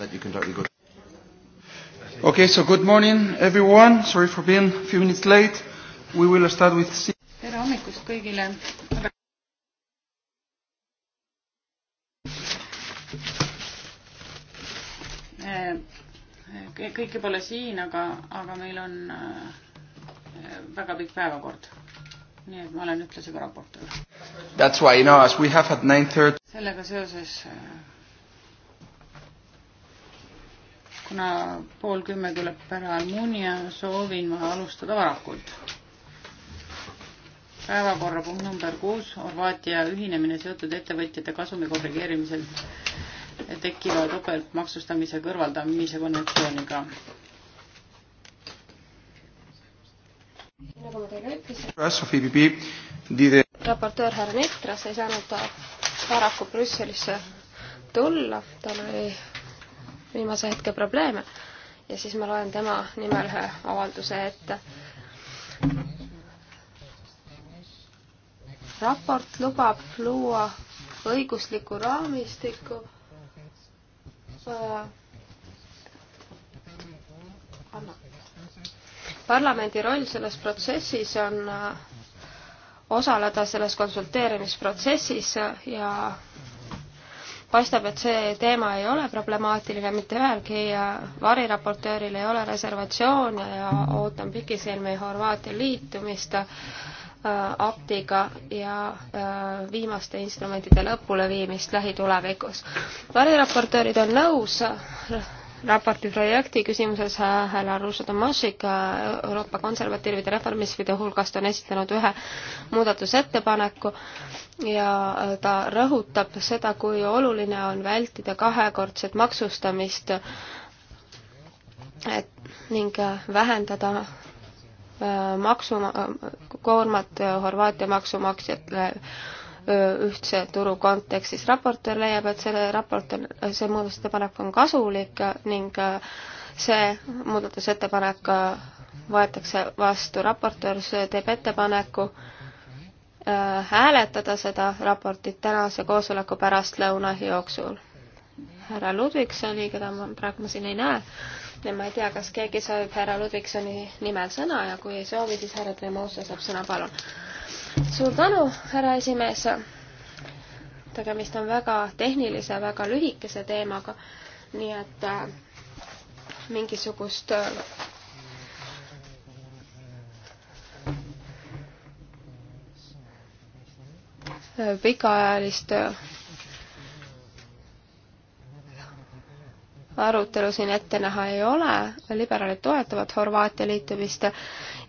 that you can directly go to. Okay, so good morning everyone. Sorry for being a few minutes late. We will start with C. tere hommikust kõigile. Eh, eh, kõike pole siin, aga, aga meil on eh, väga pikk päevakord. nii et ma olen ühtlasi ka raportöör. That's why you know as we have at nine thirty. sellega seoses kuna pool kümme tuleb ära Almunia, soovin ma alustada varakult. päevakorrapunkt number kuus, Horvaatia ühinemine seotud ettevõtjate kasumi korrigeerimisel tekkiva topeltmaksustamise kõrvaldamise konventsiooniga. nagu ma teile ütlesin, raportöör härra Nitras ei saanud paraku Brüsselisse tulla, tal oli viimase hetke probleeme ja siis ma loen tema nimel ühe avalduse ette. raport lubab luua õigusliku raamistiku äh, Anna. parlamendi roll selles protsessis on äh, osaleda selles konsulteerimisprotsessis ja paistab, et see teema ei ole problemaatiline, mitte ühelgi variraportööril ei ole reservatsioone ja ootan pikisilmi Horvaatia liitumist äh, aktiga ja äh, viimaste instrumentide lõpuleviimist lähitulevikus. variraportöörid on nõus raporti projekti küsimuses äh, härra Ruša Tomašik äh, Euroopa konservatiivide reformistide hulgast on esitanud ühe muudatusettepaneku ja äh, ta rõhutab seda, kui oluline on vältida kahekordset maksustamist et ning vähendada maksukoormat Horvaatia maksumaksjatele ühtse turu kontekstis. raportöör leiab, et selle raportöör, see muudatusettepanek on kasulik ning äh, see muudatusettepanek äh, võetakse vastu. raportöör teeb ettepaneku äh, hääletada seda raportit tänase koosoleku pärastlõuna jooksul. härra Ludvigsoni, keda ma praegu ma siin ei näe, ja ma ei tea, kas keegi soovib härra Ludvigsoni nimel sõna ja kui ei soovi, siis härra Tremosa saab sõna, palun suur tänu, härra esimees. tegemist on väga tehnilise, väga lühikese teemaga, nii et äh, mingisugust äh, pikaajalist äh, arutelu siin ette näha ei ole, liberaalid toetavad Horvaatia liitumist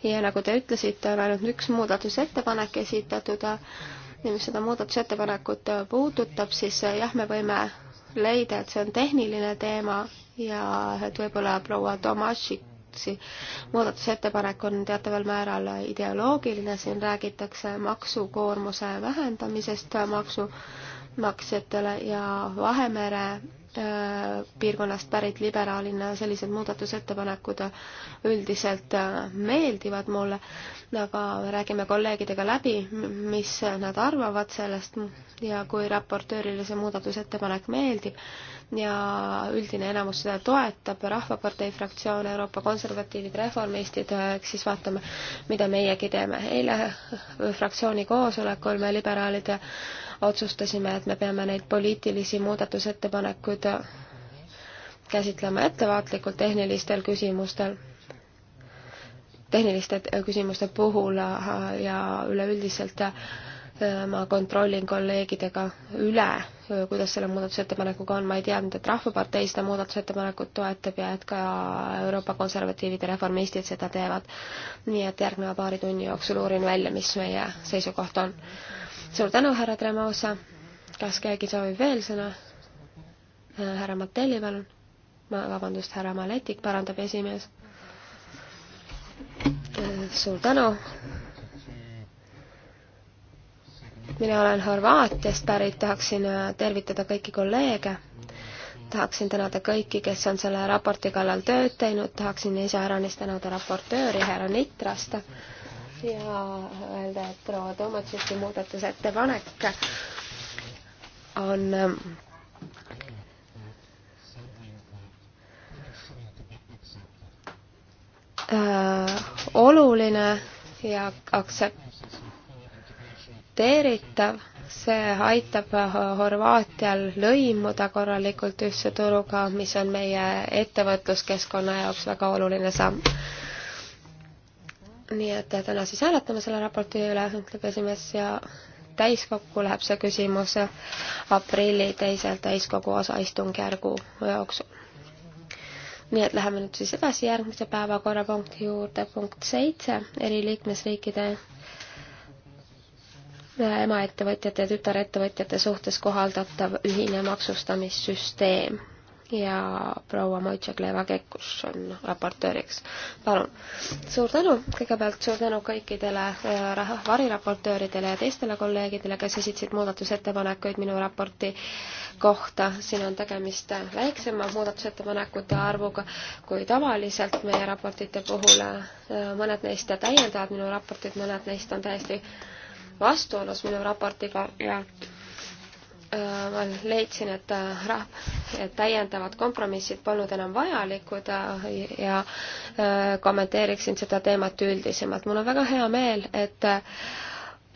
ja nagu te ütlesite, on ainult üks muudatusettepanek esitatud ja mis seda muudatusettepanekut puudutab, siis äh, jah, me võime leida, et see on tehniline teema ja et võib-olla proua Tomašitsi muudatusettepanek on teataval määral ideoloogiline, siin räägitakse maksukoormuse vähendamisest maksumaksjatele ja Vahemere Äh, piirkonnast pärit liberaalina sellised muudatusettepanekud üldiselt äh, meeldivad mulle, aga räägime kolleegidega läbi, mis nad arvavad sellest ja kui raportöörile see muudatusettepanek meeldib ja üldine enamus seda toetab, Rahvapartei fraktsioon, Euroopa konservatiivid, reformistid, äh, eks siis vaatame, mida meiegi teeme. eile fraktsiooni koosolekul me liberaalide otsustasime, et me peame neid poliitilisi muudatusettepanekuid käsitlema ettevaatlikult tehnilistel küsimustel, tehniliste äh, küsimuste puhul äh, ja üleüldiselt äh, ma kontrollin kolleegidega üle, kuidas selle muudatusettepanekuga on, ma ei teadnud, et Rahvapartei seda muudatusettepanekut toetab ja et ka Euroopa konservatiivid ja reformistid seda teevad. nii et järgneva paari tunni jooksul uurin välja, mis meie seisukoht on suur tänu, härra Tremosa. kas keegi soovib veel sõna? Äh, härra Mattelli, palun. ma, vabandust, härra Maletik parandab esimees. Äh, suur tänu. mina olen Horvaatiast pärit, tahaksin äh, tervitada kõiki kolleege tahaksin tänada kõiki, kes on selle raporti kallal tööd teinud, tahaksin iseäranis tänada raportööri härra Nitrast ja öelda, et proua Tomatšiki muudatusettepanek on ähm, äh, oluline ja aktsepteeritav, see aitab Horvaatial lõimuda korralikult ühtse turuga, mis on meie ettevõtluskeskkonna jaoks väga oluline samm nii et äh, täna siis hääletame selle raporti üle, ütleb esimees ja täiskokku läheb see küsimus aprilli teisel täiskogu osaistungjärgu jooksul. nii et läheme nüüd siis edasi järgmise päevakorrapunkti juurde, punkt seitse, eri liikmesriikide äh, emaettevõtjate ja tütarettevõtjate suhtes kohaldatav ühine maksustamissüsteem ja proua Maitša-Kleva Kekkus on raportööriks. palun. suur tänu, kõigepealt suur tänu kõikidele äh, variraportööridele ja teistele kolleegidele, kes esitasid muudatusettepanekuid minu raporti kohta. siin on tegemist väiksema muudatusettepanekute arvuga kui tavaliselt meie raportite puhul äh,. mõned neist täiendavad minu raportit, mõned neist on täiesti vastuolus minu raportiga ja yeah Äh, ma leidsin, et äh, rah-, et täiendavad kompromissid polnud enam vajalikud äh, ja kommenteeriksin seda teemat üldisemalt. mul on väga hea meel, et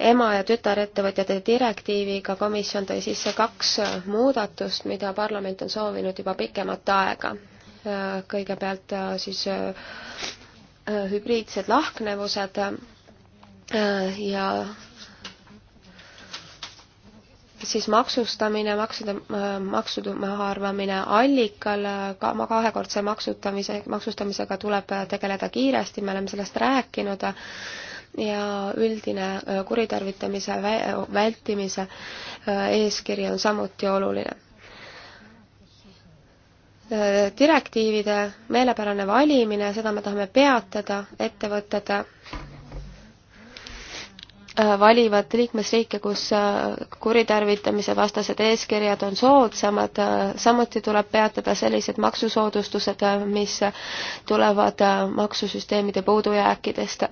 ema- ja tütarettevõtjate direktiiviga komisjon tõi sisse kaks muudatust, mida parlament on soovinud juba pikemat aega. kõigepealt siis hübriidsed lahknevused ja siis maksustamine, maksude, maksude mahaarvamine allikal, ka kahekordse maksutamise, maksustamisega tuleb tegeleda kiiresti, me oleme sellest rääkinud, ja üldine äh, kuritarvitamise vältimise äh, eeskiri on samuti oluline. Äh, direktiivide meelepärane valimine, seda me tahame peatada, ettevõtted Äh, valivad liikmesriike, kus äh, kuritarvitamise vastased eeskirjad on soodsamad, äh, samuti tuleb peatada sellised maksusoodustused, mis tulevad maksusüsteemide puudujääkidest.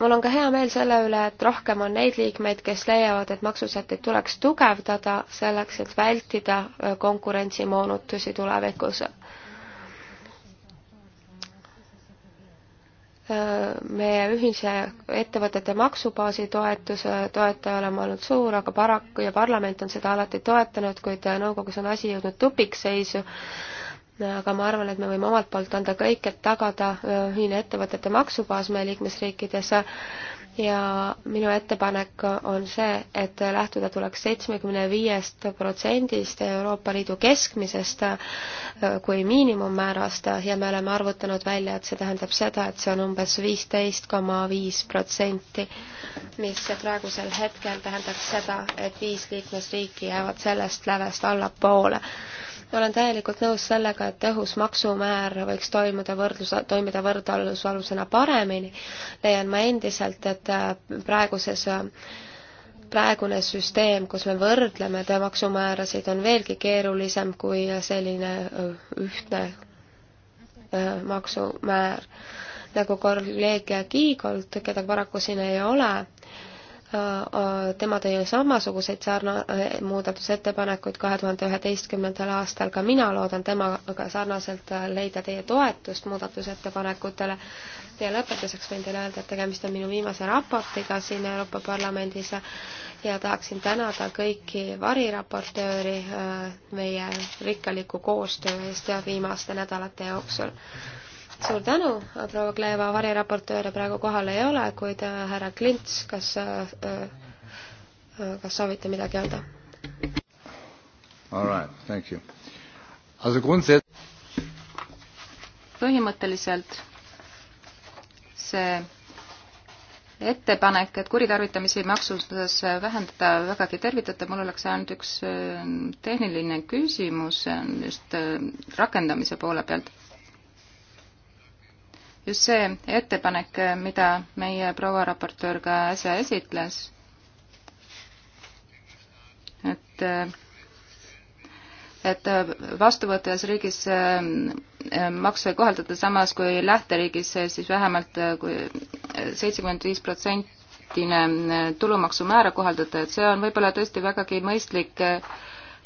mul on ka hea meel selle üle, et rohkem on neid liikmeid, kes leiavad, et maksusätteid tuleks tugevdada selleks, et vältida konkurentsimoonutusi tulevikus meie ühise ettevõtete maksubaasi toetuse äh, toetaja oleme olnud suur, aga paraku ja parlament on seda alati toetanud, kuid äh, nõukogus on asi jõudnud tupikseisu. aga ma arvan, et me võime omalt poolt anda kõik, et tagada äh, ühine ettevõtete maksubaas meie liikmesriikides ja minu ettepanek on see, et lähtuda tuleks seitsmekümne viiest protsendist Euroopa Liidu keskmisest äh, kui miinimummäärast ja me oleme arvutanud välja, et see tähendab seda, et see on umbes viisteist koma viis protsenti, mis praegusel hetkel tähendaks seda, et viis liikmesriiki jäävad sellest lävest allapoole olen täielikult nõus sellega, et tõhus maksumäär võiks toimuda võrdlus, toimida võrdlusalusena paremini. leian ma endiselt, et äh, praeguses äh, praegune süsteem, kus me võrdleme maksumäärasid, on veelgi keerulisem kui selline äh, ühtne maksumäär, nagu kolleeg Kiigolt, keda paraku siin ei ole Äh, äh, tema tõi samasuguseid sarna-, äh, muudatusettepanekuid kahe tuhande üheteistkümnendal aastal, ka mina loodan temaga sarnaselt leida teie toetust muudatusettepanekutele. ja lõpetuseks võin teile öelda, et tegemist on minu viimase raportiga siin Euroopa Parlamendis ja tahaksin tänada kõiki variraportööri meie rikkaliku koostöö eest viimaste nädalate jooksul suur tänu, proua Kleeva variraportööre praegu kohal ei ole, kuid äh, härra Klints, kas, äh, äh, kas soovite midagi öelda? põhimõtteliselt see ettepanek, et kuritarvitamisi maksustuses vähendada, vägagi tervitatav, mul oleks ainult üks tehniline küsimus, just rakendamise poole pealt just see ettepanek, mida meie proua raportöör ka äsja esitles, et et vastuvõtvas riigis eh, makse ei kohaldata, samas kui lähteriigis eh, siis vähemalt eh, kui seitsekümmend viis protsentine tulumaksumäära kohaldada, et see on võib-olla tõesti vägagi mõistlik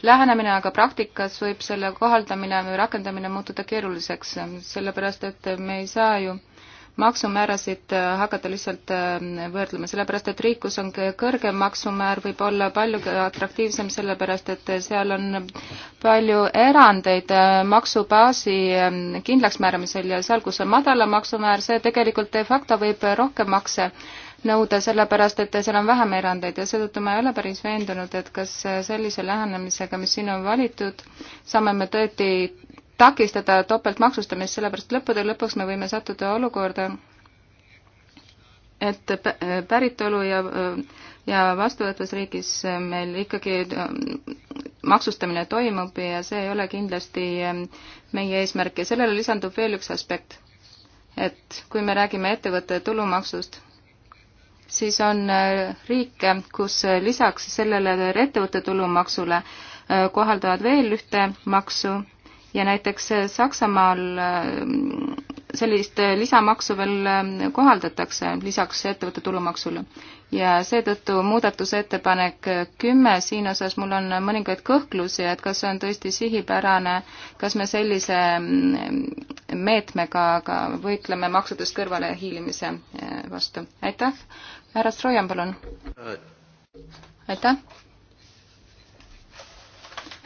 lähenemine, aga praktikas võib selle kohaldamine või rakendamine muutuda keeruliseks, sellepärast et me ei saa ju maksumäärasid hakata lihtsalt äh, võrdlema, sellepärast et riik, kus on kõrgem maksumäär, võib olla palju atraktiivsem, sellepärast et seal on palju erandeid äh, maksubaasi ähm, kindlaksmääramisel ja seal, kus on madalam maksumäär, see tegelikult de facto võib rohkem makse nõuda, sellepärast et seal on vähem erandeid ja seetõttu ma ei ole päris veendunud, et kas sellise lähenemisega, mis siin on valitud, saame me tõesti takistada topeltmaksustamist, sellepärast lõppude lõpuks me võime sattuda olukorda, et päritolu ja, ja vastuvõtvas riigis meil ikkagi äh, maksustamine toimub ja see ei ole kindlasti äh, meie eesmärk ja sellele lisandub veel üks aspekt. et kui me räägime ettevõtte tulumaksust, siis on äh, riike, kus äh, lisaks sellele ettevõtte tulumaksule äh, kohaldavad veel ühte maksu ja näiteks Saksamaal sellist lisamaksu veel kohaldatakse lisaks ettevõtte tulumaksule. ja seetõttu muudatusettepanek kümme, siin osas mul on mõningaid kõhklusi, et kas see on tõesti sihipärane, kas me sellise mm, meetmega ka võitleme maksudest kõrvalehiilimise vastu. aitäh, härra Strojan, palun. aitäh.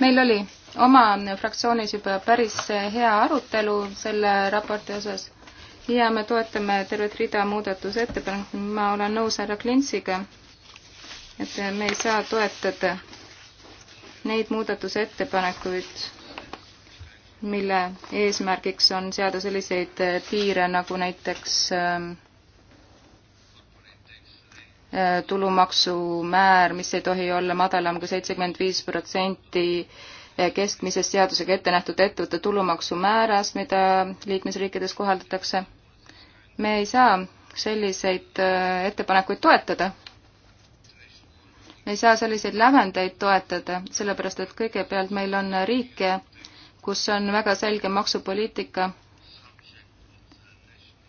meil oli oma fraktsioonis juba päris hea arutelu selle raporti osas ja me toetame tervet rida muudatusettepanekuid. ma olen nõus härra Klintsiga, et me ei saa toetada neid muudatusettepanekuid, mille eesmärgiks on seada selliseid piire nagu näiteks äh, Äh, tulumaksumäär, mis ei tohi olla madalam kui seitsekümmend viis protsenti äh, keskmisest seadusega ette nähtud ettevõtte tulumaksumäärast, mida liikmesriikides kohaldatakse. me ei saa selliseid äh, ettepanekuid toetada. me ei saa selliseid lävendeid toetada, sellepärast et kõigepealt meil on riike, kus on väga selge maksupoliitika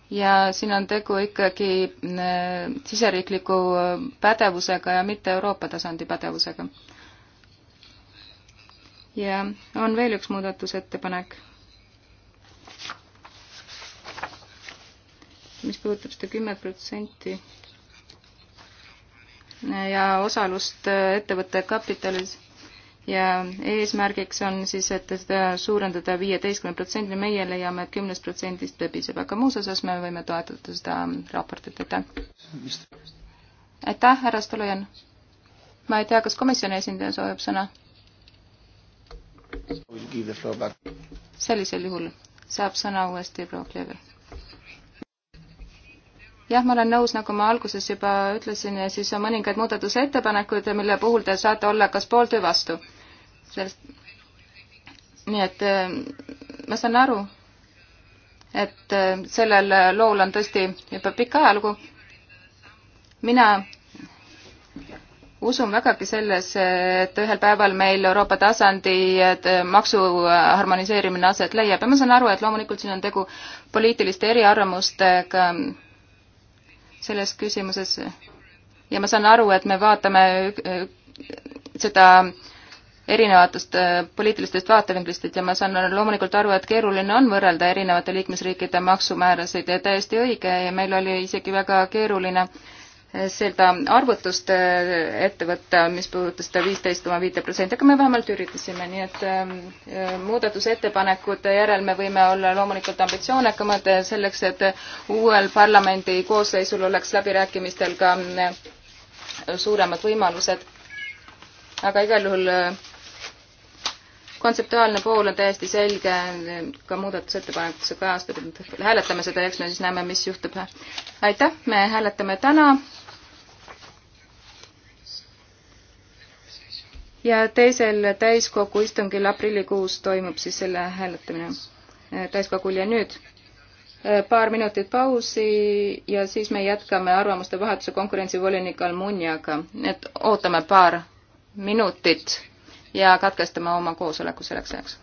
ja siin on tegu ikkagi äh, siseriikliku äh, pädevusega ja mitte Euroopa tasandi pädevusega. ja on veel üks muudatusettepanek, mis puudutab seda kümmet protsenti ja osalust äh, ettevõtte kapitalis ja eesmärgiks on siis, et seda suurendada viieteistkümne protsendini, meie leiame, et kümnest protsendist piisab, aga muus osas me võime toetada seda raportit, aitäh. aitäh, härra Stolojan. ma ei tea, kas komisjoni esindaja soovib sõna? sellisel juhul saab sõna uuesti proua Kleever jah, ma olen nõus, nagu ma alguses juba ütlesin, siis on mõningaid muudatusettepanekuid, mille puhul te saate olla kas poolt või vastu sellest. nii et äh, ma saan aru, et äh, sellel lool on tõesti juba pikk ajalugu. mina usun vägagi sellesse, et ühel päeval meil Euroopa tasandi äh, maksu harmoniseerimine aset leiab ja ma saan aru, et loomulikult siin on tegu poliitiliste eriarvamustega selles küsimuses. ja ma saan aru, et me vaatame seda äh, erinevatest äh, poliitilistest vaatevinklistest ja ma saan loomulikult aru, et keeruline on võrrelda erinevate liikmesriikide maksumäärasid ja täiesti õige ja meil oli isegi väga keeruline äh, seda arvutust äh, ette võtta, mis puudutas seda viisteist koma viite protsenti, aga me vähemalt üritasime, nii et ähm, muudatusettepanekute järel me võime olla loomulikult ambitsioonikamad selleks, et uuel parlamendi koosseisul oleks läbirääkimistel ka suuremad võimalused. aga igal juhul kontseptuaalne pool on täiesti selge, ka muudatusettepanekutesse kajastatud, hääletame seda ja eks me siis näeme, mis juhtub. aitäh, me hääletame täna. ja teisel täiskogu istungil aprillikuus toimub siis selle hääletamine täiskogul ja nüüd paar minutit pausi ja siis me jätkame arvamuste vahetuse konkurentsivolinik Almuniaga, et ootame paar minutit ja katkestame oma koosoleku selleks ajaks.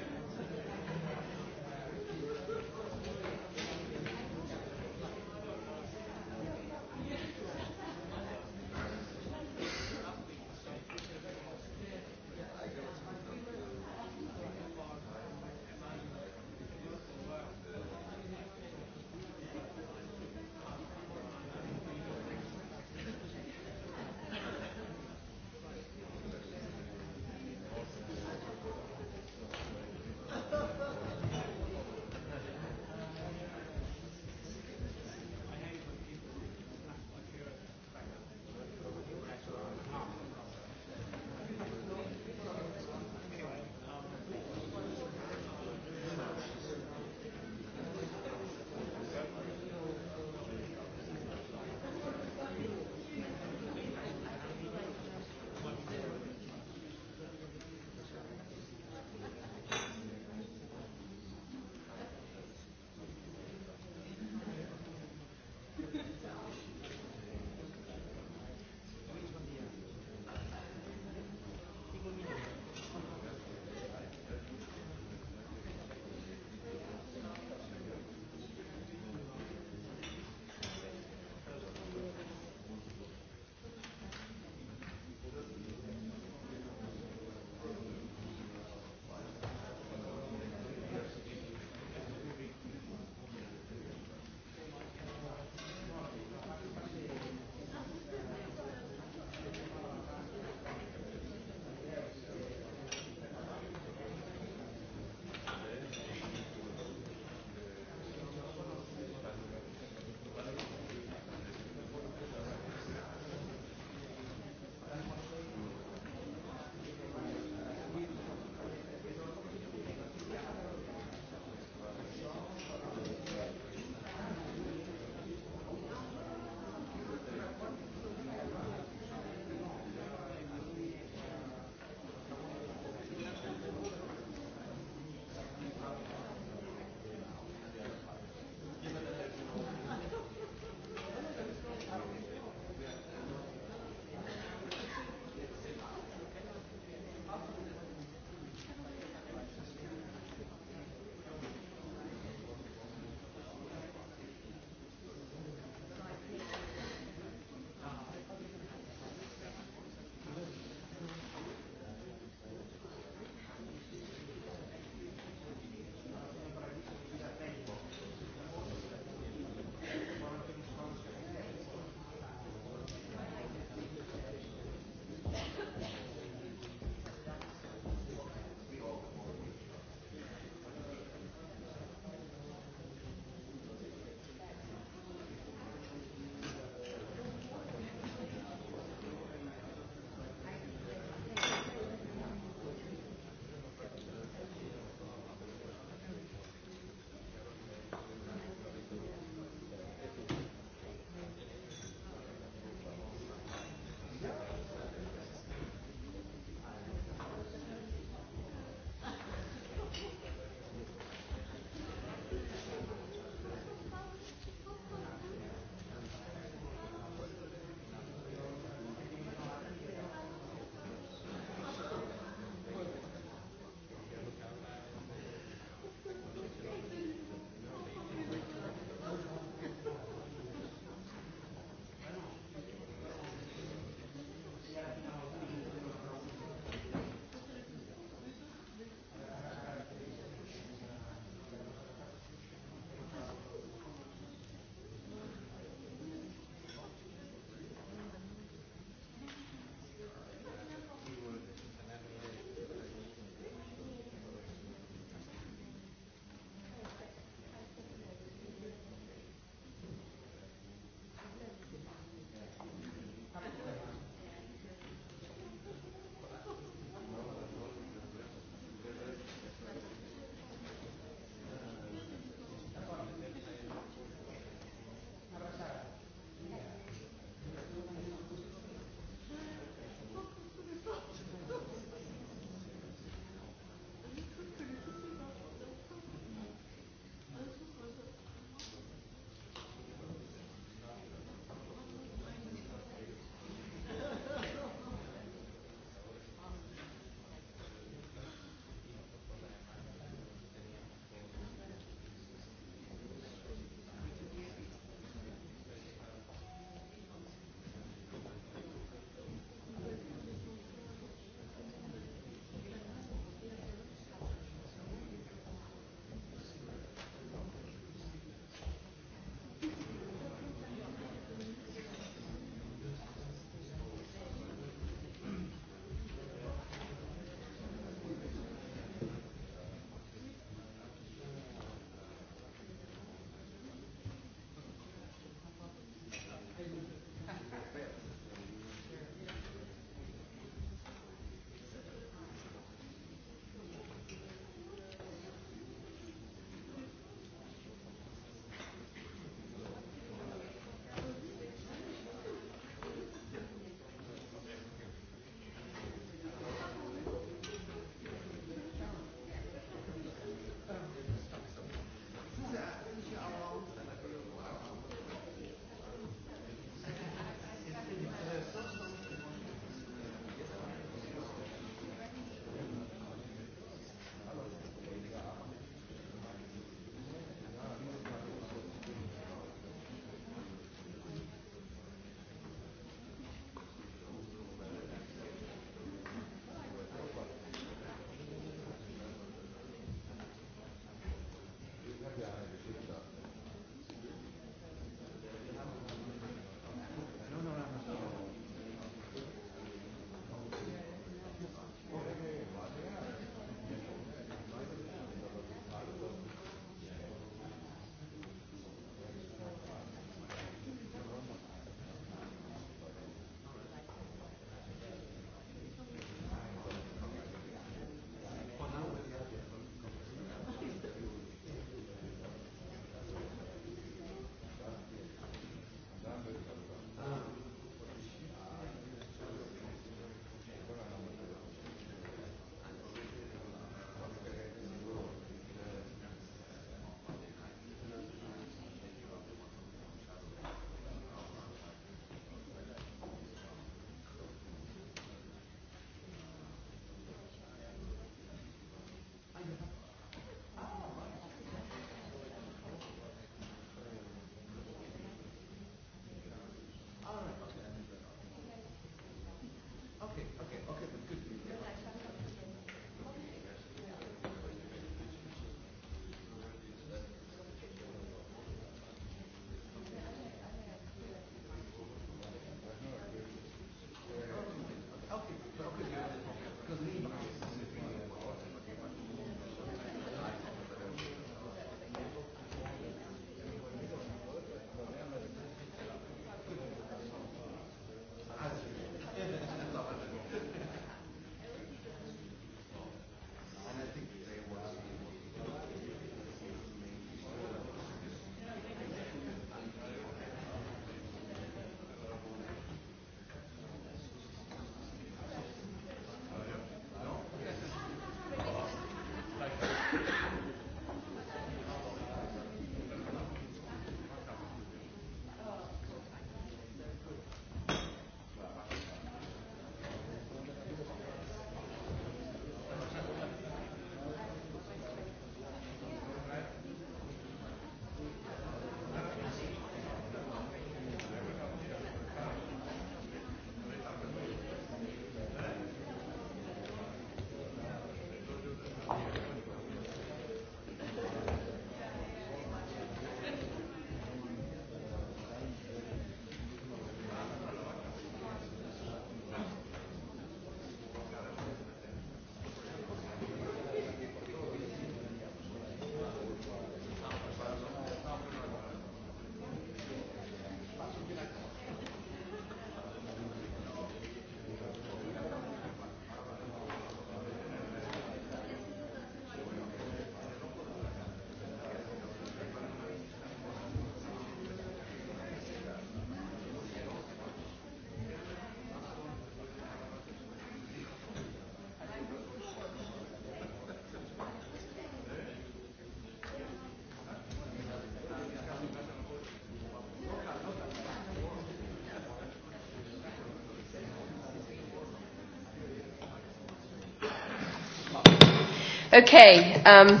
okei okay, um....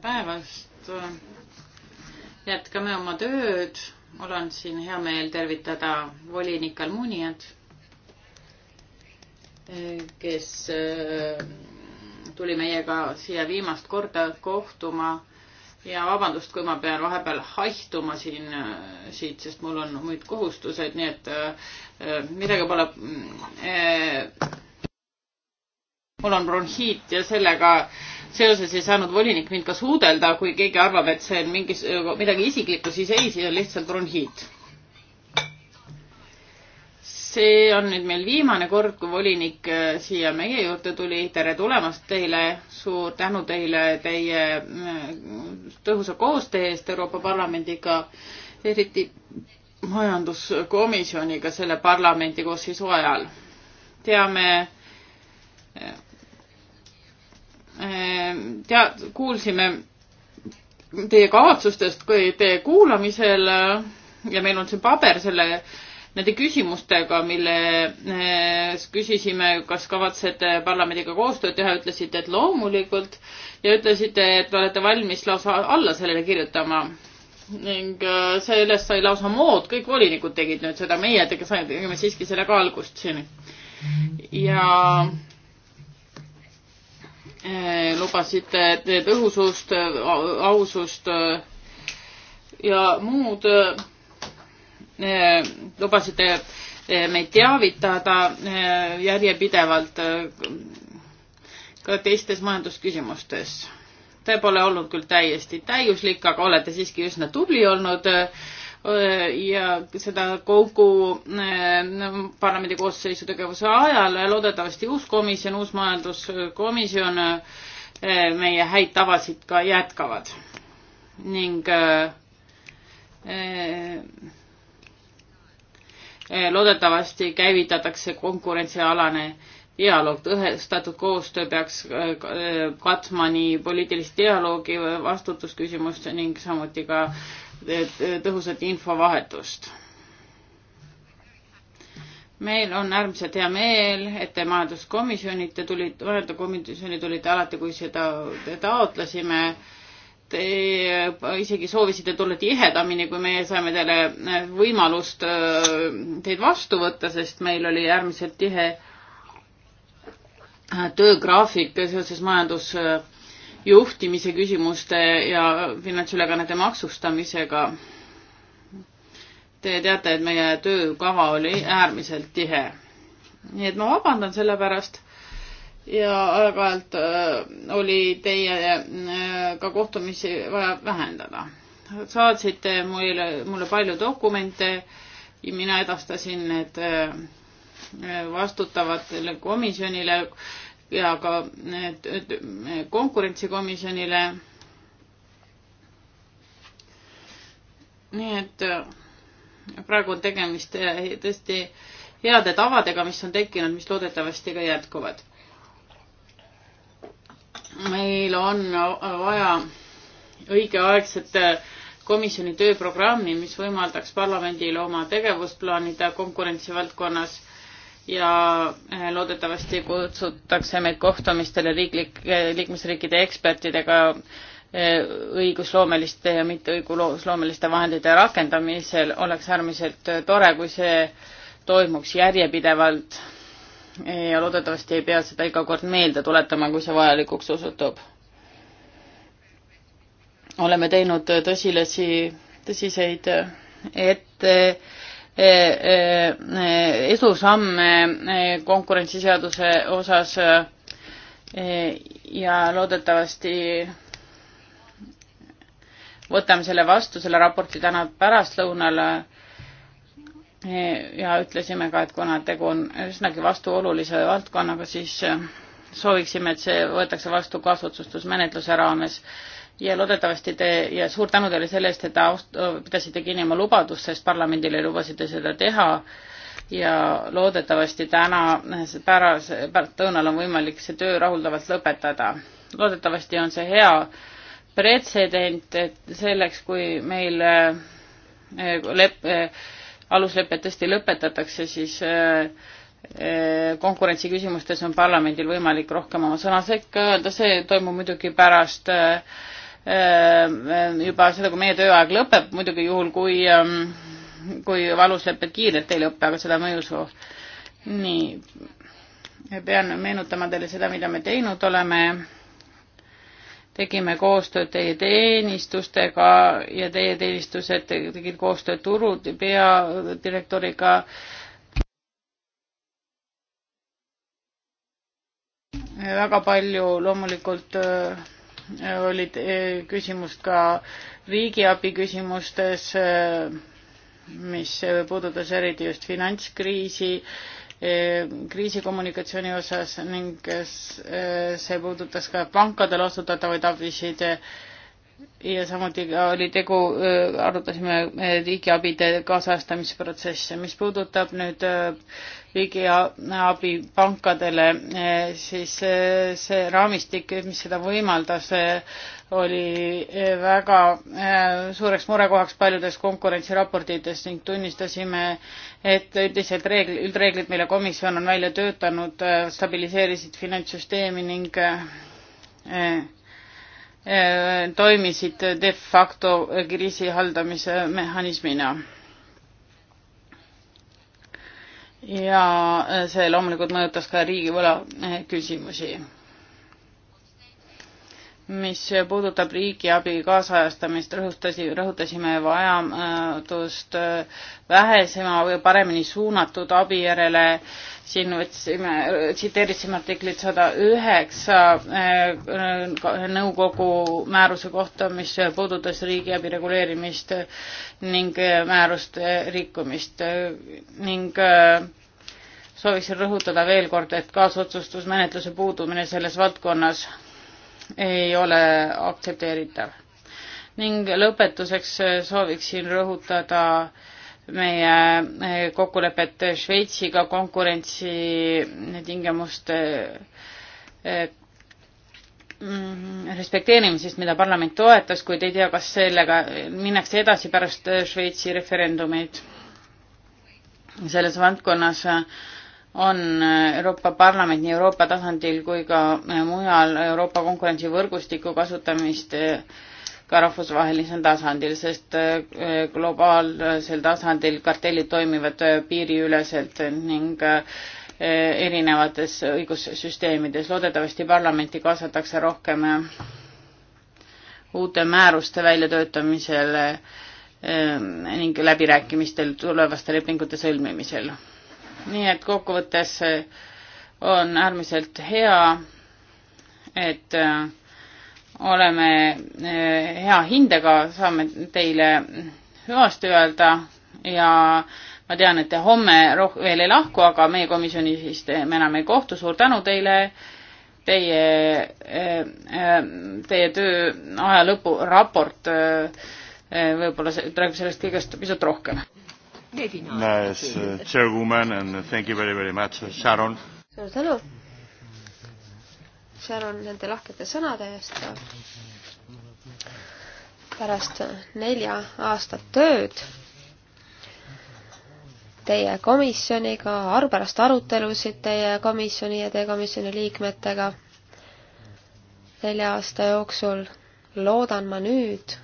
päevast äh, jätkame oma tööd. mul on siin hea meel tervitada volinik Almuniat, äh, kes äh, tuli meiega siia viimast korda kohtuma ja vabandust, kui ma pean vahepeal haihtuma siin, siit, sest mul on muid kohustused, nii et äh, midagi pole mm, äh, mul on bronhiit ja sellega seoses ei saanud volinik mind ka suudelda, kui keegi arvab, et see on mingis, midagi isiklikku, siis ei, see on lihtsalt bronhiit. see on nüüd meil viimane kord, kui volinik äh, siia meie juurde tuli. tere tulemast teile, suur tänu teile teie äh, tõhusa koostöö eest Euroopa Parlamendiga, eriti majanduskomisjoniga selle parlamendi koosseisu ajal. teame tea-, kuulsime teie kavatsustest teie kuulamisel ja meil on see paber selle, nende küsimustega, mille eh, küsisime, kas kavatsete parlamendiga koostööd teha, ütlesite, et loomulikult ja ütlesite, et olete valmis lausa alla sellele kirjutama. ning eh, sellest sai lausa mood, kõik volinikud tegid nüüd seda, meie tegime siiski sellega algust siin. ja Eh, lubasite tõhusust, ausust eh, ja muud. Eh, lubasite meid teavitada järjepidevalt ka teistes majandusküsimustes. Te pole olnud küll täiesti täiuslik, aga olete siiski üsna tubli olnud ja seda kogu parlamendi koosseisu tegevuse ajal. loodetavasti uus komisjon, uus majanduskomisjon meie häid tavasid ka jätkavad ning loodetavasti käivitatakse konkurentsialane dialoog, tõhestatud koostöö peaks katma nii poliitilist dialoogi, vastutusküsimust ning samuti ka äh, tõhusat infovahetust. meil on äärmiselt hea meel, et te majanduskomisjoni, te tulite, majanduskomisjoni tulite alati, kui seda taotlesime te isegi soovisite tulla tihedamini, kui meie saime teile äh, võimalust äh, teid vastu võtta, sest meil oli äärmiselt tihe äh, töögraafik seoses majandus juhtimise küsimuste ja finantsülekannete maksustamisega. Te teate, et meie töökava oli äärmiselt tihe. nii et ma vabandan selle pärast ja aeg-ajalt äh, oli teiega äh, kohtumisi vaja vähendada. saatsite mulle, mulle palju dokumente ja mina edastasin need äh, vastutavatele komisjonile ja ka konkurentsikomisjonile. nii et äh, praegu on tegemist äh, tõesti heade tavadega, mis on tekkinud, mis loodetavasti ka jätkuvad. meil on vaja õigeaegset äh, komisjoni tööprogrammi, mis võimaldaks parlamendil oma tegevust plaanida konkurentsivaldkonnas ja eh, loodetavasti kutsutakse meid kohtumistele riiklike, eh, liikmesriikide ekspertidega eh, õigusloomeliste ja mitte õigusloomeliste vahendite rakendamisel oleks äärmiselt tore, kui see toimuks järjepidevalt ja loodetavasti ei pea seda iga kord meelde tuletama, kui see vajalikuks osutub. oleme teinud tõsilasi, tõsiseid ette E, e, e, edusamme konkurentsiseaduse osas ja loodetavasti võtame selle vastu, selle raporti täna pärastlõunal ja ütlesime ka, et kuna tegu on üsnagi vastuolulise valdkonnaga, siis sooviksime, et see võetakse vastu kaasotsustusmenetluse raames ja loodetavasti te ja suur tänu teile selle eest, et te aust-, pidasite kinni oma lubadustest, parlamendile lubasite seda teha ja loodetavasti täna pärase, pärastlõunal on võimalik see töö rahuldavalt lõpetada. loodetavasti on see hea pretsedent, et selleks, kui meil eh, lep-, eh, aluslepe tõesti lõpetatakse, siis eh, konkurentsiküsimustes on parlamendil võimalik rohkem oma sõna sekka öelda, see toimub muidugi pärast Äh, äh, juba seda, kui meie tööaeg lõpeb, muidugi juhul, kui, ähm, kui valus lõpeb kiirelt ei lõpe, aga seda ma ei usu. nii, pean meenutama teile seda, mida me teinud oleme. tegime koostööd teie teenistustega ja teie teenistused tegid koostööd turu peadirektoriga väga palju loomulikult äh, olid eh, küsimust ka riigiabi küsimustes, eh, mis puudutas eriti just finantskriisi, eh, kriisikommunikatsiooni osas ning see puudutas ka pankadele osutatavaid abisid ja samuti äh, oli tegu, äh, arutasime äh, riigiabide kaasajastamisprotsesse, mis puudutab nüüd riigiabi pankadele, siis see raamistik, mis seda võimaldas, oli väga suureks murekohaks paljudes konkurentsiraportites ning tunnistasime, et üldiselt reegl-, üldreeglid, mille komisjon on välja töötanud, stabiliseerisid finantssüsteemi ning Äh, toimisid de facto kriisi haldamise mehhanismina. ja äh, see loomulikult mõjutas ka riigivõla äh, küsimusi mis puudutab riigiabi kaasajastamist, rõhutasi, rõhutasime vajadust vähesema või paremini suunatud abi järele. siin võtsime, tsiteerisime artiklit sada üheksa eh, nõukogu määruse kohta, mis puudutas riigiabi reguleerimist ning määruste rikkumist ning eh, sooviksin rõhutada veel kord, et kaasotsustusmenetluse puudumine selles valdkonnas ei ole aktsepteeritav. ning lõpetuseks sooviksin rõhutada meie eh, kokkulepet Šveitsiga konkurentsitingimuste eh, mm, respekteerimisest, mida parlament toetas, kuid ei tea, kas sellega minnakse edasi pärast Šveitsi referendumeid. selles valdkonnas on Euroopa Parlament nii Euroopa tasandil kui ka mujal Euroopa konkurentsivõrgustiku kasutamist eh, ka rahvusvahelisel tasandil, sest eh, globaalsel tasandil kartellid toimivad eh, piiriüleselt ning erinevates õigussüsteemides. loodetavasti parlamenti kaasatakse rohkem uute määruste väljatöötamisel ning läbirääkimistel tulevaste lepingute sõlmimisel nii et kokkuvõttes eh, on äärmiselt hea, et eh, oleme eh, hea hindega, saame teile hüvasti öelda ja ma tean, et te homme roh-, veel ei lahku, aga meie komisjonis me enam ei kohtu, suur tänu teile, teie, teie töö aja lõpu raport võib-olla räägib sellest kõigest pisut rohkem Maybe not. As uh, chairwoman and uh, thank you very, very much, uh, Sharon. suur tänu, Sharon, nende lahkete sõnade eest. pärast nelja aastat tööd teie komisjoniga, pärast arutelusid teie komisjoni ja teie komisjoni liikmetega nelja aasta jooksul loodan ma nüüd,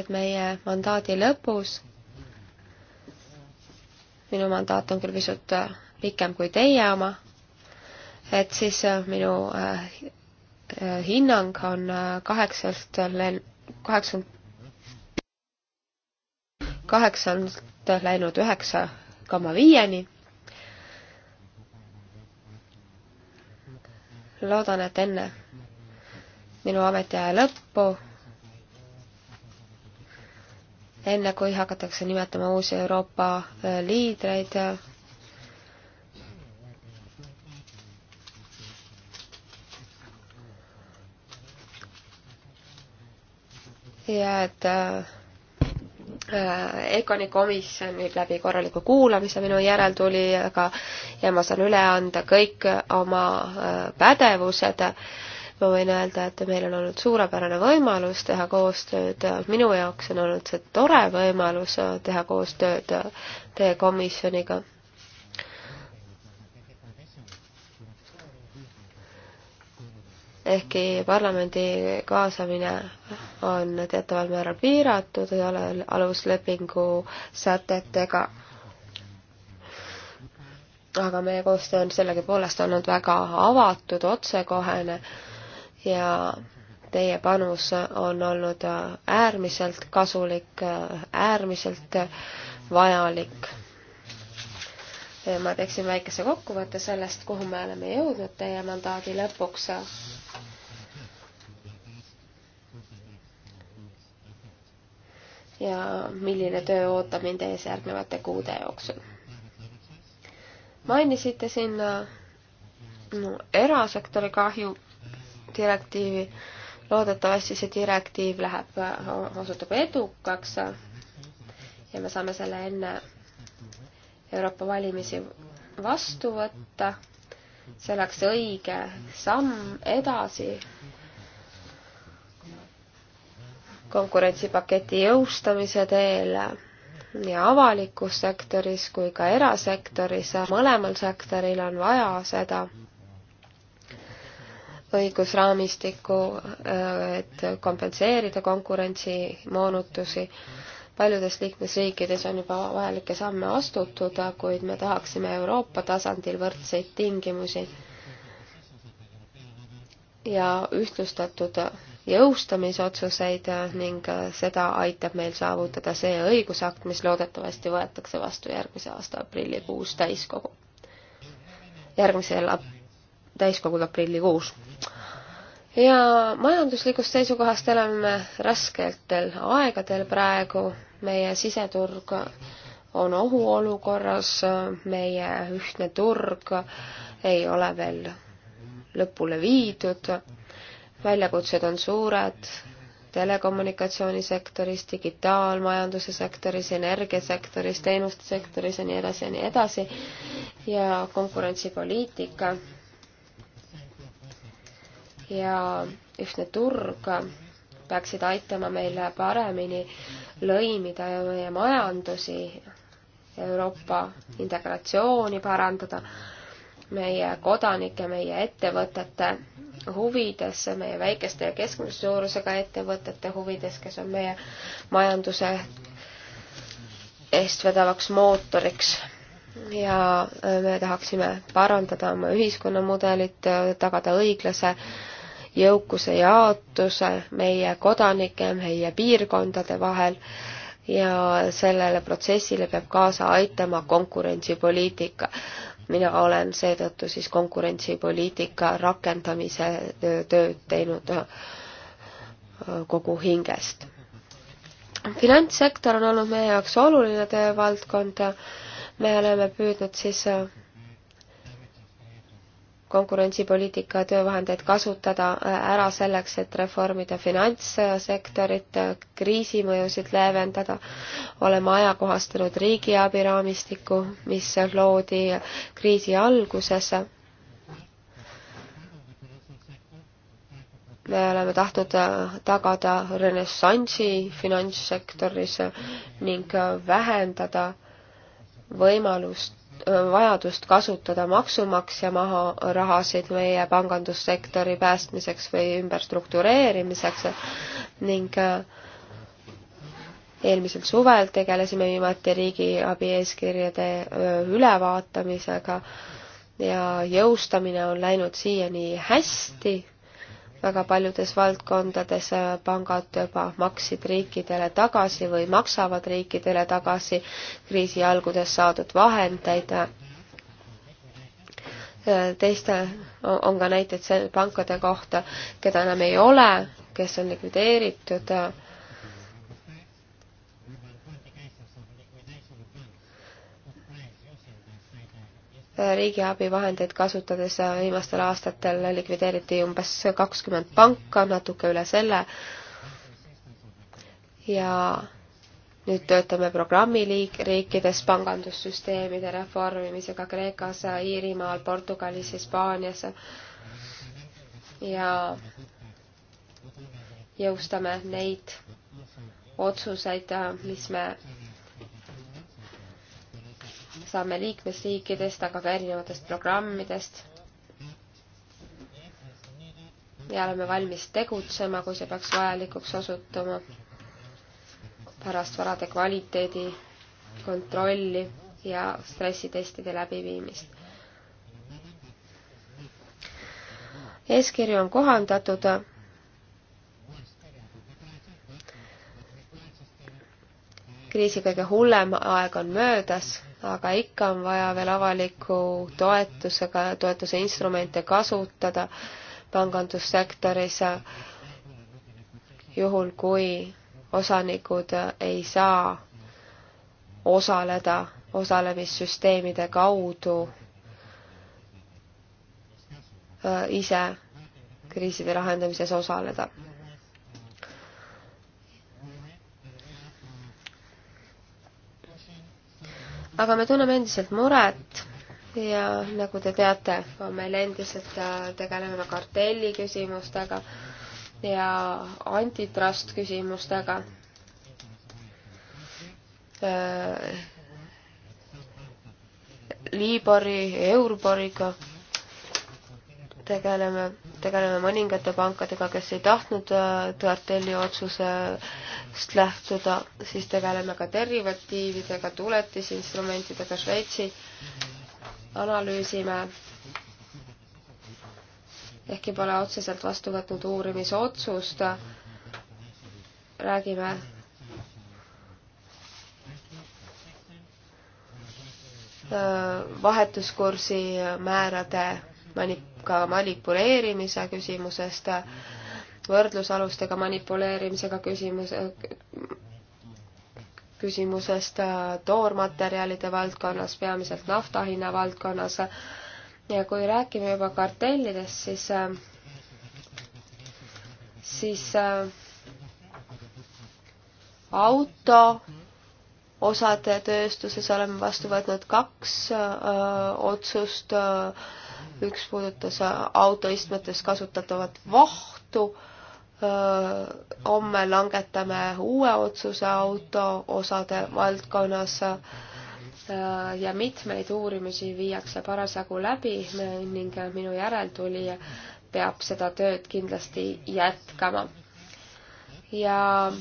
et meie mandaadi lõpus minu mandaat on küll pisut äh, pikem kui teie oma, et siis äh, minu äh, hinnang on kaheksast län-, kaheksand-, kaheksalt läinud üheksa koma viieni. loodan, et enne minu ametiaja lõppu enne kui hakatakse nimetama uusi Euroopa äh, liidreid. ja et äh, äh, EKONi komisjon viib läbi korraliku kuulamise minu järeltulijaga ja ma saan üle anda kõik oma pädevused äh, ma võin öelda, et meil on olnud suurepärane võimalus teha koostööd, minu jaoks on olnud see tore võimalus teha koostööd teie komisjoniga. ehkki parlamendi kaasamine on teataval määral piiratud, ei ole aluslepingu sätetega aga meie koostöö on sellegipoolest olnud väga avatud, otsekohene ja teie panus on olnud äärmiselt kasulik, äärmiselt vajalik. ma teeksin väikese kokkuvõtte sellest, kuhu me oleme jõudnud teie mandaadi lõpuks. ja milline töö ootab mind ees järgnevate kuude jooksul. mainisite siin äh, no, erasektori kahju direktiivi. loodetavasti see direktiiv läheb, osutub edukaks ja me saame selle enne Euroopa valimisi vastu võtta. see oleks õige samm edasi konkurentsipaketi jõustamise teel nii avalikus sektoris kui ka erasektoris, mõlemal sektoril on vaja seda õigusraamistikku, et kompenseerida konkurentsimoonutusi. paljudes liikmesriikides on juba vajalikke samme astutud, kuid me tahaksime Euroopa tasandil võrdseid tingimusi ja ühtlustatud jõustamisotsuseid ning seda aitab meil saavutada see õigusakt, mis loodetavasti võetakse vastu järgmise aasta aprillikuus täiskogu, järgmisel ap-, täiskogul aprillikuus. ja majanduslikust seisukohast elame rasketel aegadel praegu, meie siseturg on ohuolukorras, meie ühtne turg ei ole veel lõpule viidud, väljakutsed on suured, telekommunikatsioonisektoris, digitaalmajanduse sektoris, energiasektoris, teenuste sektoris ja nii edasi ja nii edasi ja konkurentsipoliitika ja ühtne turg peaksid aitama meil paremini lõimida meie majandusi, Euroopa integratsiooni parandada, meie kodanike, meie ettevõtete huvidesse, meie väikeste ja keskmise suurusega ettevõtete huvides, kes on meie majanduse eestvedavaks mootoriks ja me tahaksime parandada oma ühiskonnamudelit, tagada õiglase jõukuse jaotuse meie kodanike, meie piirkondade vahel ja sellele protsessile peab kaasa aitama konkurentsipoliitika. mina olen seetõttu siis konkurentsipoliitika rakendamise tööd teinud kogu hingest. finantssektor on olnud meie jaoks oluline töövaldkond, me oleme püüdnud siis konkurentsipoliitika töövahendeid kasutada äh, ära selleks, et reformida finantssektorit, äh, kriisimõjusid leevendada. oleme ajakohastanud riigiabi raamistikku, mis loodi kriisi alguses. me oleme tahtnud äh, tagada renessansi finantssektoris ning vähendada võimalust vajadust kasutada maksumaksja maha rahasid meie pangandussektori päästmiseks või ümberstruktureerimiseks ning äh, eelmisel suvel tegelesime viimati riigiabi eeskirjade äh, ülevaatamisega ja jõustamine on läinud siiani hästi väga paljudes valdkondades äh, pangad juba maksid riikidele tagasi või maksavad riikidele tagasi kriisi alguses saadud vahendeid. Äh, teiste on ka näiteid pankade kohta, keda enam ei ole, kes on likvideeritud äh, riigiabivahendeid kasutades viimastel aastatel likvideeriti umbes kakskümmend panka, natuke üle selle. ja nüüd töötame programmi liik-, riikides pangandussüsteemide reformimisega Kreekas, Iirimaal, Portugalis, Hispaanias ja jõustame neid otsuseid, mis me saame liikmesriikidest, aga ka erinevatest programmidest. ja oleme valmis tegutsema, kui see peaks vajalikuks osutuma pärast varade kvaliteedi kontrolli ja stressitestide läbiviimist. eeskirju on kohandatud kriisi kõige hullem aeg on möödas aga ikka on vaja veel avaliku toetusega, toetuse instrumente kasutada pangandussektoris, juhul kui osanikud ei saa osaleda osalemissüsteemide kaudu äh, ise kriiside lahendamises osaleda aga me tunneme endiselt muret ja nagu te teate, on meil endiselt, äh, tegeleme kartelli küsimustega ja antitrust küsimustega. Äh, Liibori, Euriboriga tegeleme, tegeleme mõningate pankadega, kes ei tahtnud kartelli äh, otsusest lähtuda, siis tegeleme ka derivatiividega, tuletisinstrumentidega, Šveitsi analüüsime. ehkki pole otseselt vastu võtnud uurimisotsust, räägime äh, vahetuskursi määrade mani-, ka manipuleerimise küsimusest, võrdlusalustega manipuleerimisega küsimus, küsimusest toormaterjalide valdkonnas, peamiselt nafta hinna valdkonnas. ja kui räägime juba kartellidest, siis, siis auto osade tööstuses oleme vastu võtnud kaks öö, äh, otsust öö, üks puudutas äh, autoistmetes kasutatavat vahtu, äh, homme langetame uue otsuse autoosade valdkonnas äh, ja mitmeid uurimisi viiakse parasjagu läbi ning minu järeltulija peab seda tööd kindlasti jätkama. ja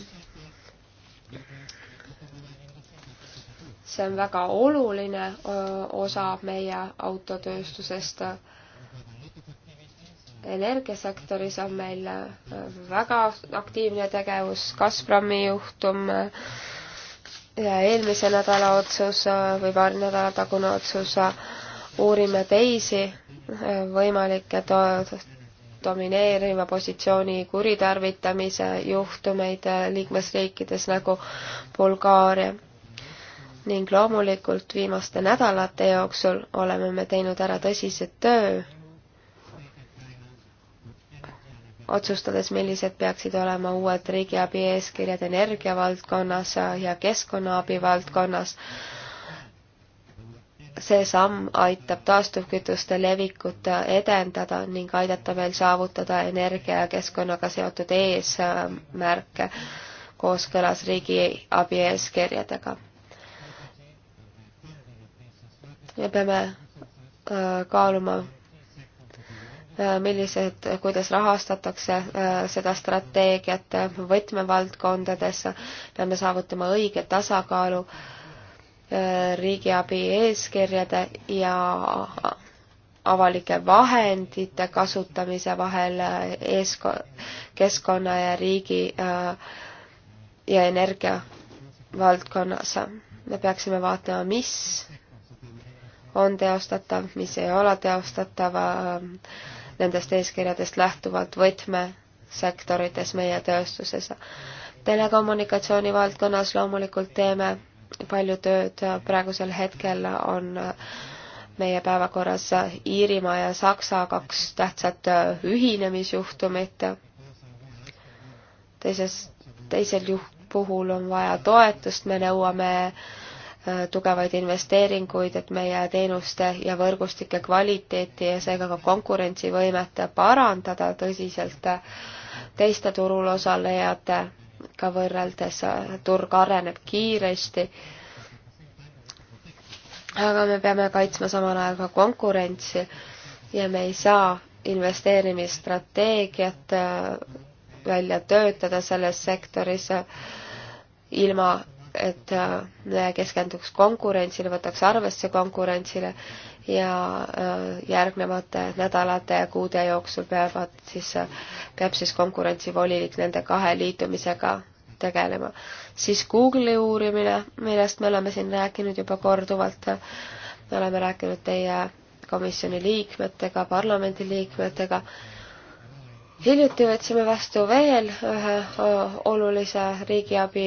see on väga oluline osa meie autotööstusest. energiasektoris on meil väga aktiivne tegevus, Gazpromi juhtum ja eelmise nädala otsus või paari nädala tagune otsus uurime teisi võimalikke domineeriva positsiooni kuritarvitamise juhtumeid liikmesriikides nagu Bulgaaria ning loomulikult viimaste nädalate jooksul oleme me teinud ära tõsise töö, otsustades, millised peaksid olema uued riigiabi eeskirjad energiavaldkonnas ja keskkonnaabi valdkonnas. see samm aitab taastuvkütuste levikut edendada ning aidata meil saavutada energia ja keskkonnaga seotud eesmärke kooskõlas riigiabi eeskirjadega me peame äh, kaaluma, äh, millised, kuidas rahastatakse äh, seda strateegiat võtmevaldkondades, peame saavutama õige tasakaalu riigiabi eeskirjade ja avalike vahendite kasutamise vahel ees-, keskkonna ja riigi ja energia valdkonnas. me peaksime vaatama, mis on teostatav, mis ei ole teostatav ähm, nendest eeskirjadest lähtuvalt võtmesektorites meie tööstuses. telekommunikatsiooni valdkonnas loomulikult teeme palju tööd, praegusel hetkel on äh, meie päevakorras äh, Iirimaa ja Saksa kaks tähtsat äh, ühinemisjuhtumit. teises, teisel juht-, puhul on vaja toetust, me nõuame äh, Äh, tugevaid investeeringuid, et meie teenuste ja võrgustike kvaliteeti ja seega ka konkurentsivõimet parandada tõsiselt teiste turul osalejatega võrreldes, äh, turg areneb kiiresti. aga me peame kaitsma samal ajal ka konkurentsi ja me ei saa investeerimisstrateegiat äh, välja töötada selles sektoris ilma et äh, me keskenduks konkurentsile, võtaks arvesse konkurentsile ja äh, järgnevate nädalate ja kuude jooksul peavad siis, äh, peab siis konkurentsivolinik nende kahe liitumisega tegelema. siis Google'i uurimine, millest me oleme siin rääkinud juba korduvalt, me oleme rääkinud teie komisjoni liikmetega, parlamendi liikmetega, hiljuti võtsime vastu veel ühe olulise riigiabi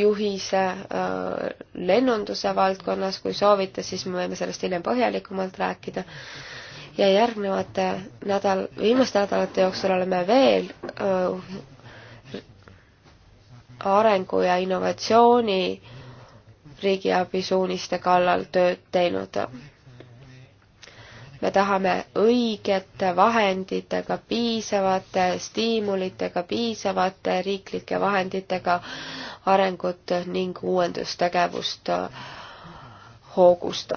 juhise äh, lennunduse valdkonnas, kui soovite, siis me võime sellest hiljem põhjalikumalt rääkida. ja järgnevate nädal, viimaste nädalate jooksul oleme veel äh, arengu ja innovatsiooni riigiabi suuniste kallal tööd teinud. me tahame õigete vahenditega, piisavate stiimulitega, piisavate riiklike vahenditega äh, arengut ning uuendustegevust äh, hoogusta.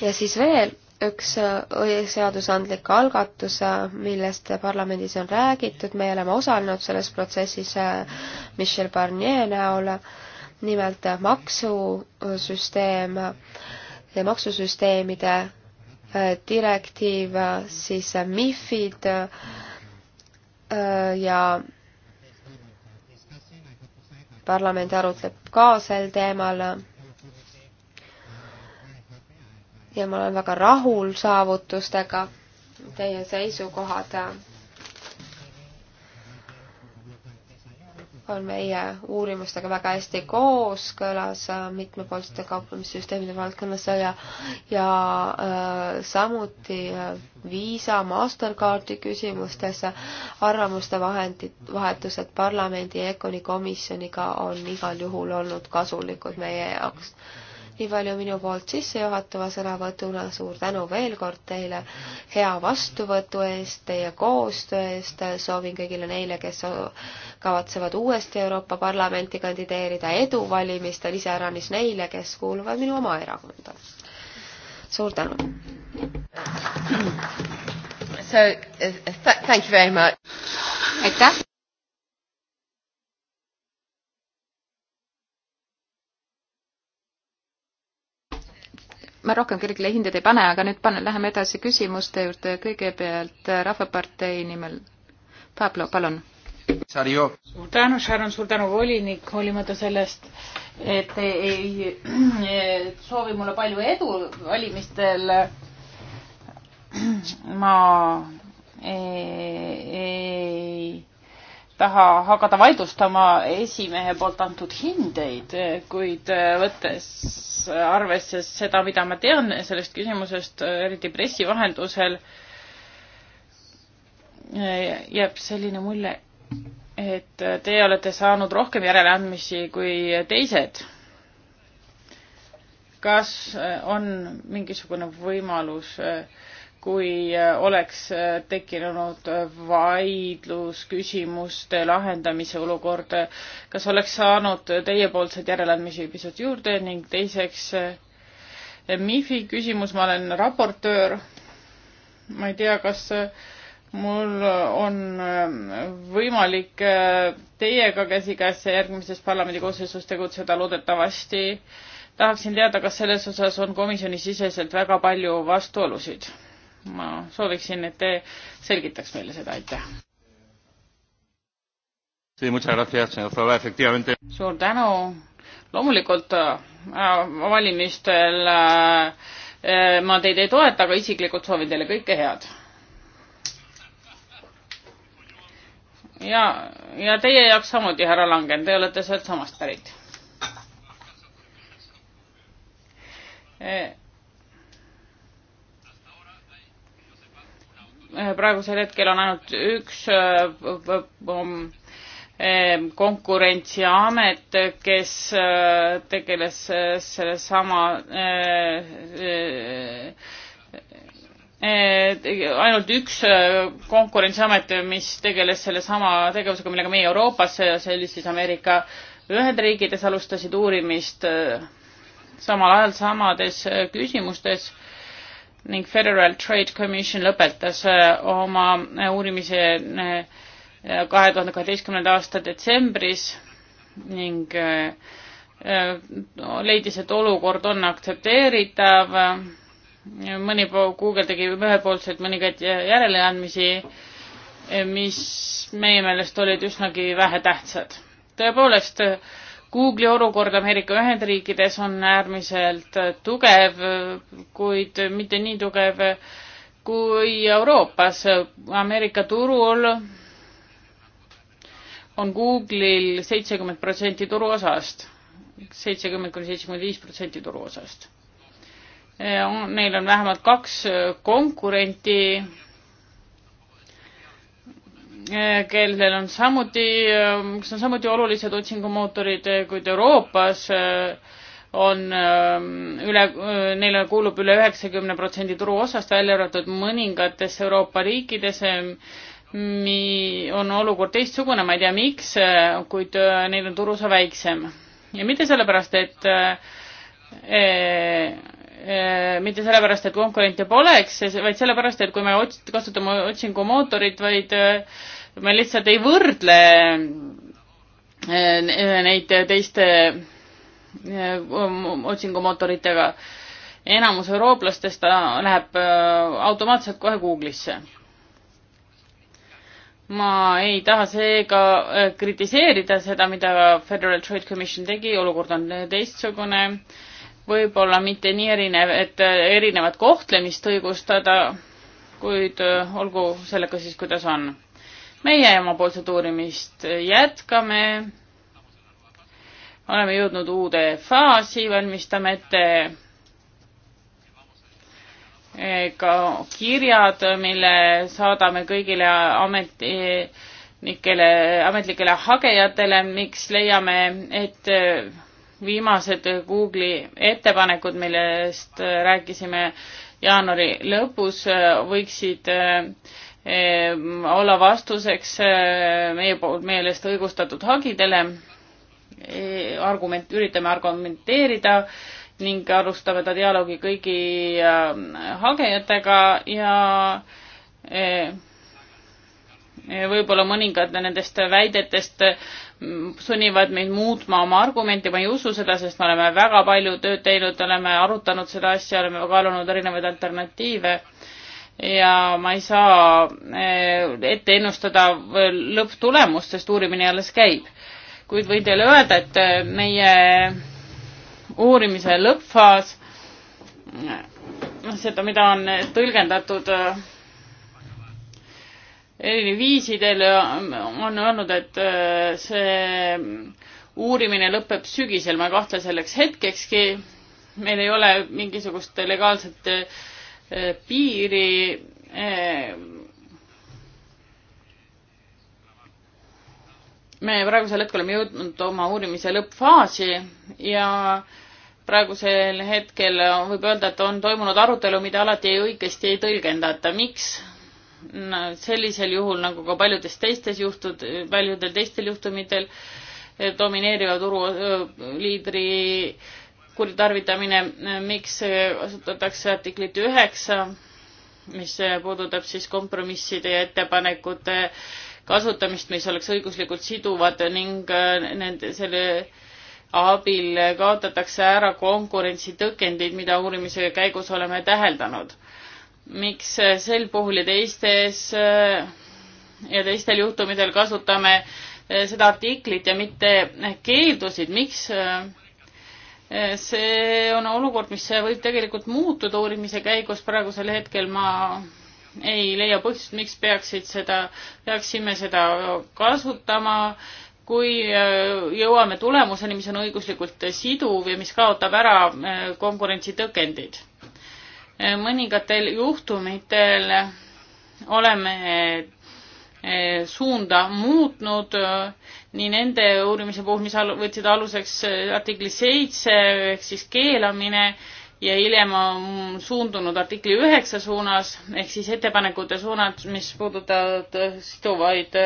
ja siis veel üks äh, seadusandlik algatus, äh, millest parlamendis on räägitud, me oleme osalenud selles protsessis Michel Barnier näol, nimelt maksusüsteem ja maksusüsteemide direktiiv, siis MIFID ja parlament arutleb ka sel teemal. ja ma olen väga rahul saavutustega, teie seisukohad on meie uurimustega väga hästi kooskõlas äh, mitmepoolsete kauplemissüsteemide valdkonnas ja, ja äh, samuti äh, Visa Mastercardi küsimustes arvamuste vahendid, vahetused parlamendi ECONi komisjoniga on igal juhul olnud kasulikud meie jaoks nii palju minu poolt sissejuhatava sõnavõtuna, suur tänu veel kord teile hea vastuvõtu eest, teie koostöö eest, soovin kõigile neile, kes kavatsevad uuesti Euroopa Parlamenti kandideerida, edu valimistel, iseäranis neile, kes kuuluvad minu oma erakonda. suur tänu! So, uh, uh, th thank you very much. aitäh! ma rohkem kellelegi hindeid ei pane, aga nüüd pane, läheme edasi küsimuste juurde, kõigepealt äh, Rahvapartei nimel. Pablo, palun. suur tänu, Sharon, suur tänu, volinik, hoolimata sellest, et ei, ei soovi mulle palju edu valimistel. ma ei, ei taha hakata vaidlustama esimehe poolt antud hindeid, kuid võttes arvesse seda, mida ma tean sellest küsimusest, eriti pressi vahendusel, jääb selline mulje, et teie olete saanud rohkem järeleandmisi kui teised. kas on mingisugune võimalus äh, kui äh, oleks äh, tekkinud äh, vaidlus, küsimuste lahendamise olukord, kas oleks saanud teiepoolseid järeleandmisi pisut juurde ning teiseks MIFi küsimus, ma olen raportöör, ma ei tea, kas mul on võimalik teiega käsikäes järgmises parlamendikoosseisus tegutseda loodetavasti. tahaksin teada, kas selles osas on komisjoni siseselt väga palju vastuolusid ma sooviksin, et te selgitaks meile seda, aitäh. suur tänu. loomulikult äh, valimistel äh, äh, ma teid ei toeta, aga isiklikult soovin teile kõike head. ja, ja teie jaoks samuti, härra Langen, te olete sealt samast pärit e Äh, praegusel hetkel on ainult üks äh, ähm, ähm, konkurentsiamet, kes äh, tegeles sellesama ainult üks konkurentsiamet, mis tegeles sellesama tegevusega, millega meie Euroopas, see oli siis Ameerika Ühendriikides, alustasid uurimist samal ajal samades küsimustes ning Federal Trade Commission lõpetas äh, oma äh, uurimise äh, kahe tuhande kaheteistkümnenda aasta detsembris ning leidis, et olukord on aktsepteeritav. mõni Google tegi ühepoolselt mõningaid järeleandmisi, mis meie meelest olid üsnagi vähetähtsad. tõepoolest, Google'i olukord Ameerika Ühendriikides on äärmiselt tugev, kuid mitte nii tugev kui Euroopas. Ameerika turul on Google'il seitsekümmend protsenti turuosast, seitsekümmend kuni seitsekümmend viis protsenti turuosast. Neil on vähemalt kaks konkurenti kellel on samuti, kes on samuti olulised otsingumootorid, kuid Euroopas äh, on äh, üle, äh, neile kuulub üle üheksakümne protsendi turuosast, välja arvatud mõningates Euroopa riikides, mi-, on olukord teistsugune, ma ei tea, miks, kuid neil on turuosa väiksem. ja mitte sellepärast, et e, e, mitte sellepärast, et konkurente poleks, vaid sellepärast, et kui me ots-, kasutame otsingumootorit, vaid äh, me lihtsalt ei võrdle eh, neid teiste eh, otsingumootoritega. enamus eurooplastest äh, läheb äh, automaatselt kohe Google'isse. ma ei taha seega äh, kritiseerida seda, mida Federal Trade Commission tegi, olukord on teistsugune, võib-olla mitte nii erinev, et erinevat kohtlemist õigustada, kuid olgu sellega siis, kuidas on meie omapoolset uurimist jätkame. oleme jõudnud uude faasi, valmistame ette eh, ka kirjad, mille saadame kõigile ametnikele, ametlikele hagejatele, miks leiame, et eh, viimased Google'i ettepanekud, millest eh, rääkisime jaanuari lõpus, võiksid äh, Ehm, olla vastuseks ehm, meie poolt meelest õigustatud hagidele. Ehm, argument, üritame argumenteerida ning alustame ta dialoogi kõigi hagejatega ja võib-olla mõningad nendest väidetest mm, sunnivad meid muutma oma argumenti, ma ei usu seda, sest me oleme väga palju tööd teinud, oleme arutanud seda asja, oleme kaalunud erinevaid alternatiive ja ma ei saa eh, ette ennustada eh, lõpptulemust, sest uurimine alles käib. kuid võin teile öelda, et eh, meie uurimise lõppfaas, seda, mida on tõlgendatud eri viisidel, on öelnud, et see uurimine lõpeb sügisel, ma ei kahtle selleks hetkekski, meil ei ole mingisugust legaalset Eh, piiri eh, me praegusel hetkel oleme jõudnud oma uurimise lõppfaasi ja praegusel hetkel võib öelda, et on toimunud arutelu, mida alati õigesti ei tõlgendata. miks no, sellisel juhul nagu ka paljudes teistes juhtud, paljudel teistel juhtumitel eh, domineeriva turuliidri äh, kuritarvitamine, miks kasutatakse artiklit üheksa, mis puudutab siis kompromisside ja ettepanekute kasutamist, mis oleks õiguslikult siduvad ning äh, nende, selle abil kaotatakse ära konkurentsitõkendid, mida uurimise käigus oleme täheldanud. miks sel puhul ja teistes äh, ja teistel juhtumitel kasutame äh, seda artiklit ja mitte keeldusid, miks see on olukord, mis võib tegelikult muutuda uurimise käigus, praegusel hetkel ma ei leia põhjust, miks peaksid seda, peaksime seda kasutama, kui äh, jõuame tulemuseni, mis on õiguslikult siduv ja mis kaotab ära äh, konkurentsitõkendid. Äh, mõningatel juhtumitel oleme Eh, suunda muutnud eh, nii nende uurimise puhul, mis al võtsid aluseks eh, artikli seitse ehk siis keelamine ja hiljem on suundunud artikli üheksa suunas ehk siis ettepanekute suunad, mis puudutavad siduvaid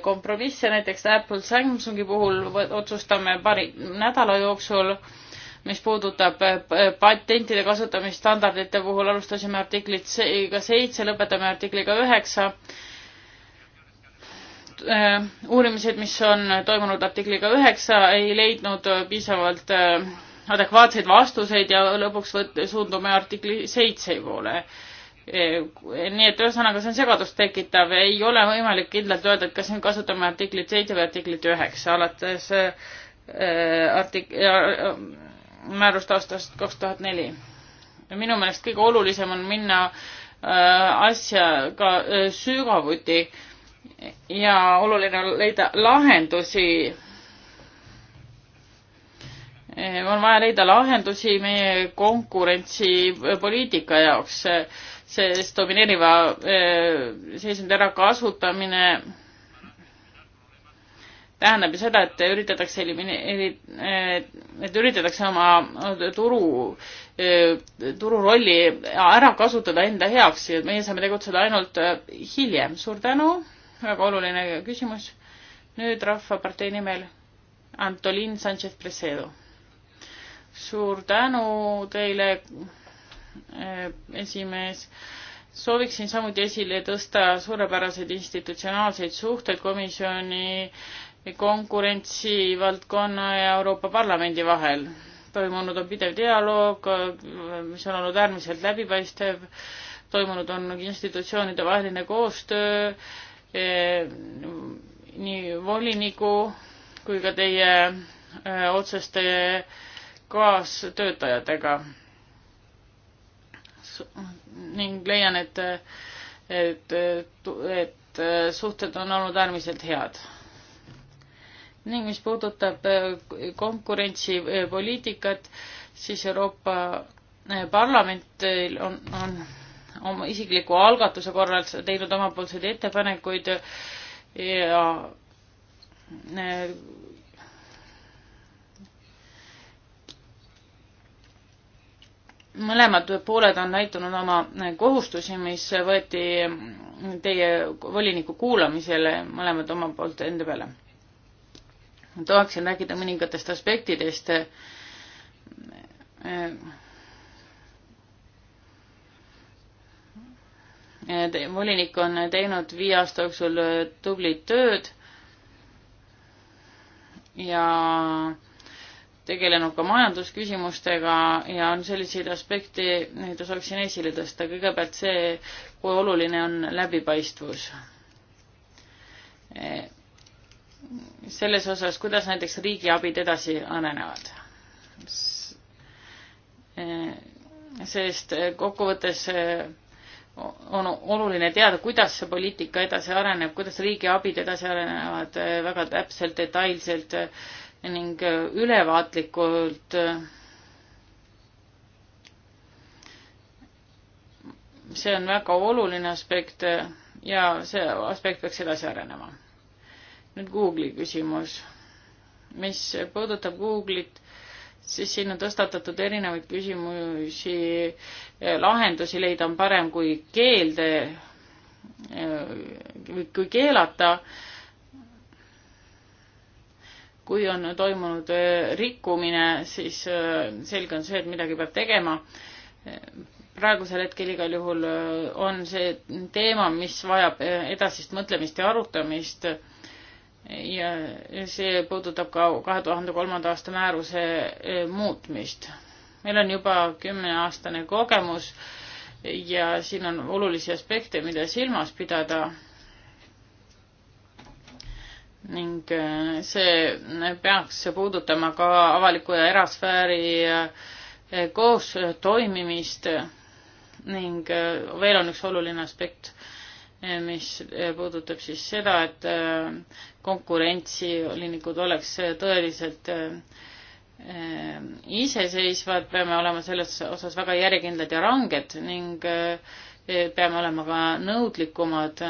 kompromisse, näiteks Apple Samsungi puhul otsustame paari nädala jooksul, mis puudutab patentide kasutamist standardite puhul, alustasime artiklit seitse, lõpetame artikliga üheksa Äh, uurimised, mis on toimunud artikliga üheksa, ei leidnud piisavalt äh, adekvaatseid vastuseid ja lõpuks võt-, suundume artikli seitse poole. Äh, nii et ühesõnaga, see on segadust tekitav, ei ole võimalik kindlalt öelda, et kas nüüd kasutame artiklit seitse või artiklit üheksa, alates äh, artik- äh,, määrust aastast kaks tuhat neli. minu meelest kõige olulisem on minna äh, asjaga sügavuti äh, ja oluline on leida lahendusi. on vaja leida lahendusi meie konkurentsipoliitika jaoks, sest domineeriva eh, seisundi ärakasutamine tähendab ju seda, et üritatakse elimineerida, eh, et üritatakse oma turu, eh, tururolli ära kasutada enda heaks ja meie saame tegutseda ainult hiljem. suur tänu väga oluline küsimus. nüüd Rahvapartei nimel Antolin Sanchez Presedo. suur tänu teile, eh, esimees. sooviksin samuti esile tõsta suurepäraseid institutsionaalseid suhteid komisjoni konkurentsivaldkonna ja Euroopa Parlamendi vahel. toimunud on pidev dialoog, mis on olnud äärmiselt läbipaistev, toimunud on institutsioonide vaheline koostöö Eh, nii voliniku kui ka teie eh, otseste kaastöötajatega. ning leian, et, et, et eh, suhted on olnud äärmiselt head. ning mis puudutab konkurentsipoliitikat, siis Euroopa Parlamentil on, on oma isikliku algatuse korral teinud omapoolseid ettepanekuid ja mõlemad pooled on näitanud oma kohustusi, mis võeti teie voliniku kuulamisele mõlemad oma poolt enda peale. tahaksin rääkida mõningatest aspektidest, volinik on teinud viie aasta jooksul äh, tublit tööd ja tegelenud ka majandusküsimustega ja on selliseid aspekte, mida saaksin esile tõsta. kõigepealt see, kui oluline on läbipaistvus. Äh, selles osas, kuidas näiteks riigiabid edasi arenevad. Äh, sest kokkuvõttes on oluline teada, kuidas see poliitika edasi areneb, kuidas riigiabid edasi arenevad eh, väga täpselt, detailselt eh, ning eh, ülevaatlikult. see on väga oluline aspekt ja see aspekt peaks edasi arenema. nüüd Google'i küsimus, mis puudutab Google'it siis siin on tõstatatud erinevaid küsimusi, lahendusi leida on parem kui keelde, eh, kui keelata. kui on toimunud eh, rikkumine, siis eh, selge on see, et midagi peab tegema. praegusel hetkel igal juhul on see teema, mis vajab edasist mõtlemist ja arutamist ja see puudutab ka kahe tuhande kolmanda aasta määruse e, muutmist. meil on juba kümneaastane kogemus ja siin on olulisi aspekte, mida silmas pidada. ning e, see peaks puudutama ka avaliku ja erasfääri e, koos toimimist ning veel on üks oluline aspekt mis eh, puudutab siis seda, et eh, konkurentsivolinikud oleks tõeliselt eh, iseseisvad, peame olema selles osas väga järjekindlad ja ranged ning peame olema ka nõudlikumad,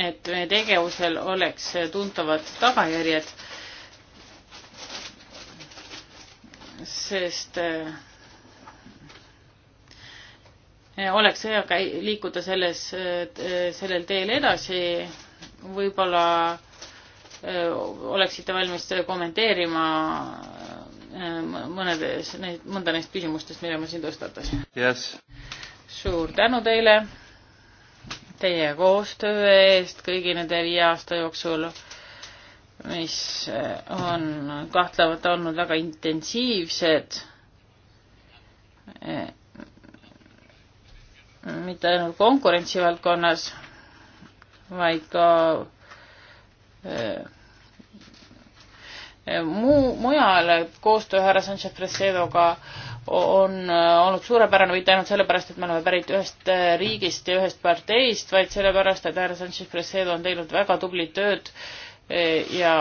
et meie tegevusel oleks tuntavad tagajärjed, sest äh, Eh, oleks hea käi-, liikuda selles, eh, sellel teel edasi, võib-olla eh, oleksite valmis kommenteerima mõnedes, neid, mõnda neist küsimustest, mille ma siin tõstatasin yes.? suur tänu teile teie koostöö eest kõigi nende viie aasta jooksul, mis on kahtlemata olnud väga intensiivsed mitte ainult konkurentsivaldkonnas, vaid ka eh, muu, mujal koostöö härra Sanchez Fresedoga on eh, olnud suurepärane mitte ainult sellepärast, et me oleme pärit ühest eh, riigist ja ühest parteist, vaid sellepärast, et härra Sanchez Fresedo on teinud väga tublit tööd ja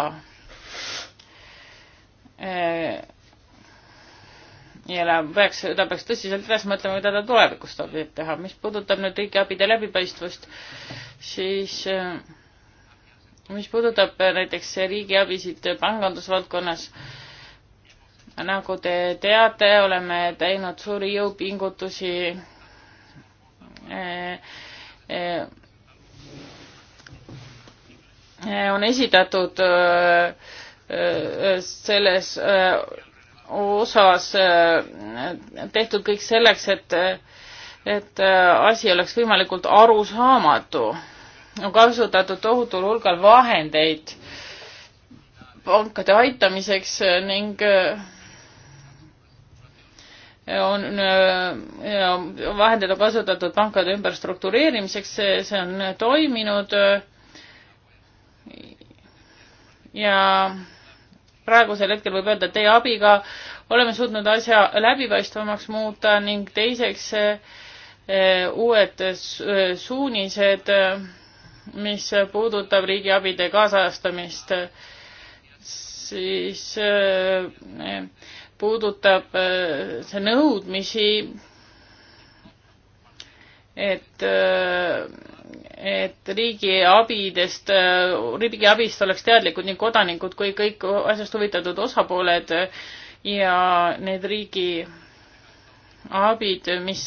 ja peaks, ta peaks tõsiselt edasi mõtlema, mida ta tulevikus soovib teha. mis puudutab nüüd riigiabide läbipaistvust, siis äh, mis puudutab äh, näiteks riigiabisid pangandusvaldkonnas, nagu te teate, oleme teinud suuri jõupingutusi äh, on esitatud selles osas äh, tehtud kõik selleks, et, et äh, asi oleks võimalikult arusaamatu. on kasutatud tohutul hulgal vahendeid pankade aitamiseks ning äh, on, vahendeid on kasutatud pankade ümberstruktureerimiseks, see on toiminud ja praegusel hetkel võib öelda, et teie abiga oleme suutnud asja läbipaistvamaks muuta ning teiseks eh, uued eh, suunised, eh, mis puudutab riigiabide kaasajastamist, siis puudutab see nõudmisi, et et riigi abidest, riigi abist oleks teadlikud nii kodanikud kui kõik asjast huvitatud osapooled ja need riigi abid, mis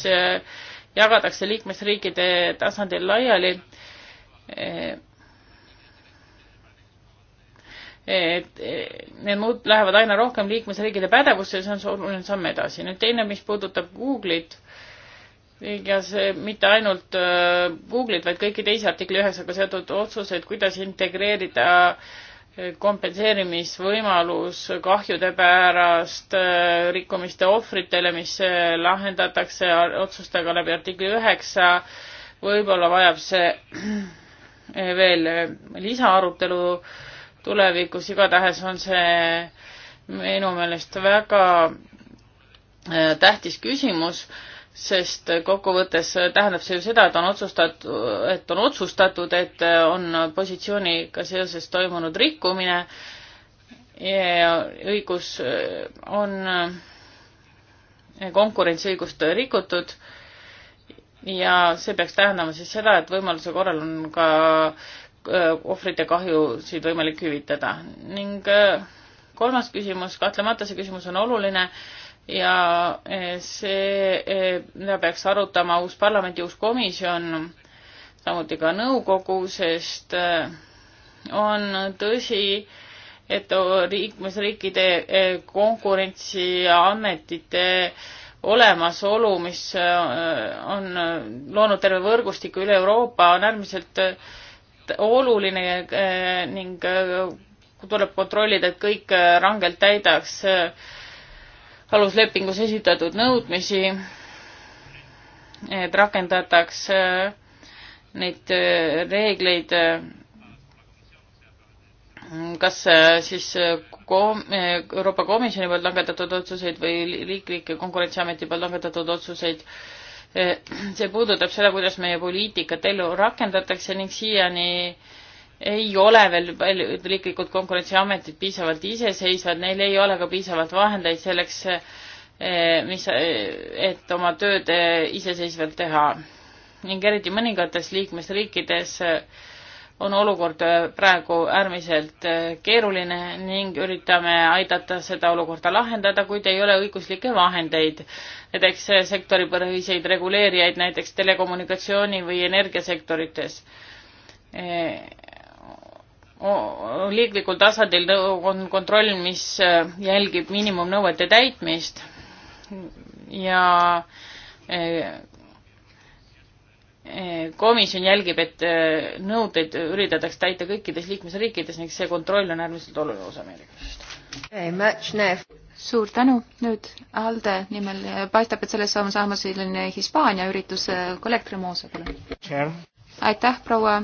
jagatakse liikmesriikide tasandil laiali, et need muud lähevad aina rohkem liikmesriikide pädevusse ja see on oluline samm edasi. nüüd teine, mis puudutab Google'it ja see mitte ainult äh, Google'it, vaid kõiki teisi artikli üheksaga seotud otsuseid, kuidas integreerida äh, kompenseerimisvõimalus kahjude pärast äh, rikkumiste ohvritele, mis lahendatakse otsustega läbi artikli üheksa. võib-olla vajab see veel lisaarutelu tulevikus, igatahes on see minu meelest väga tähtis küsimus sest kokkuvõttes tähendab see ju seda, et on otsustatud, et on otsustatud, et on positsiooniga seoses toimunud rikkumine ja õigus on, konkurentsiõigust rikutud ja see peaks tähendama siis seda, et võimaluse korral on ka äh, ohvrite kahjusid võimalik hüvitada ning äh, kolmas küsimus, kahtlemata see küsimus on oluline ja eh, see, eh, mida peaks arutama uus parlament ja uus komisjon, samuti ka nõukogu, sest eh, on tõsi, et liikmesriikide konkurentsiametite olemasolu, mis on loonud terve võrgustiku üle Euroopa, on äärmiselt oluline ning tuleb kontrollida, et kõik rangelt täidaks aluslepingus esitatud nõudmisi, et rakendataks äh, neid äh, reegleid äh, kas siis kom-, Euroopa Komisjoni poolt langetatud otsuseid või riiklike konkurentsiameti poolt langetatud otsuseid. see puudutab seda, kuidas meie poliitikat ellu rakendatakse ning siiani äh, ei ole veel paljud riiklikud konkurentsiametid piisavalt iseseisvad, neil ei ole ka piisavalt vahendeid selleks, eh, mis, eh, et oma tööd eh, iseseisvalt teha. ning eriti mõningates liikmesriikides on olukord praegu äärmiselt keeruline ning üritame aidata seda olukorda lahendada, kuid ei ole õiguslikke vahendeid. näiteks sektoripõhiseid reguleerijaid näiteks telekommunikatsiooni või energiasektorites liiklikul tasandil on kontroll, mis äh, jälgib miinimumnõuete täitmist ja äh, äh, komisjon jälgib, et nõudeid üritatakse täita kõikides liikmesriikides ning see kontroll on äärmiselt oluline osa meie tegevusest. suur tänu, nüüd ALDE nimel paistab, et selles on saamas selline Hispaania üritus, kolleeg Tremosa, palun aitäh, proua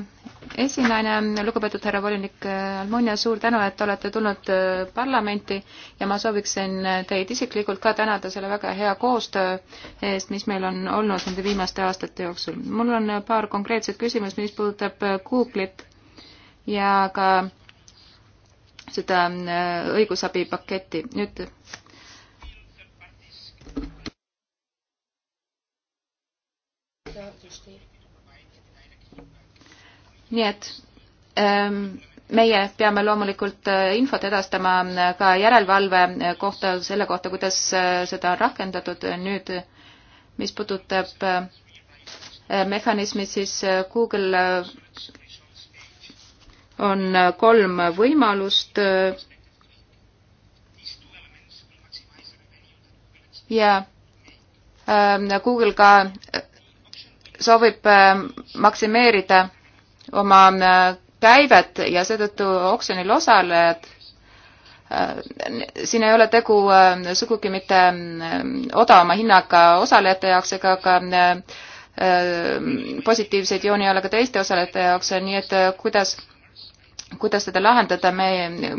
esinaine, lugupeetud härra volinik Almonia, suur tänu, et olete tulnud äh, parlamenti ja ma sooviksin äh, teid isiklikult ka tänada selle väga hea koostöö eest, mis meil on olnud nende viimaste aastate jooksul. mul on äh, paar konkreetset küsimust, mis puudutab Google'it ja ka seda õigusabipaketti. nüüd just nii nii et ähm, meie peame loomulikult äh, infot edastama äh, ka järelevalve äh, kohta, selle kohta, kuidas seda on rakendatud nüüd, mis puudutab mehhanismi, siis Google on kolm võimalust ja Google ka soovib maksimeerida oma äh, käivet ja seetõttu oksjonil osalejad äh, siin ei ole tegu äh, sugugi mitte odavama hinnaga osalejate jaoks ega ka positiivseid jooni ei ole ka teiste osalejate jaoks, nii et kuidas, kuidas seda lahendada, me,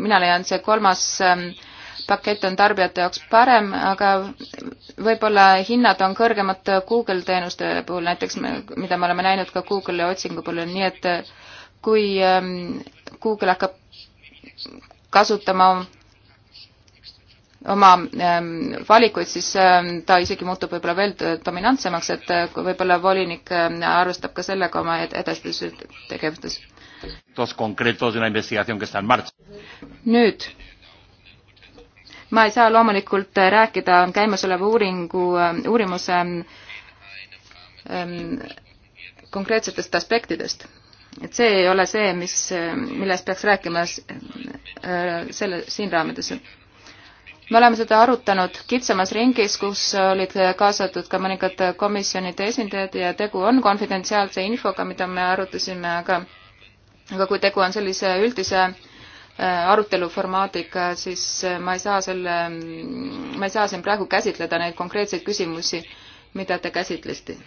mina leian, see kolmas pakett on tarbijate jaoks parem, aga võib-olla hinnad on kõrgemad Google teenuste puhul näiteks, mida me oleme näinud ka Google'i otsingu puhul, nii et äh, kui ähm, Google hakkab kasutama oma ähm, valikuid, siis ähm, ta isegi muutub võib-olla veel dominantsemaks, et äh, võib-olla volinik arvestab ka sellega oma edasistes tegevustes. nüüd ma ei saa loomulikult äh, rääkida käimasoleva uuringu, äh, uurimuse ähm, konkreetsetest aspektidest. et see ei ole see, mis, äh, millest peaks rääkima äh, selle, siin raamides. me oleme seda arutanud kitsamas ringis, kus olid kaasatud ka mõningad komisjonide esindajad ja tegu on konfidentsiaalse infoga, mida me arutasime, aga aga kui tegu on sellise üldise äh, Äh, arutelu formaadiga, siis äh, ma ei saa selle, mm, ma ei saa siin praegu käsitleda neid konkreetseid küsimusi, mida te käsitlesite.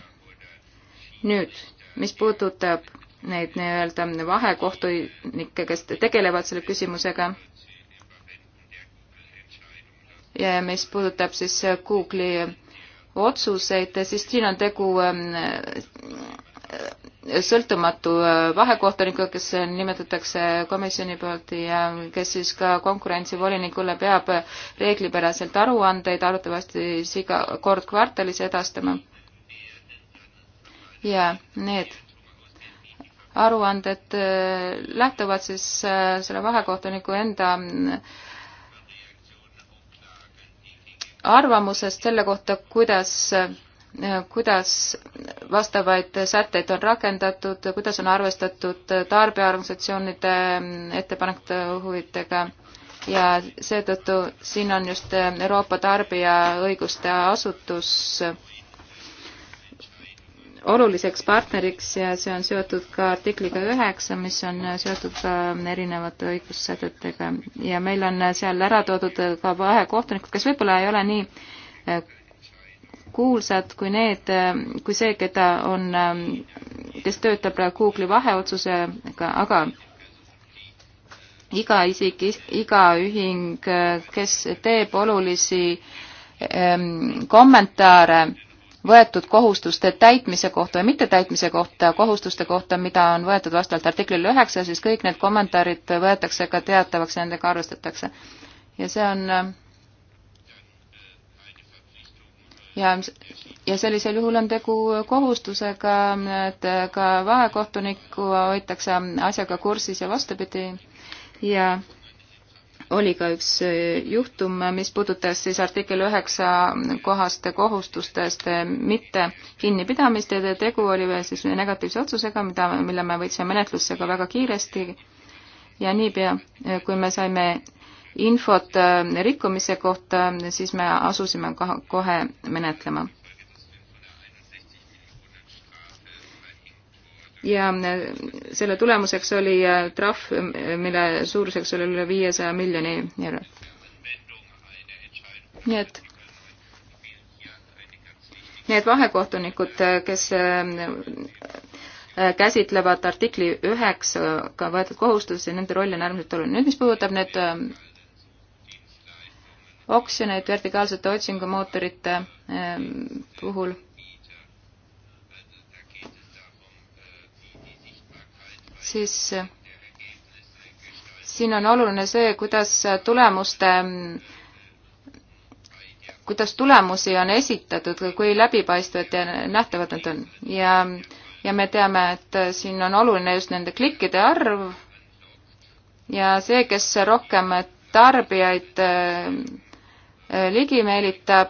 nüüd, mis puudutab neid nii-öelda vahekohtunikke, kes tegelevad selle küsimusega, ja mis puudutab siis äh, Google'i otsuseid, siis siin on tegu ähm, sõltumatu äh, vahekohtunikku, kes äh, nimetatakse komisjoni poolt ja kes siis ka konkurentsivolinikule peab äh, reeglipäraselt aruandeid arvatavasti siis iga kord kvartalis edastama. ja need aruanded lähtuvad siis selle vahekohtuniku enda arvamusest selle kohta, kuidas kuidas vastavaid sätteid on rakendatud, kuidas on arvestatud tarbijaorganisatsioonide ettepanekute huvidega ja seetõttu siin on just Euroopa Tarbijaõiguste Asutus oluliseks partneriks ja see on seotud ka artikliga üheksa, mis on seotud ka erinevate õigussätetega ja meil on seal ära toodud ka vahekohtunikud, kes võib-olla ei ole nii kuulsad kui need, kui see, keda on, kes töötab Google'i vaheotsusega, aga iga isik, iga ühing, kes teeb olulisi ehm, kommentaare võetud kohustuste täitmise kohta või mittetäitmise kohta, kohustuste kohta, mida on võetud vastavalt artiklile üheksa, siis kõik need kommentaarid võetakse ka teatavaks ja nendega arvestatakse. ja see on ja, ja sellisel juhul on tegu kohustusega, et ka vahekohtunikku hoitakse asjaga kursis ja vastupidi ja oli ka üks juhtum, mis puudutas siis artikkel üheksa kohaste kohustustest mitte kinnipidamist ja tegu oli siis negatiivse otsusega, mida, mille me võtsime menetlusse ka väga kiiresti ja niipea, kui me saime infot äh, rikkumise kohta, siis me asusime kohe menetlema. ja äh, selle tulemuseks oli äh, trahv, mille suuruseks oli üle viiesaja miljoni euro. nii et need vahekohtunikud, kes käsitlevad artikli üheksaga võetud kohustusi, nende roll on äärmiselt oluline. nüüd, mis puudutab nüüd oksjoneid vertikaalsete otsingumootorite ehm, puhul. siis siin on oluline see, kuidas tulemuste, kuidas tulemusi on esitatud, kui läbipaistvad ja nähtavad nad on. ja, ja me teame, et siin on oluline just nende klikkide arv ja see, kes rohkem tarbijaid ehm, ligi meelitab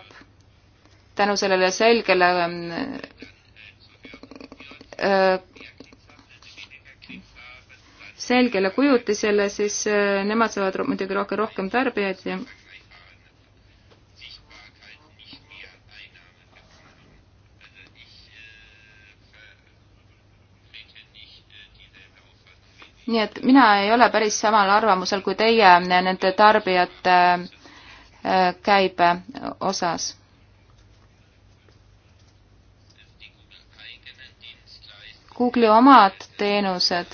tänu sellele selgele äh, selgele kujutisele, siis äh, nemad saavad muidugi rohkem, rohkem tarbijaid ja nii et mina ei ole päris samal arvamusel kui teie nende tarbijate käibe osas. Google'i omad teenused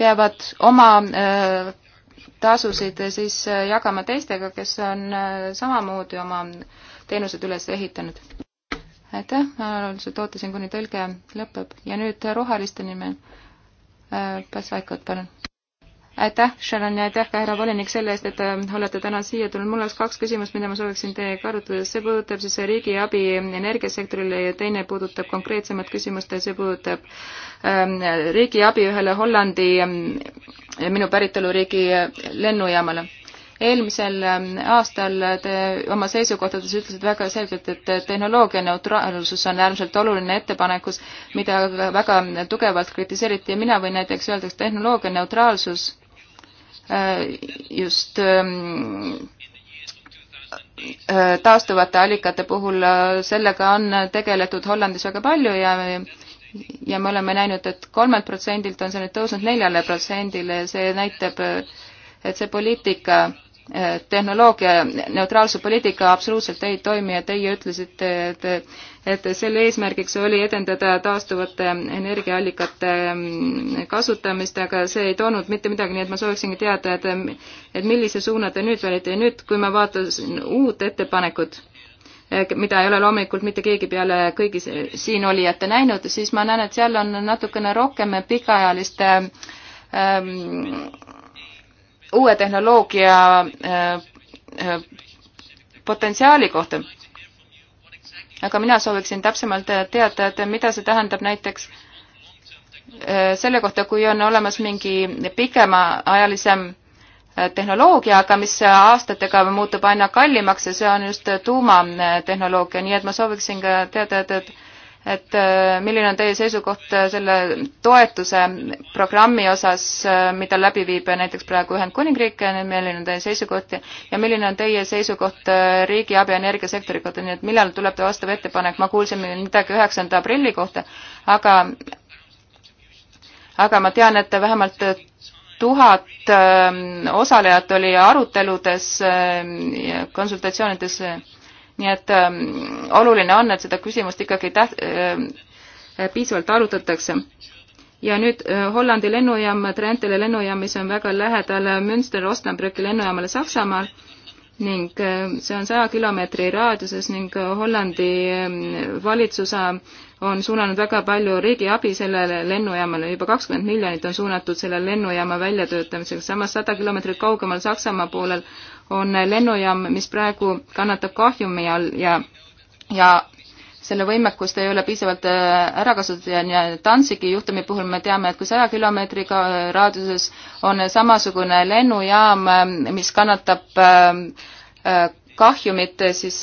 peavad oma äh, tasusid siis äh, jagama teistega, kes on äh, samamoodi oma teenused üles ehitanud. aitäh, ma lihtsalt ootasin, kuni tõlge lõpeb ja nüüd roheliste nimel. Pass Vaikot, palun aitäh, Sharon ja aitäh ka härra volinik selle eest, et äh, olete täna siia tulnud. mul oleks kaks küsimust, mida ma sooviksin teiega arutada. see puudutab siis äh, riigiabi energiasektorile ja teine puudutab konkreetsemat küsimust ja see puudutab ähm, riigiabi ühele Hollandi ähm,, minu päritoluriigi äh, lennujaamale eelmisel ähm, aastal te oma seisukohtades ütlesite väga selgelt, et tehnoloogia neutraalsus on äärmiselt oluline ettepanekus, mida väga tugevalt kritiseeriti ja mina võin näiteks öelda, et tehnoloogia neutraalsus Äh, just ähm, äh, taastuvate allikate puhul äh, sellega on tegeletud Hollandis väga palju ja ja me oleme näinud, et kolmelt protsendilt on see nüüd tõusnud neljale protsendile ja see näitab, et see poliitika tehnoloogia neutraalse poliitika absoluutselt ei toimi ja teie ütlesite, et et selle eesmärgiks oli edendada taastuvate energiaallikate mm, kasutamist, aga see ei toonud mitte midagi, nii et ma sooviksingi teada, et et millise suuna te nüüd valite ja nüüd, kui ma vaatasin uut ettepanekut, e, mida ei ole loomulikult mitte keegi peale kõigi siinolijate näinud, siis ma näen, et seal on natukene rohkem pikaajaliste ähm, uue tehnoloogia äh, äh, potentsiaali kohta. aga mina sooviksin täpsemalt teada, et mida see tähendab näiteks äh, selle kohta, kui on olemas mingi pikemaajalisem tehnoloogia, aga mis aastatega muutub aina kallimaks ja see on just tuumatehnoloogia, nii et ma sooviksin ka teada, et, et et äh, milline on teie seisukoht äh, selle toetuse programmi osas, äh, mida läbi viib näiteks praegu Ühendkuningriik, milline on teie seisukoht ja, ja milline on teie seisukoht riigiabi energiasektori kohta, nii et millal tuleb teie vastav ettepanek, ma kuulsin midagi üheksanda aprilli kohta, aga aga ma tean, et vähemalt tuhat ähm, osalejat oli aruteludes, ähm, konsultatsioonides nii et ähm, oluline on, et seda küsimust ikkagi täht- äh,, piisavalt arutatakse. ja nüüd äh, Hollandi lennujaam, Trentele lennujaam, mis on väga lähedal äh, Münster-Ostenbrücki lennujaamale Saksamaal ning äh, see on saja kilomeetri raadiuses ning äh, Hollandi äh, valitsus on suunanud väga palju riigiabi sellele lennujaamale, juba kakskümmend miljonit on suunatud selle lennujaama väljatöötamiseks, samas sada kilomeetrit kaugemal Saksamaa poolel on lennujaam, mis praegu kannatab kahjumi all ja, ja selle võimekust ei ole piisavalt äh, ära kasutatud ja nii Danzigi juhtumi puhul me teame, et kui saja kilomeetri raadiuses on samasugune lennujaam, äh, mis kannatab äh, kahjumit, siis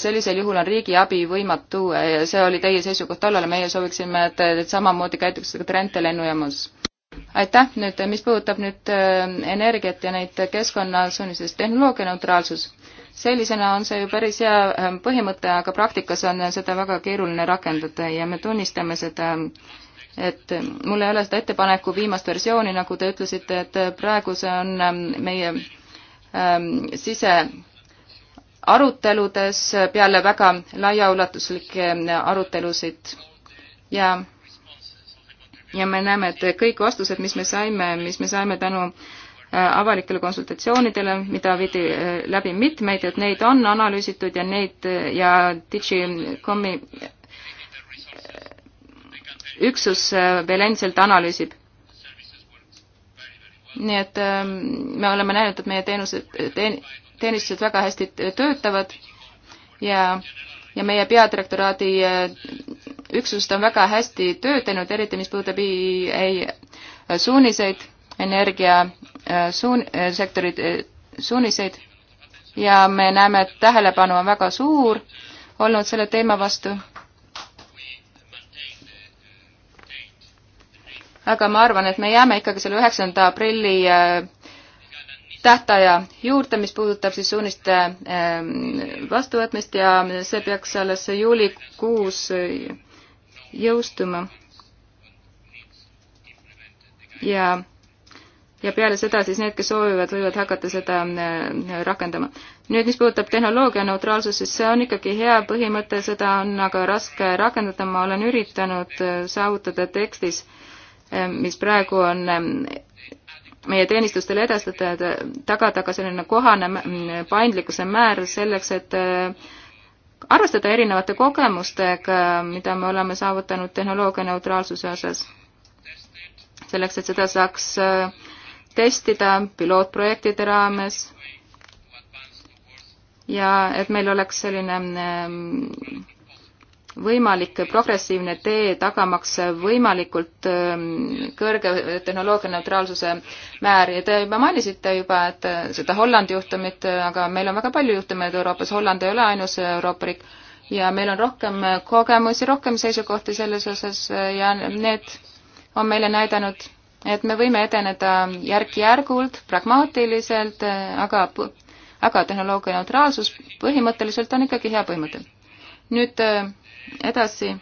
sellisel juhul on riigi abi võimatu ja see oli teie seisukoht tollal, meie sooviksime, et, et samamoodi käituks ka Trente lennujaamas aitäh, nüüd mis puudutab nüüd äh, energiat ja neid keskkonnasuuniseid, tehnoloogianeutraalsus. sellisena on see ju päris hea äh, põhimõte, aga praktikas on seda väga keeruline rakendada ja me tunnistame seda, et mul ei ole seda ettepaneku viimast versiooni, nagu te ütlesite, et praegu see on äh, meie ähm, sise aruteludes peale väga laiaulatuslikke arutelusid ja ja me näeme, et kõik vastused, mis me saime, mis me saime tänu äh, avalikele konsultatsioonidele, mida viidi äh, läbi mitmeid, et neid on analüüsitud ja neid äh, ja Digicomi üksus veel endiselt analüüsib. nii et ähm, me oleme näinud, et meie teenused teen,, teenistused väga hästi töötavad ja, ja meie peadirektoraadi üksused on väga hästi töö teinud, eriti mis puudutab EI suuniseid, energia äh, suun-, äh, sektori äh, suuniseid ja me näeme, et tähelepanu on väga suur olnud selle teema vastu. aga ma arvan, et me jääme ikkagi selle üheksanda aprilli tähtaja juurde, mis puudutab siis suuniste vastuvõtmist ja see peaks alles juulikuus jõustuma. ja, ja peale seda siis need, kes soovivad, võivad hakata seda äh, rakendama. nüüd, mis puudutab tehnoloogia neutraalsust, siis see on ikkagi hea põhimõte, seda on aga raske rakendada, ma olen üritanud äh, saavutada tekstis, äh, mis praegu on meie teenistustele edastatud, tagada ka selline kohane paindlikkuse määr selleks, et arvestada erinevate kogemustega, mida me oleme saavutanud tehnoloogia neutraalsuse osas. selleks, et seda saaks äh, testida pilootprojektide raames ja et meil oleks selline ähm, võimalik progressiivne tee, tagamaks võimalikult ähm, kõrge tehnoloogia neutraalsuse määr ja te juba mainisite juba, et seda Hollandi juhtumit, aga meil on väga palju juhtumeid Euroopas, Holland ei ole ainus Euroopa riik ja meil on rohkem kogemusi, rohkem seisukohti selles osas ja need on meile näidanud, et me võime edeneda järk-järgult, pragmaatiliselt, aga, aga tehnoloogia neutraalsus põhimõtteliselt on ikkagi hea põhimõte. nüüd edasi,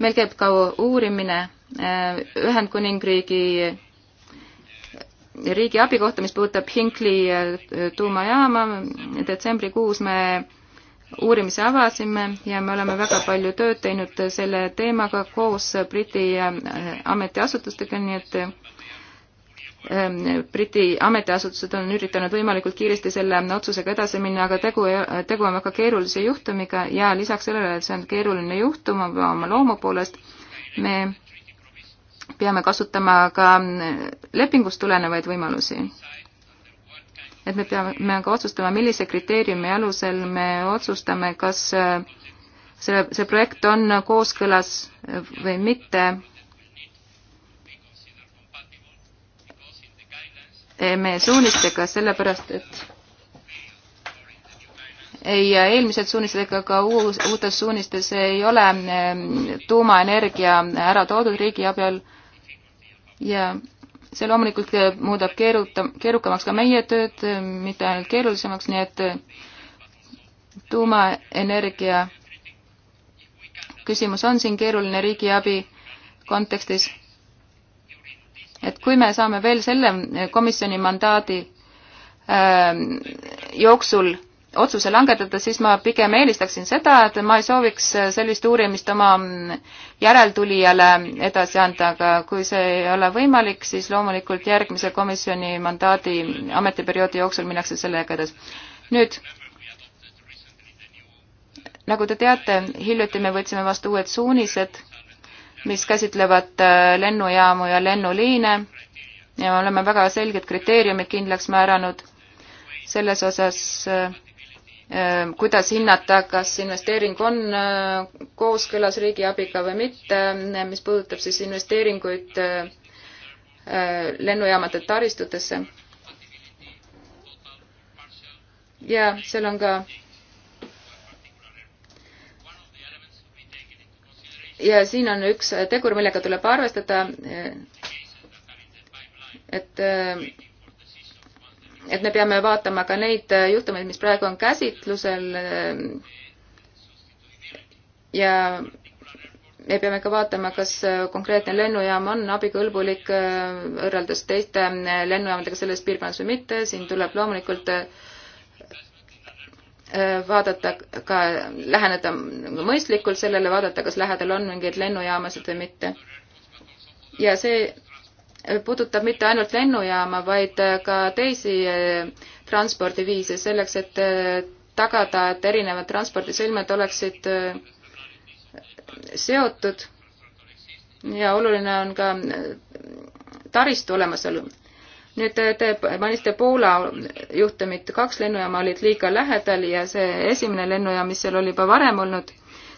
meil käib ka uurimine äh, Ühendkuningriigi äh, riigi abi kohta, mis puudutab Hinkli äh, tuumajaama. detsembrikuus me uurimise avasime ja me oleme väga palju tööd teinud selle teemaga koos Briti ametiasutustega, nii et Ehm, Briti ametiasutused on üritanud võimalikult kiiresti selle otsusega edasi minna, aga tegu, tegu on väga keerulise juhtumiga ja lisaks sellele, et see on keeruline juhtum oma loomu poolest, me peame kasutama ka lepingust tulenevaid võimalusi. et me peame ka otsustama, millise kriteeriumi alusel me otsustame, kas äh, see, see projekt on kooskõlas või mitte Eh, meie suunistega, sellepärast et ei eelmised suunised ega ka uus, uutes suunistes ei ole eh, tuumaenergia ära toodud riigiabi all ja see loomulikult eh, muudab keeruta-, keerukamaks ka meie tööd, mitte ainult keerulisemaks, nii et tuumaenergia küsimus on siin keeruline riigiabi kontekstis et kui me saame veel selle komisjoni mandaadi ähm, jooksul otsuse langetada, siis ma pigem eelistaksin seda, et ma ei sooviks äh, sellist uurimist oma mm, järeltulijale edasi anda, aga kui see ei ole võimalik, siis loomulikult järgmise komisjoni mandaadi ametiperioodi jooksul minnakse sellega edasi. nüüd, nagu te teate, hiljuti me võtsime vastu uued suunised mis käsitlevad äh, lennujaamu ja lennuliine ja me oleme väga selged kriteeriumid kindlaks määranud selles osas, äh, äh, kuidas hinnata, kas investeering on kooskõlas riigiabiga või mitte, mis puudutab siis investeeringuid lennujaamade taristutesse. ja seal on ka ja siin on üks tegur, millega tuleb arvestada, et et me peame vaatama ka neid juhtumeid, mis praegu on käsitlusel ja me peame ka vaatama, kas konkreetne lennujaam on abikõlbulik võrreldes teiste lennujaamadega selles piirkonnas või mitte, siin tuleb loomulikult äh, Äh, vaadata ka, läheneda mõistlikult sellele, vaadata, kas lähedal on mingeid lennujaamasid või mitte. ja see puudutab mitte ainult lennujaama, vaid äh, ka teisi äh, transpordiviise selleks, et tagada, et erinevad transpordisõlmed oleksid seotud ja oluline on ka taristu olemasolu nüüd äh, te mainisite Poola juhtumit, kaks lennujaama olid liiga lähedal ja see esimene lennujaam, mis seal oli juba varem olnud,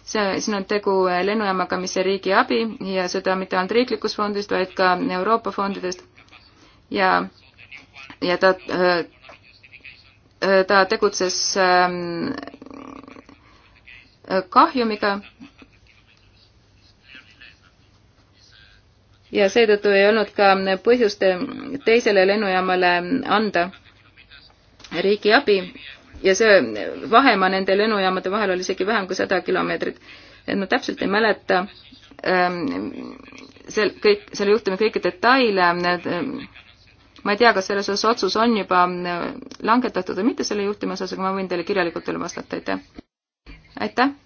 see, siin on tegu äh, lennujaamaga, mis sai riigi abi ja seda mitte ainult riiklikust fondist, vaid ka Euroopa fondidest. ja, ja ta, äh, ta tegutses ähm, kahjumiga ja seetõttu ei olnud ka põhjust teisele lennujaamale anda riigiabi ja see vahemaa nende lennujaamade vahel oli isegi vähem kui sada kilomeetrit. et ma täpselt ei mäleta ähm, seal kõik, selle juhtumi kõiki detaile, need ähm, ma ei tea, kas selles osas otsus on juba äh, langetatud või mitte selle juhtumi osas, aga ma võin teile kirjalikult veel vastata, aitäh. aitäh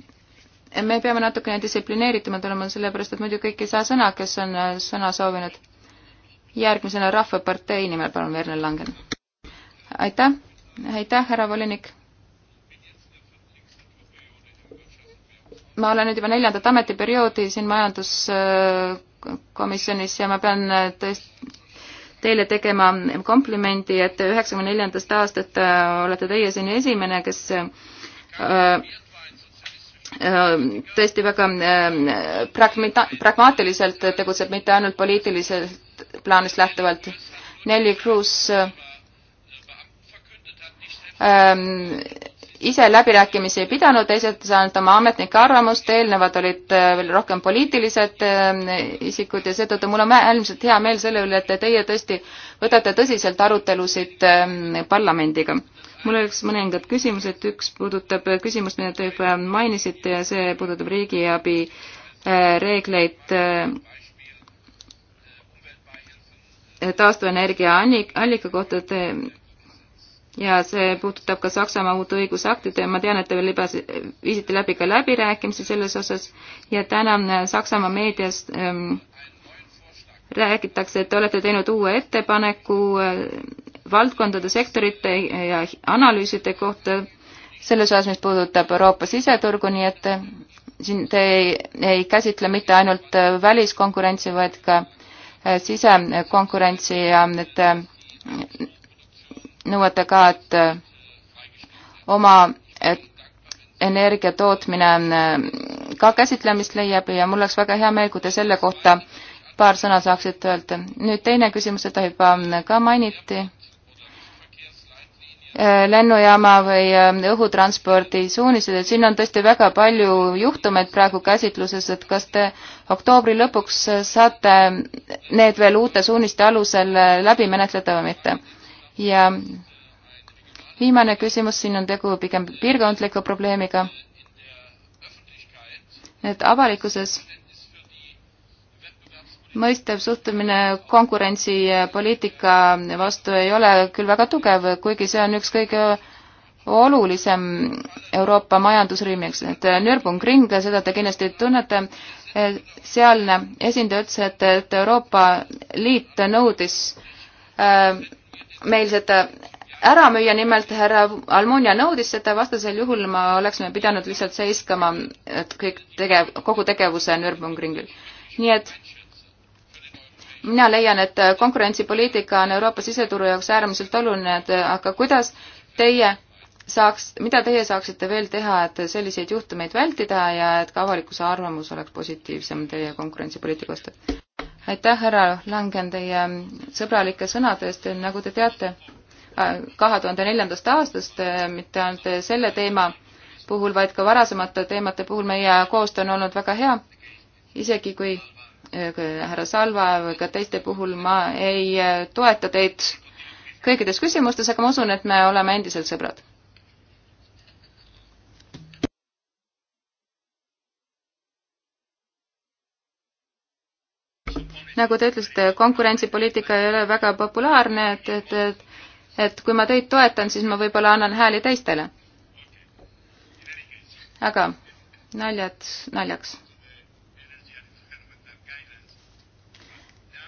me peame natukene distsiplineeritumad olema, sellepärast et muidu kõik ei saa sõna, kes on äh, sõna soovinud. järgmisena Rahvapartei nimel palun, Werner Langen. aitäh, aitäh, härra volinik. ma olen nüüd juba neljandat ametiperioodi siin majanduskomisjonis ja ma pean äh, tõesti teile tegema komplimendi, et üheksakümne neljandast aastast äh, olete teie siin esimene, kes äh, Äh, tõesti väga ähm, pragmata-, pragmaatiliselt tegutseb, mitte ainult poliitiliselt plaanist lähtuvalt. Nelly Cruz ähm, ise läbirääkimisi ei pidanud, esitas ainult oma ametnike arvamust, eelnevad olid äh, veel rohkem poliitilised ähm, isikud ja seetõttu mul on äärmiselt hea meel selle üle, et teie tõesti võtate tõsiselt arutelusid ähm, parlamendiga mul oleks mõningad küsimused, üks puudutab küsimust, mida te juba mainisite ja see puudutab riigiabi äh, reegleid äh, taastuvenergia allika kohta, et ja see puudutab ka Saksamaa uut õigusaktid ja ma tean, et te veel libas, viisite läbi ka läbirääkimisi selles osas ja täna äh, Saksamaa meedias ähm, räägitakse, et te olete teinud uue ettepaneku äh, valdkondade, sektorite ja analüüside kohta selles osas, mis puudutab Euroopa siseturgu, nii et äh, siin te ei, ei käsitle mitte ainult äh, väliskonkurentsi, vaid ka äh, sisekonkurentsi ja et nõuete ka, et oma et energia tootmine ka käsitlemist leiab ja mul oleks väga hea meel, kui te selle kohta paar sõna saaksite öelda. nüüd teine küsimus, seda juba ka mainiti Äh, lennujaama või äh, õhutranspordi suunised, et siin on tõesti väga palju juhtumeid praegu käsitluses, et kas te oktoobri lõpuks äh, saate need veel uute suuniste alusel läbi menetleda või mitte? ja viimane küsimus, siin on tegu pigem piirkondliku probleemiga. et avalikkuses mõistev suhtumine konkurentsipoliitika vastu ei ole küll väga tugev, kuigi see on üks kõige olulisem Euroopa majandusriimiks, et Nürburgring, seda te kindlasti tunnete, sealne esindaja ütles, et, et Euroopa Liit nõudis äh, meil seda ära müüa, nimelt härra Almunia nõudis seda, vastasel juhul me oleksime pidanud lihtsalt seiskama, et kõik tegev, kogu tegevuse Nürburgringil. nii et mina leian, et konkurentsipoliitika on Euroopa siseturu jaoks äärmiselt oluline, et aga kuidas teie saaks, mida teie saaksite veel teha, et selliseid juhtumeid vältida ja et ka avalikkuse arvamus oleks positiivsem teie konkurentsipoliitika vastu? aitäh, härra Langen, teie sõbralike sõnade eest, nagu te teate, kahe tuhande neljandast aastast, mitte ainult selle teema puhul, vaid ka varasemate teemade puhul meie koostöö on olnud väga hea, isegi kui härra Salva või ka teiste puhul ma ei äh, toeta teid kõikides küsimustes, aga ma usun, et me oleme endiselt sõbrad. nagu te ütlesite, konkurentsipoliitika ei ole väga populaarne, et, et, et et kui ma teid toetan, siis ma võib-olla annan hääli teistele. aga naljad naljaks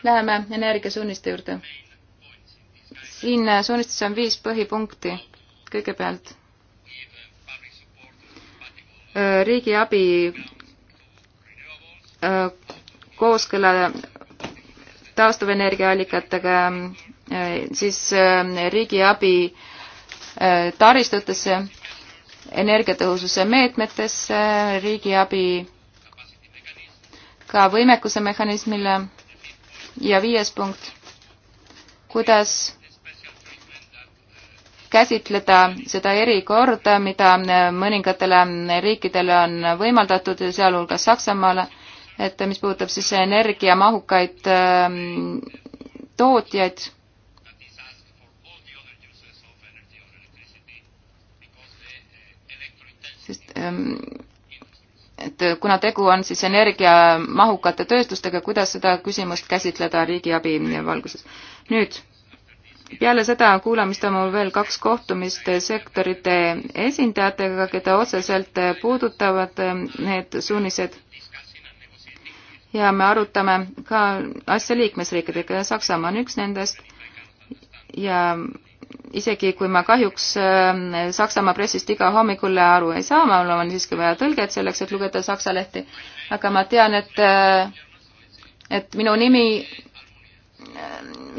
läheme energiasuuniste juurde. siin suunistes on viis põhipunkti. kõigepealt äh, riigiabi äh, kooskõla taastuvenergiaallikatega, äh, siis riigiabi taristutesse, energiatõhususe meetmetesse, riigiabi ka võimekuse mehhanismile ja viies punkt, kuidas käsitleda seda erikorda, mida äh, mõningatele riikidele on võimaldatud, sealhulgas Saksamaale, et mis puudutab siis energiamahukaid ähm, tootjaid, sest ähm, et äh, kuna tegu on siis energiamahukate tööstustega, kuidas seda küsimust käsitleda riigiabi valguses. nüüd, peale seda kuulamist on mul veel kaks kohtumist äh, sektorite esindajatega, keda otseselt äh, puudutavad need suunised. ja me arutame ka asja liikmesriikidega ja Saksamaa on üks nendest ja isegi kui ma kahjuks ähm, Saksamaa pressist iga hommikul aru ei saa, mul on siiski vaja tõlget selleks, et lugeda saksa lehti, aga ma tean, et, äh, et minu nimi,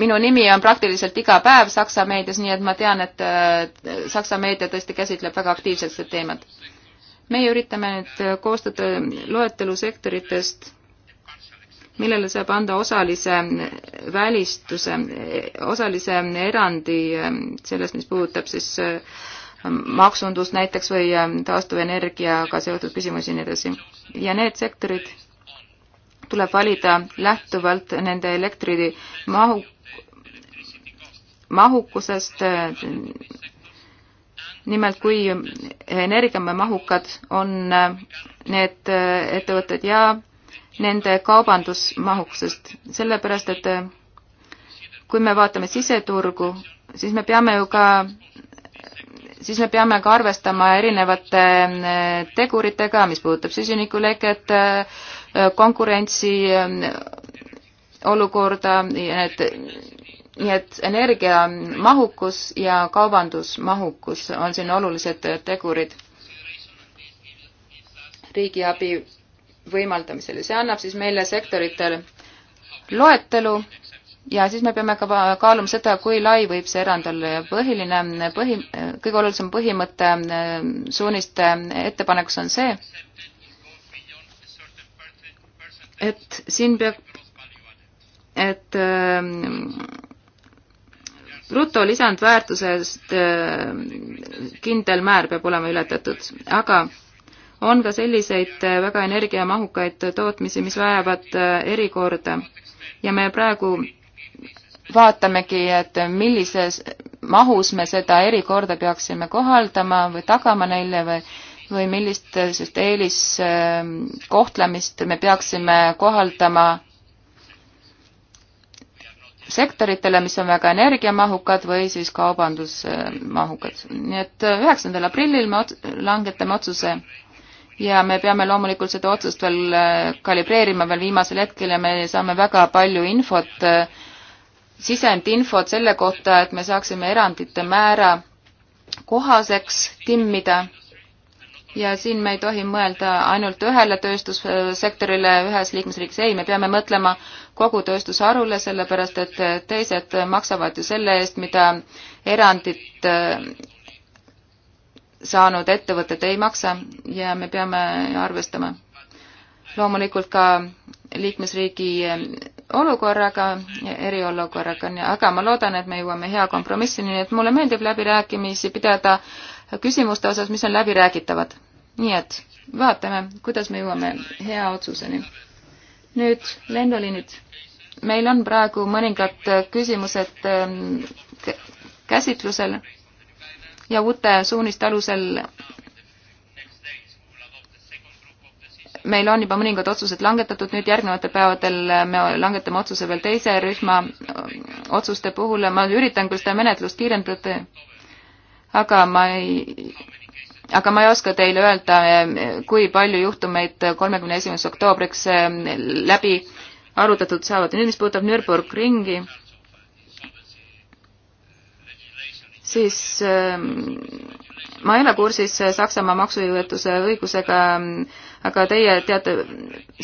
minu nimi on praktiliselt iga päev Saksa meedias, nii et ma tean, et äh, Saksa meedia tõesti käsitleb väga aktiivselt seda teemat. meie üritame nüüd koostada loetelu sektoritest millele saab anda osalise välistuse, osalise erandi ähm, selles, mis puudutab siis äh, maksundust näiteks või ähm, taastuvenergiaga seotud küsimusi ja nii edasi. ja need sektorid tuleb valida lähtuvalt nende elektri mahu, mahukusest. Äh, nimelt, kui energiamahukad on äh, need ettevõtted ja nende kaubandusmahukusest, sellepärast et äh, kui me vaatame siseturgu, siis me peame ju ka, siis me peame ka arvestama erinevate äh, teguritega, mis puudutab süsinikuleket, äh, konkurentsi olukorda, et nii et energiamahukus ja kaubandusmahukus on siin olulised tegurid. riigiabi võimaldamisele. see annab siis meile sektoritele loetelu ja siis me peame ka kaaluma seda, kui lai võib see erand olla ja põhiline, põhi, kõige olulisem põhimõte äh, suuniste ettepanekus on see, et siin peab, et äh, bruto lisandväärtusest äh, kindel määr peab olema ületatud, aga on ka selliseid eh, väga energiamahukaid tootmisi, mis vajavad eh, erikorda. ja me praegu vaatamegi, et millises mahus me seda erikorda peaksime kohaldama või tagama neile või või millist sellist eeliskohtlemist eh, me peaksime kohaldama sektoritele, mis on väga energiamahukad või siis kaubandusmahukad. nii et üheksandal aprillil me ot-, langetame otsuse ja me peame loomulikult seda otsust veel äh, kalibreerima veel viimasel hetkel ja me saame väga palju infot, äh, sisendinfot selle kohta, et me saaksime erandite määra kohaseks timmida. ja siin me ei tohi mõelda ainult ühele tööstussektorile ühes liikmesriigis, ei, me peame mõtlema kogu tööstusharule, sellepärast et teised maksavad ju selle eest, mida erandid äh, saanud ettevõtted ei maksa ja me peame arvestama loomulikult ka liikmesriigi olukorraga, eriolukorraga, aga ma loodan, et me jõuame hea kompromissini, nii et mulle meeldib läbirääkimisi pidada küsimuste osas, mis on läbiräägitavad. nii et vaatame, kuidas me jõuame hea otsuseni. nüüd lennuliinid. meil on praegu mõningad küsimused ähm, käsitlusel ja uute suuniste alusel meil on juba mõningad otsused langetatud, nüüd järgnevatel päevadel me langetame otsuse veel teise rühma otsuste puhul, ma üritan küll seda menetlust kiirendada, aga ma ei, aga ma ei oska teile öelda, kui palju juhtumeid kolmekümne esimeseks oktoobriks läbi arutatud saavad. nüüd, mis puudutab Nürburgringi, ringi siis ähm, ma ei ole kursis Saksamaa maksujõuetuse õigusega, aga teie teate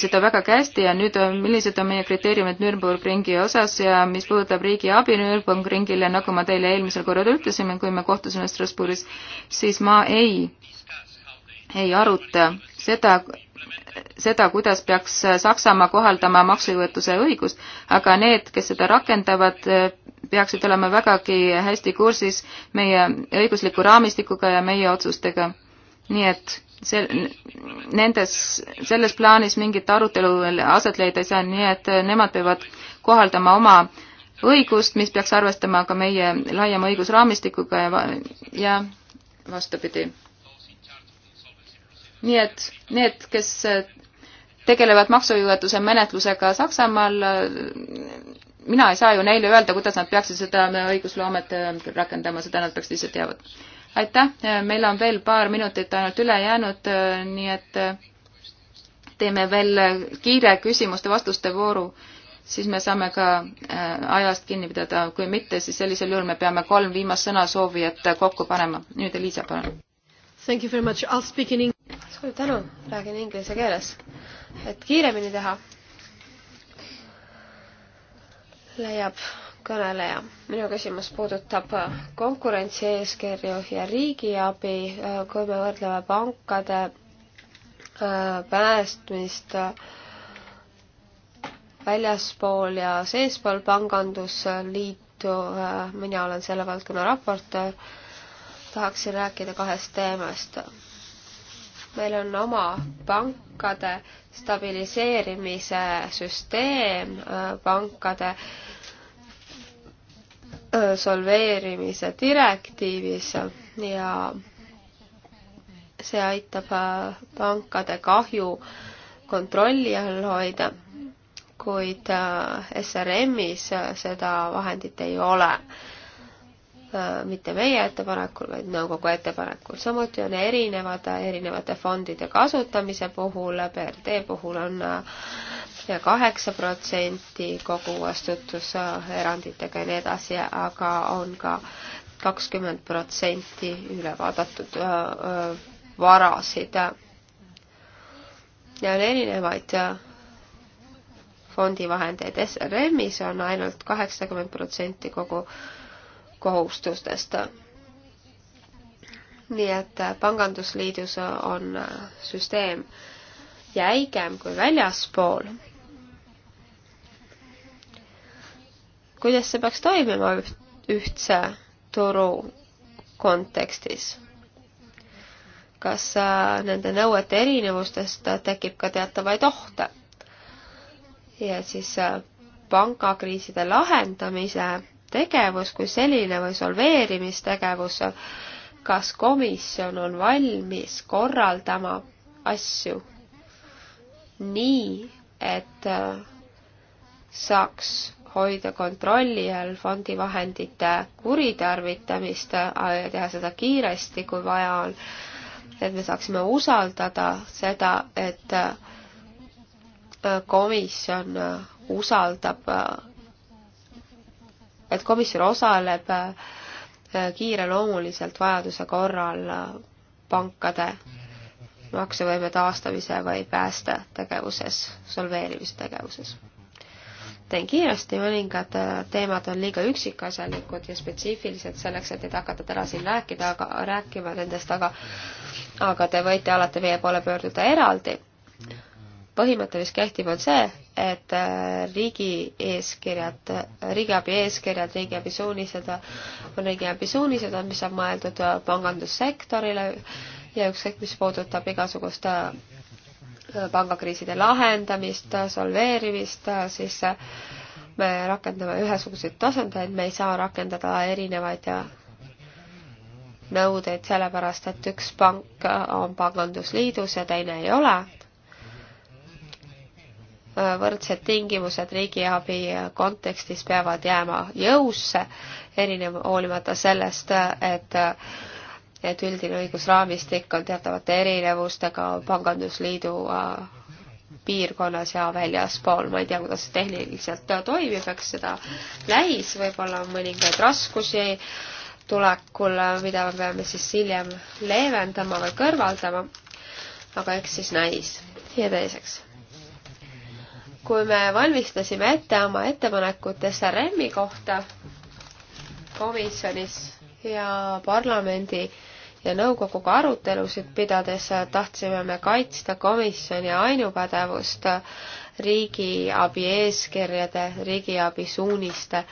seda väga hästi ja nüüd, millised on meie kriteeriumid Nürburgringi osas ja mis puudutab riigi abi Nürburgringile, nagu ma teile eelmisel korral ütlesime, kui me kohtusime Strasbourgis, siis ma ei, ei aruta seda, seda, kuidas peaks Saksamaa kohaldama maksejõuetuse õigust, aga need, kes seda rakendavad, peaksid olema vägagi hästi kursis meie õigusliku raamistikuga ja meie otsustega. nii et see, nendes, selles plaanis mingit arutelu aset leida ei saa, nii et nemad peavad kohaldama oma õigust, mis peaks arvestama ka meie laiema õigusraamistikuga ja, ja vastupidi nii et need, kes eh, tegelevad maksujõuetuse menetlusega Saksamaal, eh, mina ei saa ju neile öelda, kuidas nad peaksid seda õigusloomet eh, rakendama, seda nad peaks lihtsalt teavad. aitäh, meil on veel paar minutit ainult üle jäänud, nii et teeme veel kiire küsimuste-vastuste vooru, siis me saame ka ajast kinni pidada, kui mitte, siis sellisel juhul me peame kolm viimast sõna soovijat kokku panema. nüüd Liisa, palun suur tänu, räägin inglise keeles, et kiiremini teha. leiab kõneleja. minu küsimus puudutab konkurentsieeskirju ja riigiabi, kui me võrdleme pankade äh, päästmist äh, väljaspool ja seespool pangandusliitu, äh, mina olen selle valdkonna raportöör, tahaksin rääkida kahest teemast meil on oma pankade stabiliseerimise süsteem, äh, pankade äh, solveerimise direktiivis ja see aitab äh, pankade kahju kontrolli all hoida, kuid SRM-is seda vahendit ei ole Äh, mitte meie ettepanekul, vaid nõukogu ettepanekul. samuti on erinevad, erinevate fondide kasutamise puhul, BRD puhul on äh, kaheksa protsenti kogu vastutus eranditega ja nii edasi, aga on ka kakskümmend protsenti üle vaadatud äh, varasid. ja on erinevaid fondivahendeid, SRM-is on ainult kaheksakümmend protsenti kogu kohustustest. nii et äh, pangandusliidus äh, on äh, süsteem jäigem kui väljaspool. kuidas see peaks toimima ühtse turu kontekstis? kas nende nõuete erinevustest tekib ka teatavaid ohte? ja siis pangakriiside lahendamise tegevus kui selline või solveerimistegevus, kas komisjon on valmis korraldama asju nii, et äh, saaks hoida kontrolli all fondi vahendite kuritarvitamist äh, ja teha seda kiiresti, kui vaja on, et me saaksime usaldada seda, et äh, komisjon usaldab et komisjon osaleb äh, kiireloomuliselt vajaduse korral äh, pankade maksevõime taastamise või päästetegevuses, solveerimise tegevuses. teen kiiresti, mõningad äh, teemad on liiga üksikasjalikud ja spetsiifilised selleks, et neid hakata täna siin rääkida, aga rääkima nendest, aga aga te võite alati meie poole pöörduda eraldi põhimõte, mis kehtib, on see, et äh, riigi eeskirjad, äh, riigiabi eeskirjad, riigiabi suunised äh, on riigiabi suunised, mis on mõeldud pangandussektorile ja ükskõik, mis puudutab igasugust pangakriiside lahendamist, solveerimist, siis me rakendame ühesuguseid tasandeid, me ei saa rakendada erinevaid nõudeid, sellepärast et üks pank on pangandusliidus ja teine ei ole võrdsed tingimused riigiabi kontekstis peavad jääma jõusse, erinev, hoolimata sellest, et et üldine õigusraamistik on teatavate erinevustega Pangandusliidu äh, piirkonnas ja väljaspool, ma ei tea, kuidas see tehniliselt toimib, eks seda näis, võib-olla on mõningaid raskusi tulekul, äh, mida me peame siis hiljem leevendama või kõrvaldama, aga eks siis näis. ja teiseks kui me valmistasime ette oma ettepanekut SRM-i kohta komisjonis ja parlamendi ja nõukoguga arutelusid pidades tahtsime me kaitsta komisjoni ainupädevust riigiabi eeskirjade, riigiabi suuniste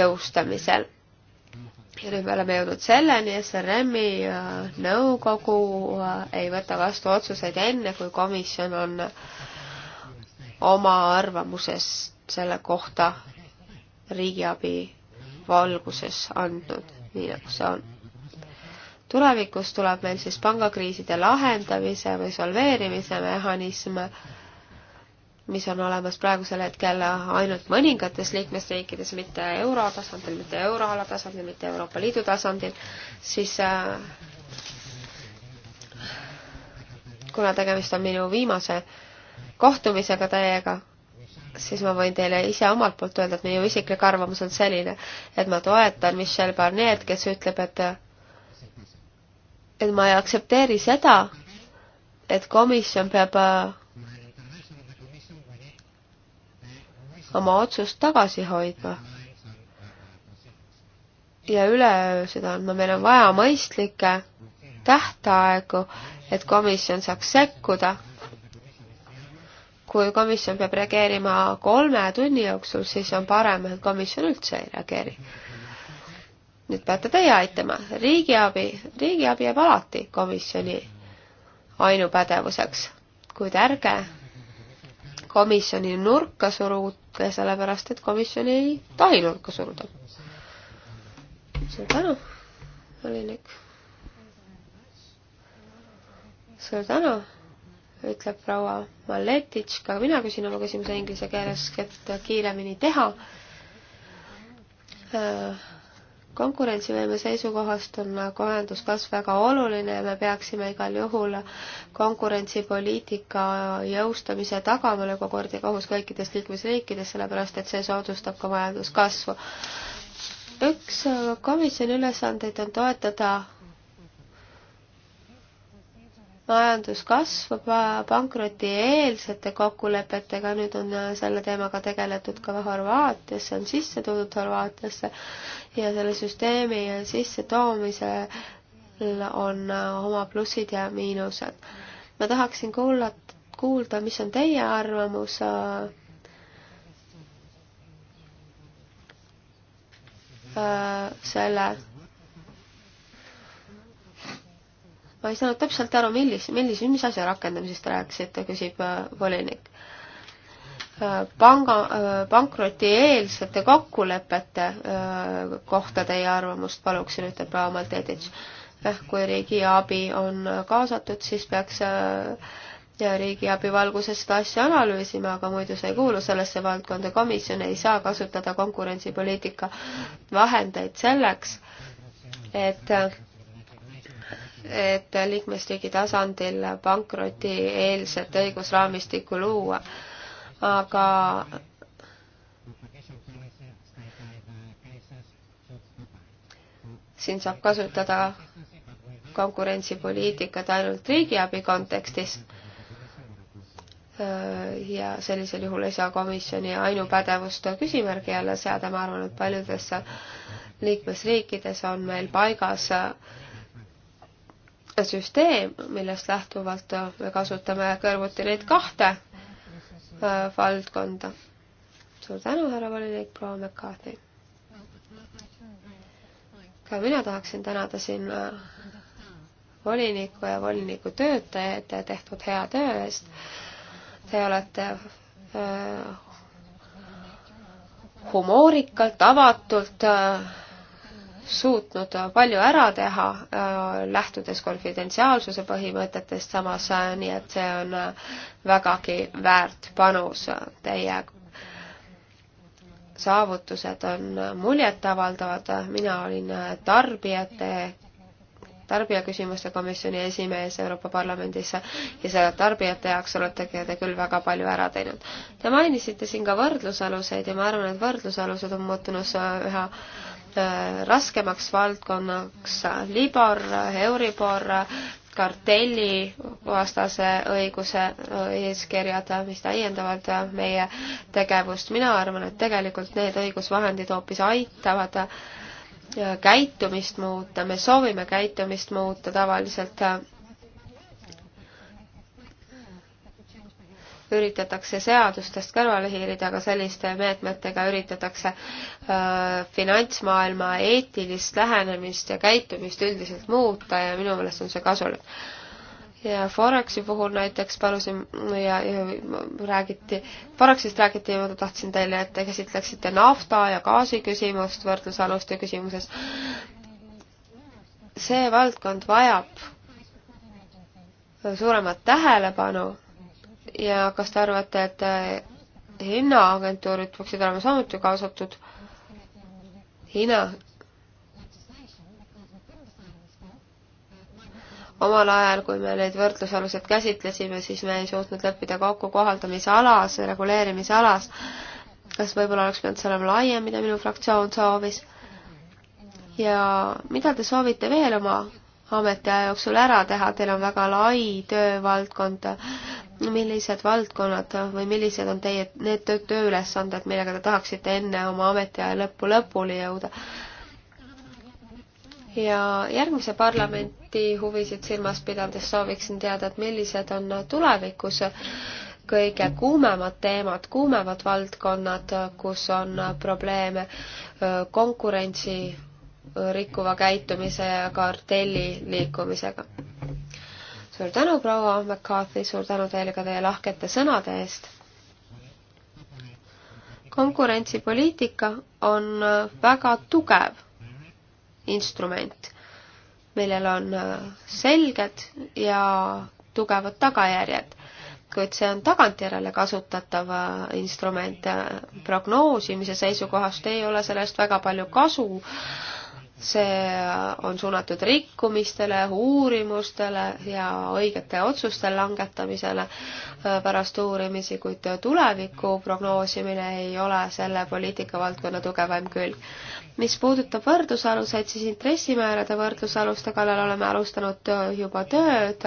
jõustamisel. ja nüüd me oleme jõudnud selleni, et SRM-i nõukogu ei võta vastu otsuseid enne, kui komisjon on oma arvamusest selle kohta riigiabi valguses andnud, nii nagu see on. tulevikus tuleb meil siis pangakriiside lahendamise või solveerimise mehhanism, mis on olemas praegusel hetkel ainult mõningates liikmesriikides, mitte euro tasandil, mitte euroala tasandil, mitte Euroopa Liidu tasandil, siis äh, kuna tegemist on minu viimase äh, kohtumisega teiega, siis ma võin teile ise omalt poolt öelda, et minu isiklik arvamus on selline, et ma toetan Michel Barnet, kes ütleb, et et ma ei aktsepteeri seda, et komisjon peab oma otsust tagasi hoidma. ja üleöö seda andma, meil on vaja mõistlikke tähtaegu, et komisjon saaks sekkuda kui komisjon peab reageerima kolme tunni jooksul, siis on parem, et komisjon üldse ei reageeri. nüüd peate teie aitama. riigiabi, riigiabi jääb alati komisjoni ainupädevuseks, kuid ärge komisjoni nurka suruge, sellepärast et komisjon ei tohi nurka suruda. suur tänu, Alinik. suur tänu ütleb proua Maletitš, ka mina küsin oma küsimuse inglise keeles, et kiiremini teha. Äh, konkurentsivõime seisukohast on nagu majanduskasv väga oluline ja me peaksime igal juhul konkurentsipoliitika jõustamise tagama nagu kord ja kohus kõikides liikmesriikides, sellepärast et see soodustab ka majanduskasvu. üks komisjoni ülesandeid on toetada majandus kasvab pankrotieelsete kokkulepetega, nüüd on äh, selle teemaga tegeletud ka Horvaatias, see on sisse toodud Horvaatiasse ja selle süsteemi sissetoomisel on äh, oma plussid ja miinused. ma tahaksin kuulata, kuulda, mis on teie arvamus äh, selle ma ei saanud täpselt aru, millis, millise, mis asja rakendamisest te rääkisite, küsib äh, volinik. Äh, panga, äh, pankrotieelsete kokkulepete kohta teie arvamust paluksin, ütleb Raul Malteditš. kui riigiabi on kaasatud, siis peaks ja riigiabi valguses seda asja analüüsima, aga muidu see ei kuulu sellesse valdkonda. komisjon ei saa kasutada konkurentsipoliitika vahendeid selleks, et et liikmesriigi tasandil pankrotieelset õigusraamistikku luua, aga siin saab kasutada konkurentsipoliitikat ainult riigiabi kontekstis ja sellisel juhul ei saa komisjoni ainupädevust küsimärgi alla seada, ma arvan, et paljudes liikmesriikides on meil paigas äh, süsteem, millest lähtuvalt me kasutame kõrvuti neid kahte äh, valdkonda. suur tänu, härra volinik proua McCarthy. ka mina tahaksin tänada siin äh, voliniku ja voliniku töötajaid tehtud hea töö eest. Te olete öö, äh, humoorikalt, avatult öö, suutnud palju ära teha, äh, lähtudes konfidentsiaalsuse põhimõtetest samas, äh, nii et see on äh, vägagi väärt panus. Teie saavutused on muljetavaldavad, mina olin tarbijate tarbijaküsimuste komisjoni esimees Euroopa Parlamendis ja selle tarbijate jaoks oletegi te küll väga palju ära teinud. Te mainisite siin ka võrdlusaluseid ja ma arvan, et võrdlusalused on muutunud üha Äh, raskemaks valdkonnaks Libor, Euribor, kartellivastase õiguse äh, eeskirjad, mis täiendavad äh, meie tegevust. mina arvan, et tegelikult need õigusvahendid hoopis aitavad käitumist muuta, me soovime käitumist muuta tavaliselt üritatakse seadustest kõrvale hiilida, aga selliste meetmetega üritatakse äh, finantsmaailma eetilist lähenemist ja käitumist üldiselt muuta ja minu meelest on see kasulik. ja Foreksi puhul näiteks palusin ja, ja räägiti, Foreksist räägiti ja ma tahtsin teile, et te käsitleksite nafta ja gaasi küsimust võrdlusaluste küsimuses. see valdkond vajab suuremat tähelepanu ja kas te arvate, et äh, hinnaagentuurid peaksid olema samuti kaasatud? Hiina omal ajal, kui me neid võrdlusaluseid käsitlesime, siis me ei suutnud leppida kokku kohaldamisalas, reguleerimisalas. kas võib-olla oleks pidanud see olema laiem, mida minu fraktsioon soovis? ja mida te soovite veel oma ametiaja jooksul ära teha, teil on väga lai töövaldkond millised valdkonnad või millised on teie need tööülesanded, millega te tahaksite enne oma ametiaja lõppu lõpule jõuda? ja järgmise parlamenti huvisid silmas pidades sooviksin teada, et millised on tulevikus kõige kuumemad teemad, kuumemad valdkonnad, kus on probleeme konkurentsi rikkuva käitumise ja kartelli liikumisega suur tänu, proua McCarthy, suur tänu teile ka teie lahkete sõnade eest. konkurentsipoliitika on väga tugev instrument, millel on selged ja tugevad tagajärjed, kuid see on tagantjärele kasutatav instrument. prognoosimise seisukohast ei ole sellest väga palju kasu see on suunatud rikkumistele, uurimustele ja õigete otsuste langetamisele pärast uurimisi, kuid tuleviku prognoosimine ei ole selle poliitikavaldkonna tugevam külg. mis puudutab võrdlusaluseid, siis intressimäärade võrdlusaluste kallal oleme alustanud juba tööd.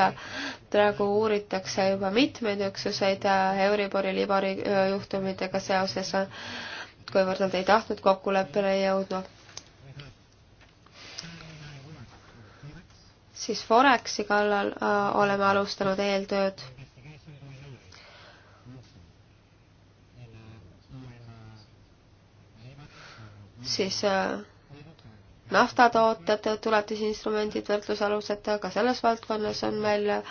praegu uuritakse juba mitmeid üksuseid Euribori, Libori juhtumitega seoses, kuivõrd nad ei tahtnud kokkuleppele jõudnud siis Foreksi kallal äh, oleme alustanud eeltööd. siis äh, naftatooted, tuletisinstrumendid, võrdlusalused, ka selles valdkonnas on meil äh,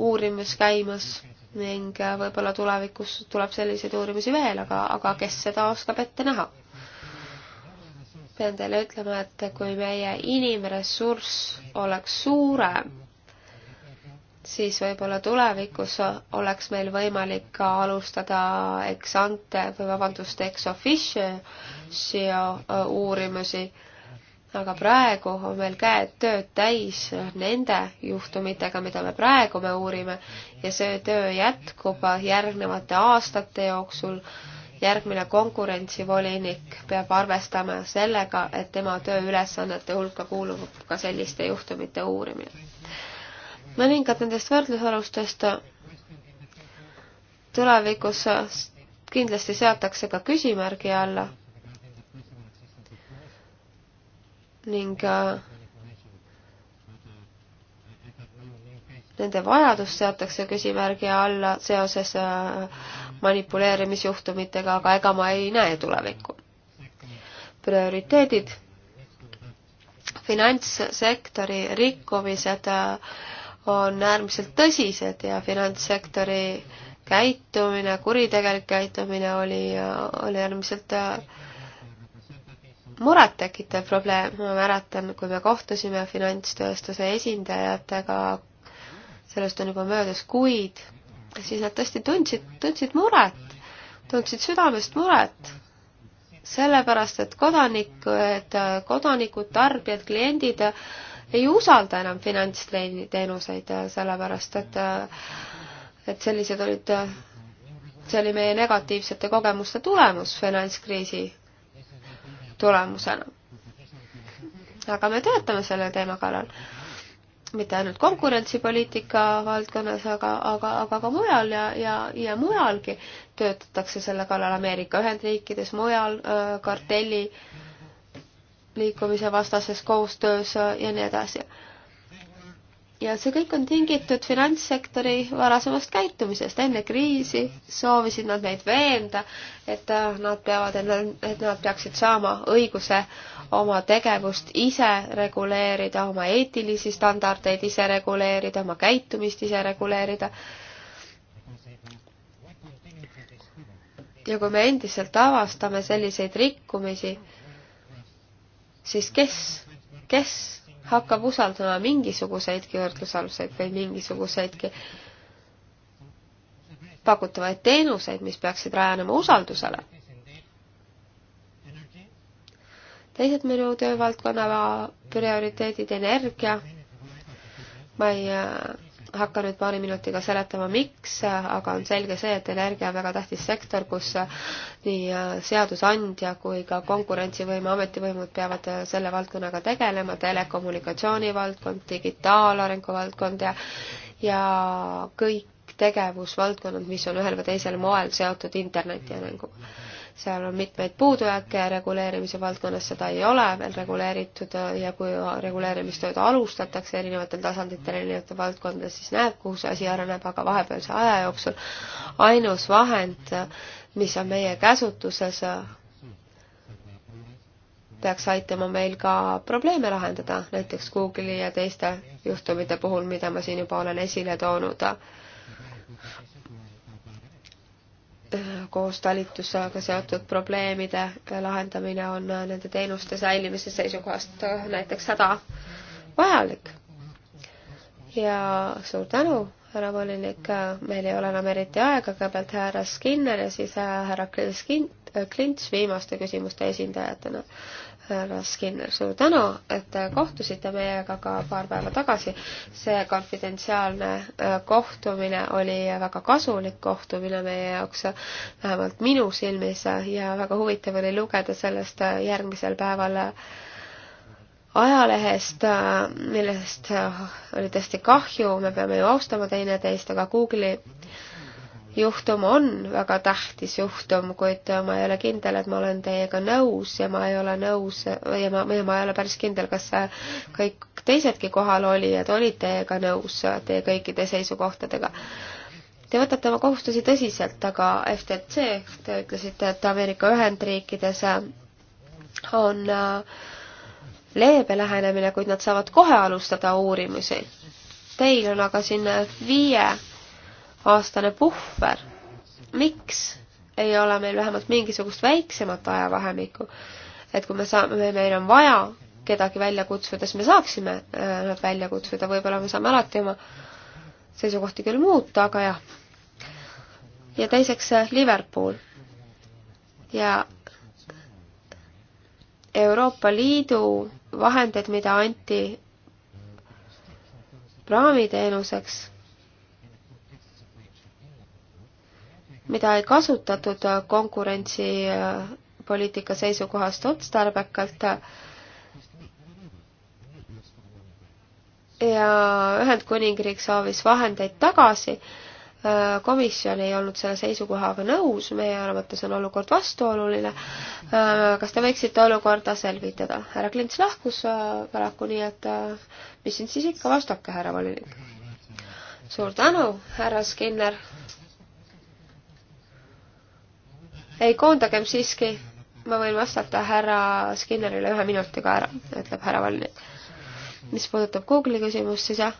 uurimus käimas ning võib-olla tulevikus tuleb selliseid uurimisi veel, aga, aga kes seda oskab ette näha pean teile ütlema, et kui meie inimressurss oleks suurem, siis võib-olla tulevikus oleks meil võimalik ka alustada ex-ante või vabandust, ex-officio uurimusi, aga praegu on meil käed tööd täis nende juhtumitega, mida me praegu me uurime ja see töö jätkub järgnevate aastate jooksul järgmine konkurentsivolinik peab arvestama sellega, et tema tööülesannete hulka kuulub ka selliste juhtumite uurimine. mõningad nendest võrdlusalustest tulevikus kindlasti seatakse ka küsimärgi alla ning äh, nende vajadus seatakse küsimärgi alla seoses äh, manipuleerimisjuhtumitega, aga ega ma ei näe tulevikku. prioriteedid, finantssektori rikkumised äh, on äärmiselt tõsised ja finantssektori käitumine, kuritegelik käitumine oli, oli äärmiselt äh, murettekitav probleem, ma mäletan, kui me kohtusime finantstööstuse esindajatega, sellest on juba möödas kuid siis nad tõesti tundsid, tundsid muret, tundsid südamest muret, sellepärast et kodanikud, äh, kodanikud, tarbijad, kliendid äh, ei usalda enam finantsteenuseid, äh, sellepärast et, et sellised olid, see oli meie negatiivsete kogemuste tulemus finantskriisi tulemusena. aga me töötame selle teema kallal mitte ainult konkurentsipoliitika valdkonnas, aga, aga, aga ka mujal ja, ja, ja mujalgi töötatakse selle kallal Ameerika Ühendriikides, mujal äh, kartelli liikumise vastases koostöös äh, ja nii edasi ja see kõik on tingitud finantssektori varasemast käitumisest. enne kriisi soovisid nad meid veenda, et äh, nad peavad endal, et nad peaksid saama õiguse oma tegevust ise reguleerida, oma eetilisi standardeid ise reguleerida, oma käitumist ise reguleerida. ja kui me endiselt avastame selliseid rikkumisi, siis kes, kes hakkab usaldama mingisuguseidki võrdlusaluseid või mingisuguseidki pakutavaid teenuseid, mis peaksid rajanema usaldusele. teised minu töövaldkonna prioriteedid, energia, ma ei äh, hakka nüüd paari minutiga seletama, miks, aga on selge see, et energia on väga tähtis sektor, kus äh, nii äh, seadusandja kui ka konkurentsivõime ametivõimud peavad äh, selle valdkonnaga tegelema, telekommunikatsiooni valdkond, digitaalarengu valdkond ja, ja kõik tegevusvaldkonnad, mis on ühel või teisel moel seotud interneti arenguga seal on mitmeid puudujääke reguleerimise valdkonnas, seda ei ole veel reguleeritud ja kui reguleerimistööd alustatakse erinevatel tasanditel, erinevates valdkondades, siis näeb, kuhu see asi areneb, aga vahepealse aja jooksul ainus vahend, mis on meie käsutuses, peaks aitama meil ka probleeme lahendada, näiteks Google'i ja teiste juhtumite puhul, mida ma siin juba olen esile toonud koos talitusega seotud probleemide lahendamine on nende teenuste säilimise seisukohast näiteks häda vajalik. ja suur tänu, härra volinik, meil ei ole enam eriti aega, kõigepealt härra Skinner ja siis härra Klints viimaste küsimuste esindajatena härra Skinner, suur tänu, et te äh, kohtusite meiega ka paar päeva tagasi. see konfidentsiaalne äh, kohtumine oli väga kasulik kohtumine meie jaoks, äh, vähemalt minu silmis ja väga huvitav oli lugeda sellest järgmisel päeval ajalehest, millest oli tõesti kahju, me peame ju austama teineteist, aga Google'i juhtum on väga tähtis juhtum, kuid ma ei ole kindel, et ma olen teiega nõus ja ma ei ole nõus ja ma, ja ma ei ole päris kindel, kas kõik teisedki kohalolijad olid teiega nõus, teie kõikide seisukohtadega. Te võtate oma kohustusi tõsiselt, aga FTC, te ütlesite, et Ameerika Ühendriikides on äh, leebe lähenemine, kuid nad saavad kohe alustada uurimusi. Teil on aga siin viie aastane puhver. miks ei ole meil vähemalt mingisugust väiksemat ajavahemikku, et kui me saame, meil on vaja kedagi välja kutsuda, siis me saaksime äh, nad välja kutsuda, võib-olla me saame alati oma seisukohti küll muuta, aga jah. ja teiseks äh, Liverpool ja Euroopa Liidu vahendid, mida anti praamiteenuseks mida ei kasutatud konkurentsipoliitika seisukohast otstarbekalt. ja Ühendkuningriik soovis vahendeid tagasi. komisjon ei olnud selle seisukohaga nõus, meie arvates on olukord vastuoluline. kas te võiksite olukorda selgitada? härra Klints lahkus äh, paraku, nii et äh, mis siin siis ikka, vastake, härra volinik. suur tänu, härra Skinner ei koondagem siiski, ma võin vastata härra Skinnerile ühe minutiga ära, ütleb härra Valnik. mis puudutab Google'i küsimust, siis jah,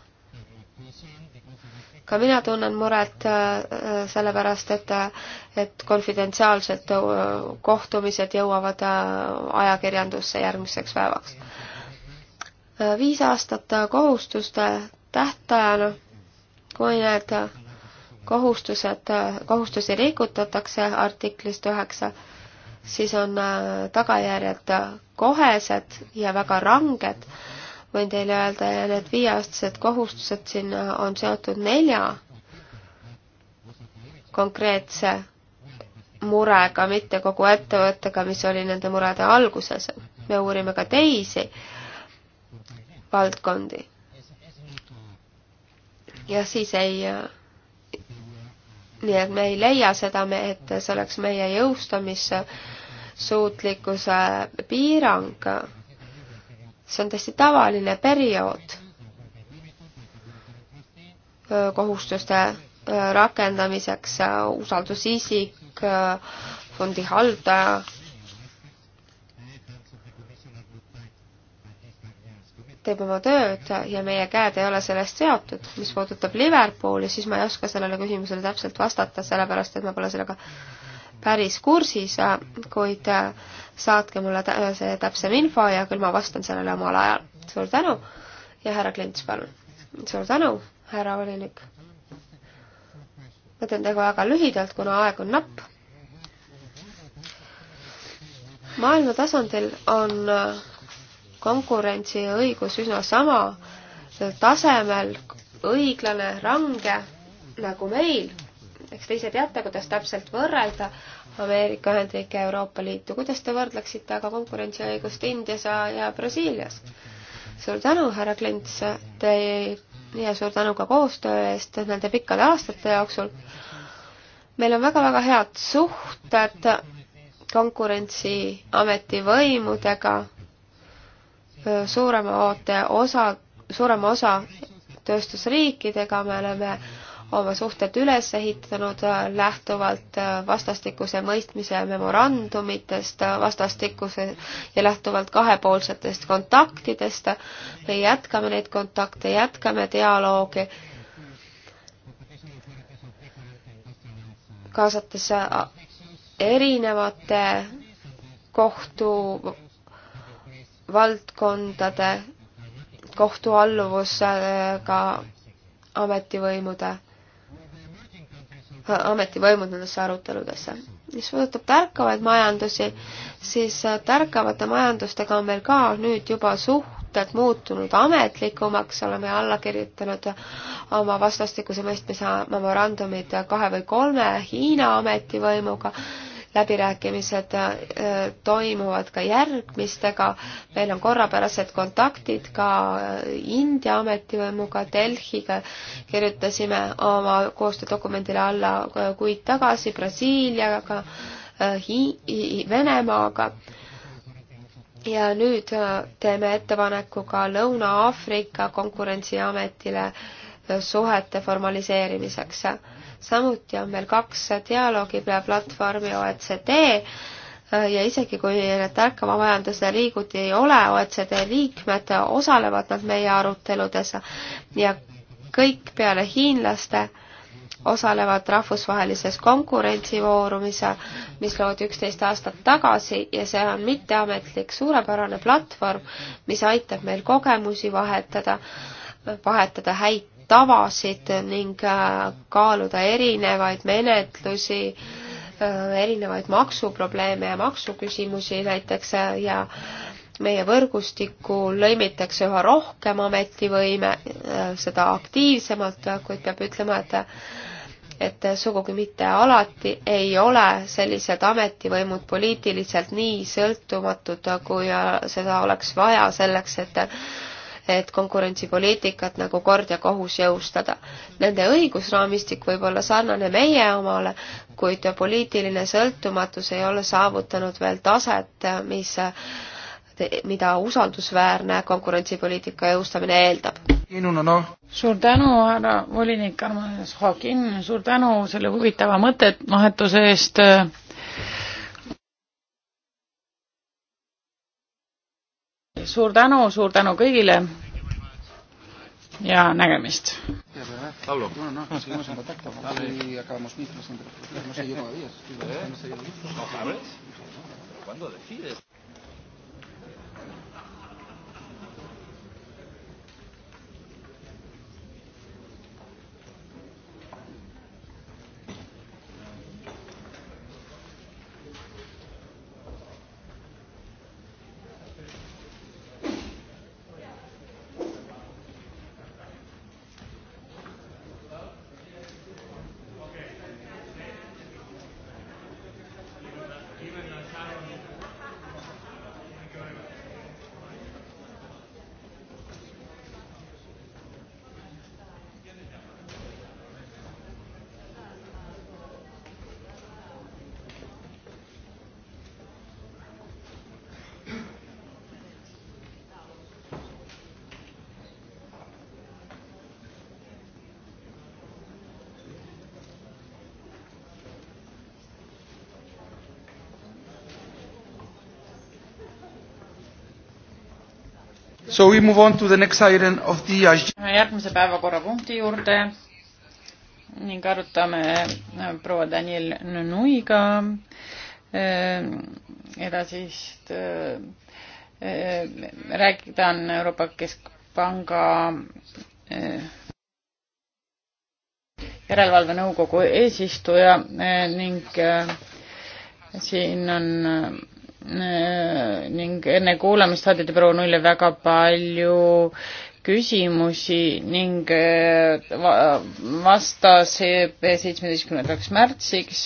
ka mina tunnen muret äh, äh, sellepärast, et, äh, et konfidentsiaalsed kohtumised jõuavad ajakirjandusse järgmiseks päevaks. viis aastat kohustuste tähtajana, kui need kohustused, kohustusi rikutatakse artiklist üheksa, siis on äh, tagajärjed kohesed ja väga ranged. võin teile öelda, ja need viieaastased kohustused siin on seotud nelja konkreetse murega, mitte kogu ettevõttega, mis oli nende murede alguses. me uurime ka teisi valdkondi. ja siis ei äh, nii et me ei leia seda, et see oleks meie jõustamissuutlikkuse piirang. see on täiesti tavaline periood kohustuste äh, rakendamiseks, usaldusisik, äh, fondihaldaja teeb oma tööd ja meie käed ei ole sellest seotud. mis puudutab Liverpooli, siis ma ei oska sellele küsimusele täpselt vastata, sellepärast et ma pole sellega päris kursis, kuid äh, saatke mulle see täpsem info ja küll ma vastan sellele omal ajal. suur tänu ja härra Klints, palun. suur tänu, härra volinik. ma teen tegu väga lühidalt, kuna aeg on napp. maailma tasandil on äh, konkurentsiõigus üsna sama tasemel, õiglane, range nagu meil. eks te ise teate, kuidas täpselt võrrelda Ameerika Ühendriike ja Euroopa Liitu. kuidas te võrdleksite aga konkurentsiõigust Indias ja Brasiilias? suur tänu, härra Klints, teie ja suur tänu ka koostöö eest nende pikkade aastate jooksul. meil on väga-väga head suhted Konkurentsiameti võimudega suurema oote osa, suurema osa tööstusriikidega, me oleme oma suhted üles ehitanud lähtuvalt vastastikuse mõistmise memorandumitest, vastastikuse ja lähtuvalt kahepoolsetest kontaktidest. me jätkame neid kontakte, jätkame dialoogi, kaasates erinevate kohtu valdkondade kohtualluvusega ametivõimude, ametivõimud nendesse aruteludesse. mis puudutab tärkavaid majandusi, siis tärkavate majandustega on meil ka nüüd juba suhted muutunud ametlikumaks, oleme alla kirjutanud oma vastastikuse mõistmise memorandumid kahe või kolme Hiina ametivõimuga läbirääkimised äh, toimuvad ka järgmistega, meil on korrapärased kontaktid ka äh, India ametivõimuga, Delhiga kirjutasime oma koostöödokumendile alla äh, kuid tagasi, Brasiiliaga, Venemaaga ja nüüd teeme ettepaneku ka Lõuna-Aafrika konkurentsiametile suhete formaliseerimiseks samuti on meil kaks dialoogiplatvormi OECD äh, ja isegi kui need tarkama majanduse liigud ei ole OECD liikmed, osalevad nad meie aruteludes ja kõik peale hiinlaste osalevad rahvusvahelises konkurentsifoorumis, mis loodi üksteist aastat tagasi ja see on mitteametlik suurepärane platvorm, mis aitab meil kogemusi vahetada, vahetada häid tavasid ning äh, kaaluda erinevaid menetlusi, äh, erinevaid maksuprobleeme ja maksuküsimusi näiteks äh, ja meie võrgustikku lõimitakse üha rohkem ametivõime, seda aktiivsemalt, kuid peab ütlema, et et sugugi mitte alati ei ole sellised ametivõimud poliitiliselt nii sõltumatud, kui seda oleks vaja selleks, et et konkurentsipoliitikat nagu kord ja kohus jõustada. Nende õigusraamistik võib olla sarnane meie omale, kuid poliitiline sõltumatus ei ole saavutanud veel taset, mis mida usaldusväärne konkurentsipoliitika jõustamine eeldab. suur tänu, härra volinik Armas Hakin, suur tänu selle huvitava mõttevahetuse eest suur tänu, suur tänu kõigile ja nägemist. Pablo. No, no, seguimos en contacto y acabamos mismos. No se llegó a 10. ¿Cuándo decides? So we move on to the next item of the järgmise päevakorrapunkti juurde ning arutame äh, proua Daniel Nunuiga äh, edasist äh, rääkida on Euroopa Keskpanga järelevalvenõukogu eesistuja ning siin on Äh, ning enne kuulamist saadeti proua Nulle väga palju küsimusi ning äh, vastas e seitsmeteistkümnendaks märtsiks.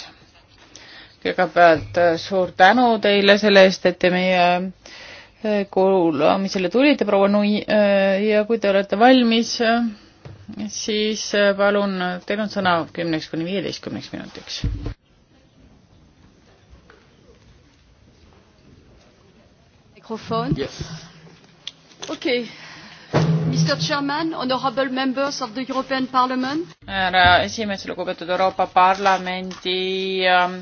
kõigepealt äh, suur tänu teile selle eest, et te meie kuulamisele tulite, proua Nui, ja kui te olete valmis, siis palun, teil on sõna kümneks kuni viieteistkümneks minutiks. Microphone. Yes. Okay. Mr Chairman, honorable members of the European Parliament. härra esimees, lugupeetud Euroopa Parlamendi ähm,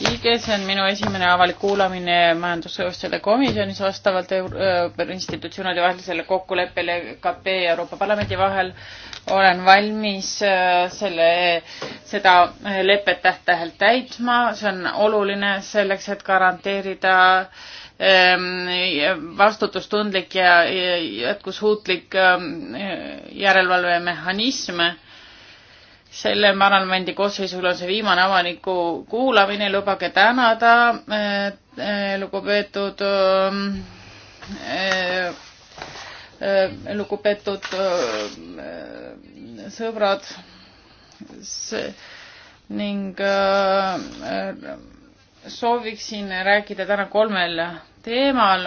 liige, see on minu esimene avalik kuulamine majandusõõstjate komisjonis vastavalt äh, institutsioonide vahelisele kokkuleppele KP ja Euroopa Parlamendi vahel. olen valmis äh, selle, seda äh, lepet täht-tähelt täitma, see on oluline selleks, et garanteerida äh, Ehm, vastutustundlik ja jätkushuutlik ehm, järelevalvemehhanism. selle parlamendi koosseisul on see viimane avaniku kuulamine, lubage tänada eh, eh, lugupeetud eh, lugupeetud sõbrad ning sooviksin rääkida täna kolmel teemal.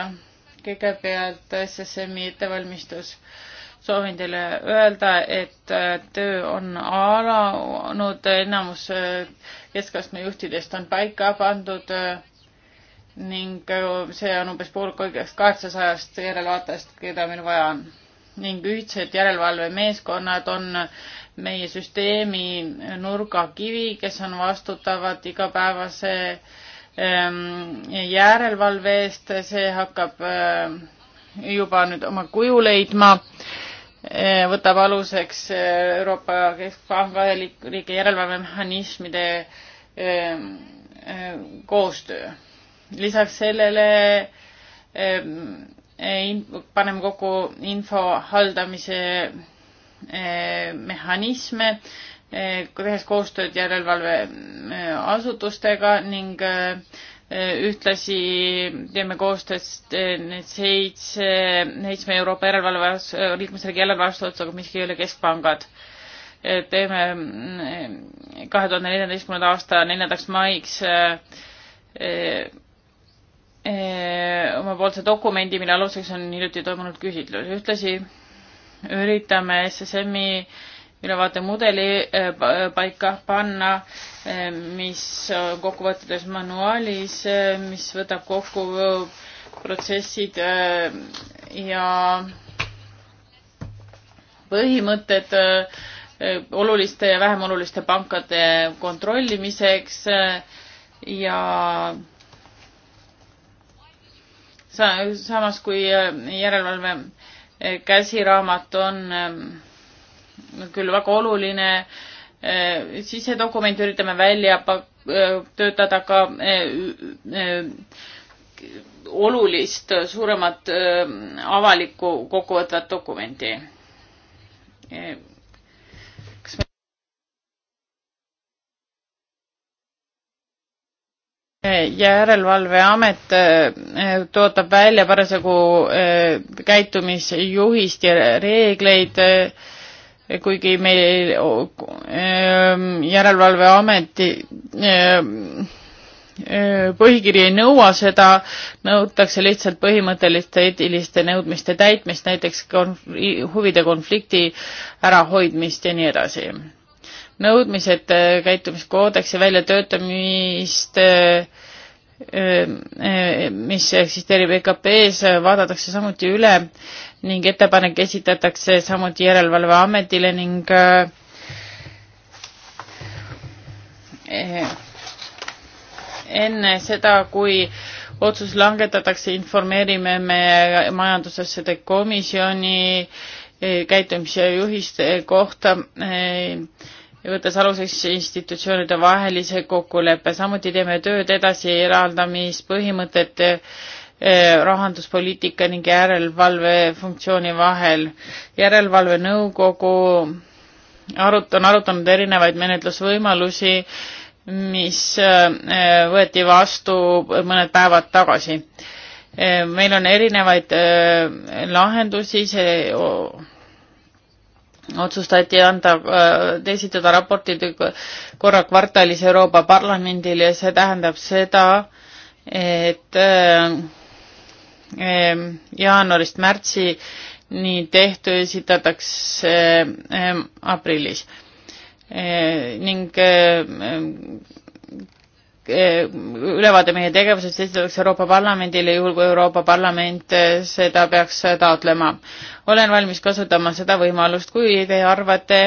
kõigepealt SSM-i ettevalmistus. soovin teile öelda, et töö on alanud, enamus keskastme juhtidest on paika pandud ning see on umbes pool kõigest kaheksasajast järelevaatajast, keda meil vaja on. ning ühtsed järelevalvemeeskonnad on meie süsteemi nurgakivi, kes on vastutavad igapäevase äh, Ähm, järelevalve eest, see hakkab äh, juba nüüd oma kuju leidma, äh, võtab aluseks äh, Euroopa Keskpanga ja riigi järelevalvemehhanismide ähm, koostöö. lisaks sellele ähm, paneme kokku info haldamise mehhanisme tehes eh, koostööd järelevalveasutustega ning eh, ühtlasi teeme koostööd eh, need seitse, seitsme Euroopa järelevalve, liikmesriigi järelevalveasutusega, mis ei ole keskpangad. teeme mm, kahe tuhande neljateistkümnenda aasta neljandaks maiks omapoolse dokumendi, mille aluseks on hiljuti toimunud küsitlus. ühtlasi üritame SSM-i ülevaatemudeli eh, eh, paika panna, eh, mis kokkuvõttes manuaalis, mis võtab kokku protsessid ja põhimõtted oluliste ja vähem oluliste pankade kontrollimiseks ja samas kui järelevalve käsiraamat on küll väga oluline eh, sisedokument, üritame välja eh, töötada ka eh, olulist suuremat avalikku kokkuvõtvat dokumenti kas me järelevalveamet tootab välja parasjagu käitumisjuhist ja reegleid kuigi meil ähm, järelevalveameti ähm, äh, põhikiri ei nõua seda, nõutakse lihtsalt põhimõtteliste eetiliste nõudmiste täitmist, näiteks konf huvide konflikti ärahoidmist ja nii edasi. nõudmised äh, käitumiskoodeksi väljatöötamist, äh, mis eksisteerib EKP-s, vaadatakse samuti üle ning ettepanek esitatakse samuti Järelevalveametile ning äh, eh, enne seda, kui otsus langetatakse, informeerime me majandusasjade komisjoni eh, käitumise juhiste kohta, eh, võttes aluseks institutsioonide vahelise kokkuleppe. samuti teeme tööd edasi eraldamispõhimõtete Eh, rahanduspoliitika ning järelevalve funktsiooni vahel. järelevalvenõukogu arut-, on arutanud erinevaid menetlusvõimalusi, mis eh, võeti vastu mõned päevad tagasi. Eh, meil on erinevaid lahendusi, see otsustati anda, esitada raportid korra kvartalis Euroopa Parlamendile ja see tähendab seda, et Ehm, jaanuarist märtsini tehtu esitatakse ehm, aprillis ehm, ning ülevaade meie tegevusest esitatakse Euroopa Parlamendile, juhul kui Euroopa Parlament eh, seda peaks taotlema. olen valmis kasutama seda võimalust, kui te arvate,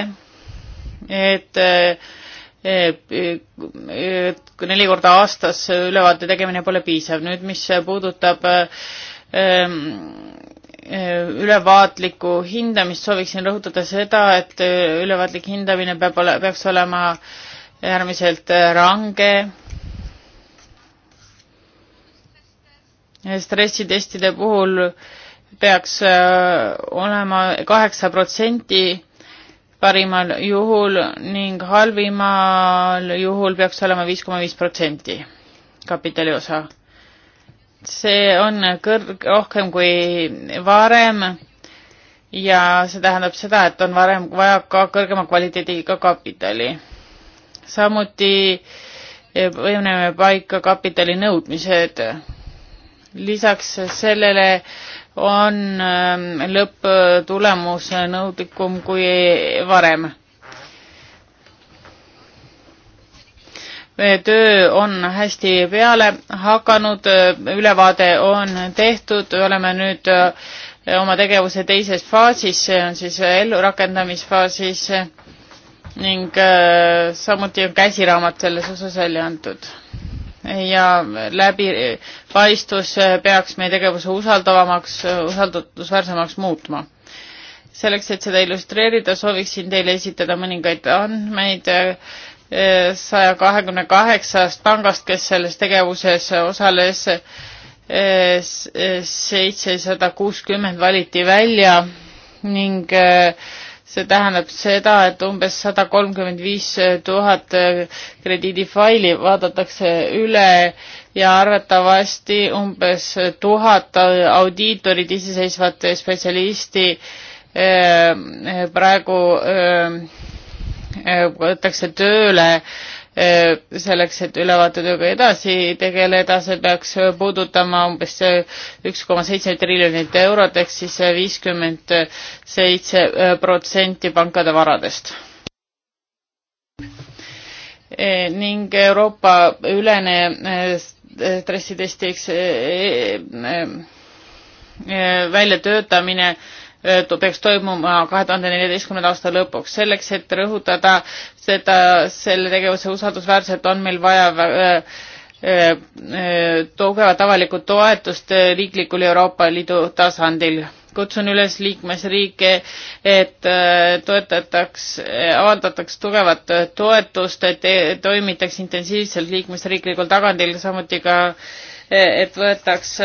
et eh, neli korda aastas ülevaate tegemine pole piisav. nüüd, mis puudutab äh, Ehm, eh, ülevaatlikku hindamist, sooviksin rõhutada seda, et eh, ülevaatlik hindamine peab ole, peaks olema äärmiselt eh, range. stressitestide puhul peaks olema kaheksa protsenti parimal juhul ning halvimal juhul peaks olema viis koma viis protsenti kapitali osa see on kõrg-, rohkem kui varem ja see tähendab seda, et on varem vaja ka kõrgema kvaliteediga kapitali. samuti paneme paika kapitali nõudmised. lisaks sellele on ähm, lõpptulemus nõudlikum kui varem töö on hästi peale hakanud, ülevaade on tehtud, oleme nüüd äh, oma tegevuse teises faasis, see on siis ellurakendamisfaasis ning äh, samuti on käsiraamat selles osas välja antud. ja läbipaistvus äh, peaks meie tegevuse usaldavamaks, usaldusväärsemaks muutma selleks, et seda illustreerida, sooviksin teile esitada mõningaid andmeid saja kahekümne kaheksast pangast, kes selles tegevuses osales, eh, seitsesada kuuskümmend valiti välja ning eh, see tähendab seda, et umbes sada kolmkümmend viis tuhat eh, krediidifaili vaadatakse üle ja arvatavasti umbes tuhat audiitorit, iseseisvat spetsialisti praegu Eh, võetakse tööle eh, selleks, et ülevaatetööga edasi tegeleda, see peaks puudutama umbes üks koma seitse triljonit eurot ehk siis viiskümmend seitse eh, protsenti pankade varadest. ning Euroopa ülene stressitestiks väljatöötamine Äh, peaks toimuma kahe tuhande neljateistkümnenda aasta lõpuks. selleks, et rõhutada seda, selle tegevuse usaldusväärselt, on meil vaja äh, äh, tugevat avalikku toetust riiklikul Euroopa Liidu tasandil. kutsun üles liikmesriike, et toetataks, avaldataks tugevat toetust, et toimitaks intensiivselt liikmesriiklikul tagandil, samuti ka et võetaks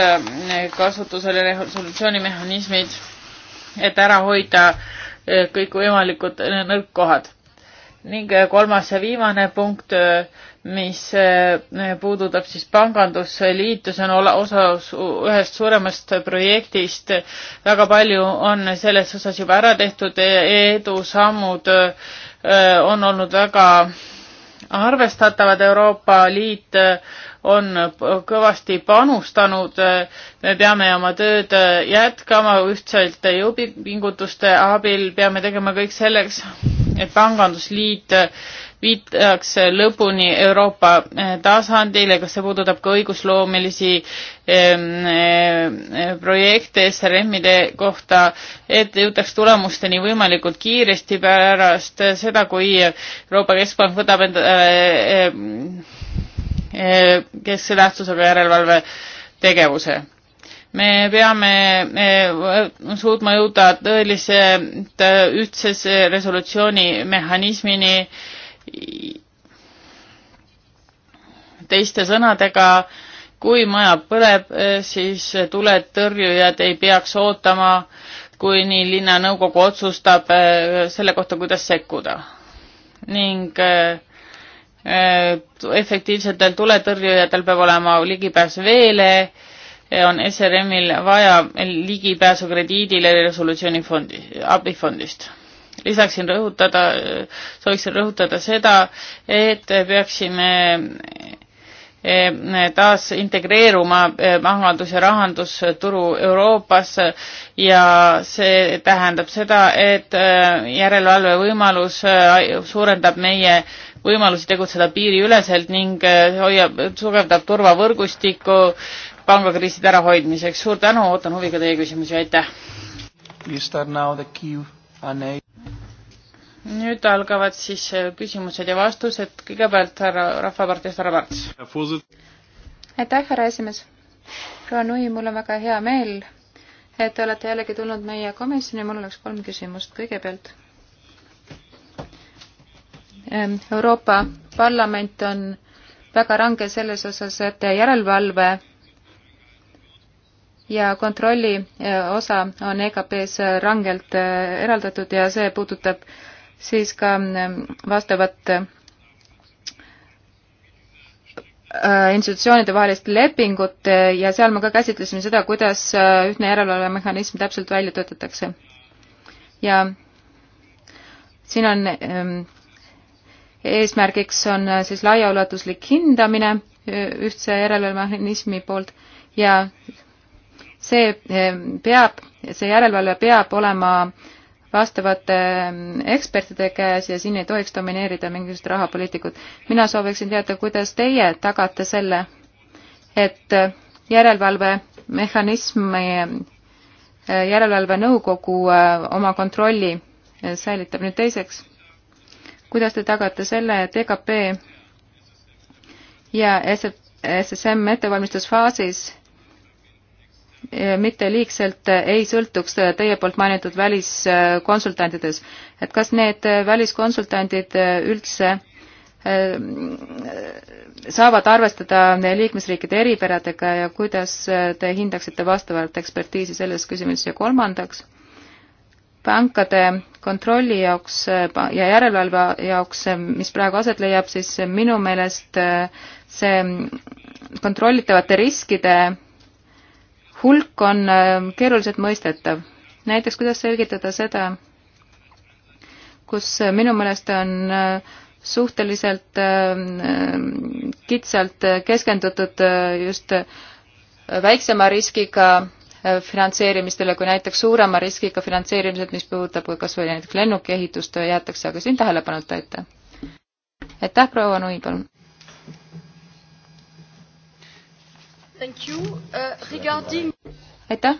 kasutusele resolutsioonimehhanismid et ära hoida eh, kõikvõimalikud eh, nõrkkohad. ning eh, kolmas ja viimane punkt, mis puudutab siis pangandusliitu, see on osa ühest suuremast projektist. väga palju on selles osas juba ära tehtud, edusammud on olnud väga arvestatavad, Euroopa Liit äh, on kõvasti panustanud, äh, me peame oma tööd äh, jätkama ühtselt jõupingutuste abil, peame tegema kõik selleks, et pangandusliit viitakse lõpuni Euroopa eh, tasandile, kas see puudutab ka õigusloomelisi eh, projekte SRM-ide kohta, et jõutaks tulemusteni võimalikult kiiresti pärast seda, kui Euroopa Keskpank võtab endale eh, keskse tähtsusega järelevalve tegevuse me peame suutma jõuda tõeliselt ühtsese resolutsiooni mehhanismini, teiste sõnadega, kui maja põleb, eh, siis tuletõrjujad ei peaks ootama, kuni linnanõukogu otsustab eh, selle kohta, kuidas sekkuda. ning eh, efektiivsetel tuletõrjujatel peab olema ligipääs veele, on SRM-il vaja ligipääsu krediidile resolutsioonifondi, abifondist lisaksin rõhutada, sooviksin rõhutada seda, et peaksime eh, taas integreeruma pangandus- eh, ja rahandusturu Euroopas ja see tähendab seda, et eh, järelevalve võimalus suurendab meie võimalusi tegutseda piiriüleselt ning hoiab, tugevdab turvavõrgustikku pangakriiside ärahoidmiseks. suur tänu, ootan huviga teie küsimusi, aitäh! You start now the queue nüüd algavad siis äh, küsimused ja vastused, kõigepealt härra Rahvaparteist härra Parts. aitäh, härra esimees. proua Nui, mul on väga hea meel, et te olete jällegi tulnud meie komisjoni, mul oleks kolm küsimust. kõigepealt, ähm, Euroopa Parlament on väga range selles osas, et järelevalve ja kontrolli eh, osa on EKP-s eh, rangelt eh, eraldatud ja see puudutab siis ka mm, vastavat institutsioonide vahelist lepingut ja seal me ka käsitlesime seda, kuidas ühtne järelevalvemehhanism täpselt välja töötatakse. ja siin on eesmärgiks on siis laiaulatuslik hindamine ühtse järelevalvemehhanismi poolt ja see eh, peab, see järelevalve peab olema vastavate mm, ekspertide käes ja siin ei tohiks domineerida mingisugused rahapoliitikud. mina sooviksin teada, kuidas teie tagate selle, et järelevalvemehhanismi, eh, järelevalvenõukogu eh, oma kontrolli säilitab. nüüd teiseks, kuidas te tagate selle, et EKP ja SSM ettevalmistusfaasis mitte liigselt ei sõltuks teie poolt mainitud väliskonsultantides, et kas need väliskonsultandid üldse eh, saavad arvestada liikmesriikide eripäradega ja kuidas te hindaksite vastavalt ekspertiisi selles küsimuses ja kolmandaks, pankade kontrolli jaoks eh, ja järelevalve jaoks, eh, mis praegu aset leiab, siis minu meelest see kontrollitavate riskide hulk on äh, keeruliselt mõistetav. näiteks kuidas selgitada seda, kus äh, minu meelest on äh, suhteliselt kitsalt keskendutud just väiksema riskiga finantseerimistele kui näiteks suurema riskiga finantseerimised, mis puudutab kas või näiteks lennukiehitust, jäetakse aga siin tähelepanuta ette. aitäh, proua Nui, palun! Uh, regarding... aitäh.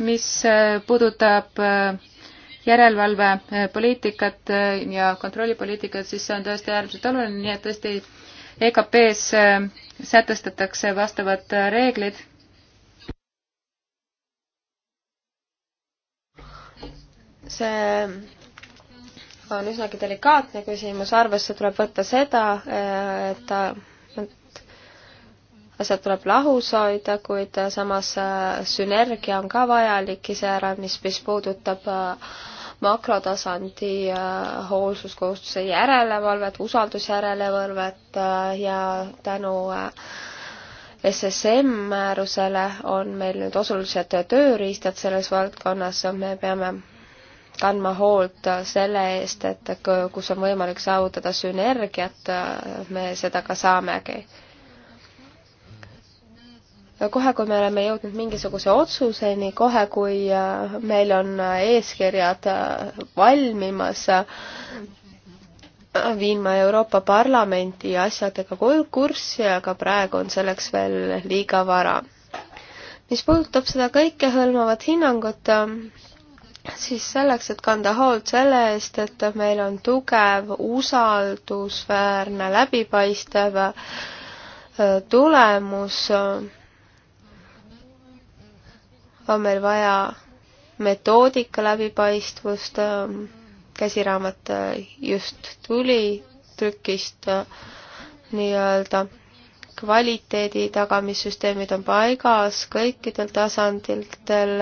mis äh, puudutab äh, järelevalvepoliitikat äh, ja kontrollipoliitikat, siis see on tõesti äärmiselt oluline, nii et tõesti EKP-s sätestatakse vastavad reeglid. see on üsnagi delikaatne küsimus, arvesse tuleb võtta seda, et asjad tuleb lahus hoida, kuid äh, samas äh, sünergia on ka vajalik iseäranis, mis puudutab äh, makrotasandi hoolsuskohustuse järelevalvet, usaldusjärelevalvet ja tänu SSM määrusele on meil nüüd olulised tööriistad selles valdkonnas, me peame kandma hoolt selle eest, et kus on võimalik saavutada sünergiat, me seda ka saamegi kohe, kui me oleme jõudnud mingisuguse otsuseni, kohe, kui äh, meil on äh, eeskirjad äh, valmimas, viin ma Euroopa Parlamenti asjadega kurssi, aga praegu on selleks veel liiga vara. mis puudutab seda kõikehõlmavat hinnangut, siis selleks, et kanda hoolt selle eest, et meil on tugev, usaldusväärne, läbipaistev tulemus, on meil vaja metoodika läbipaistvust, ähm, käsiraamat äh, just tuli trükist äh, nii-öelda, kvaliteedi tagamissüsteemid on paigas kõikidel tasanditel,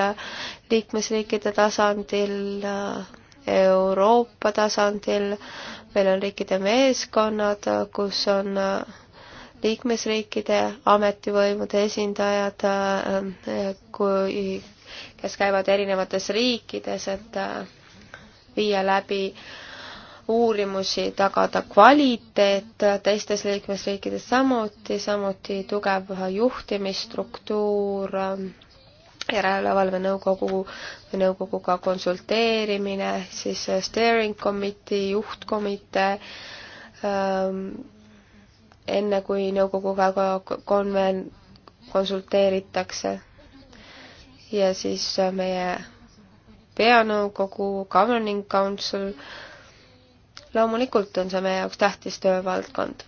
liikmesriikide tasandil, äh, Euroopa tasandil, meil on riikide meeskonnad, kus on liikmesriikide ametivõimude esindajad, äh, kui, kes käivad erinevates riikides, et äh, viia läbi uurimusi, tagada kvaliteet teistes liikmesriikides samuti, samuti tugev juhtimisstruktuur, äh, järelevalvenõukogu, nõukoguga konsulteerimine, siis steering committee, juhtkomitee ähm,, enne kui nõukoguga ka konven-, konsulteeritakse. ja siis meie peanõukogu, governing council, loomulikult on see meie jaoks tähtis töövaldkond.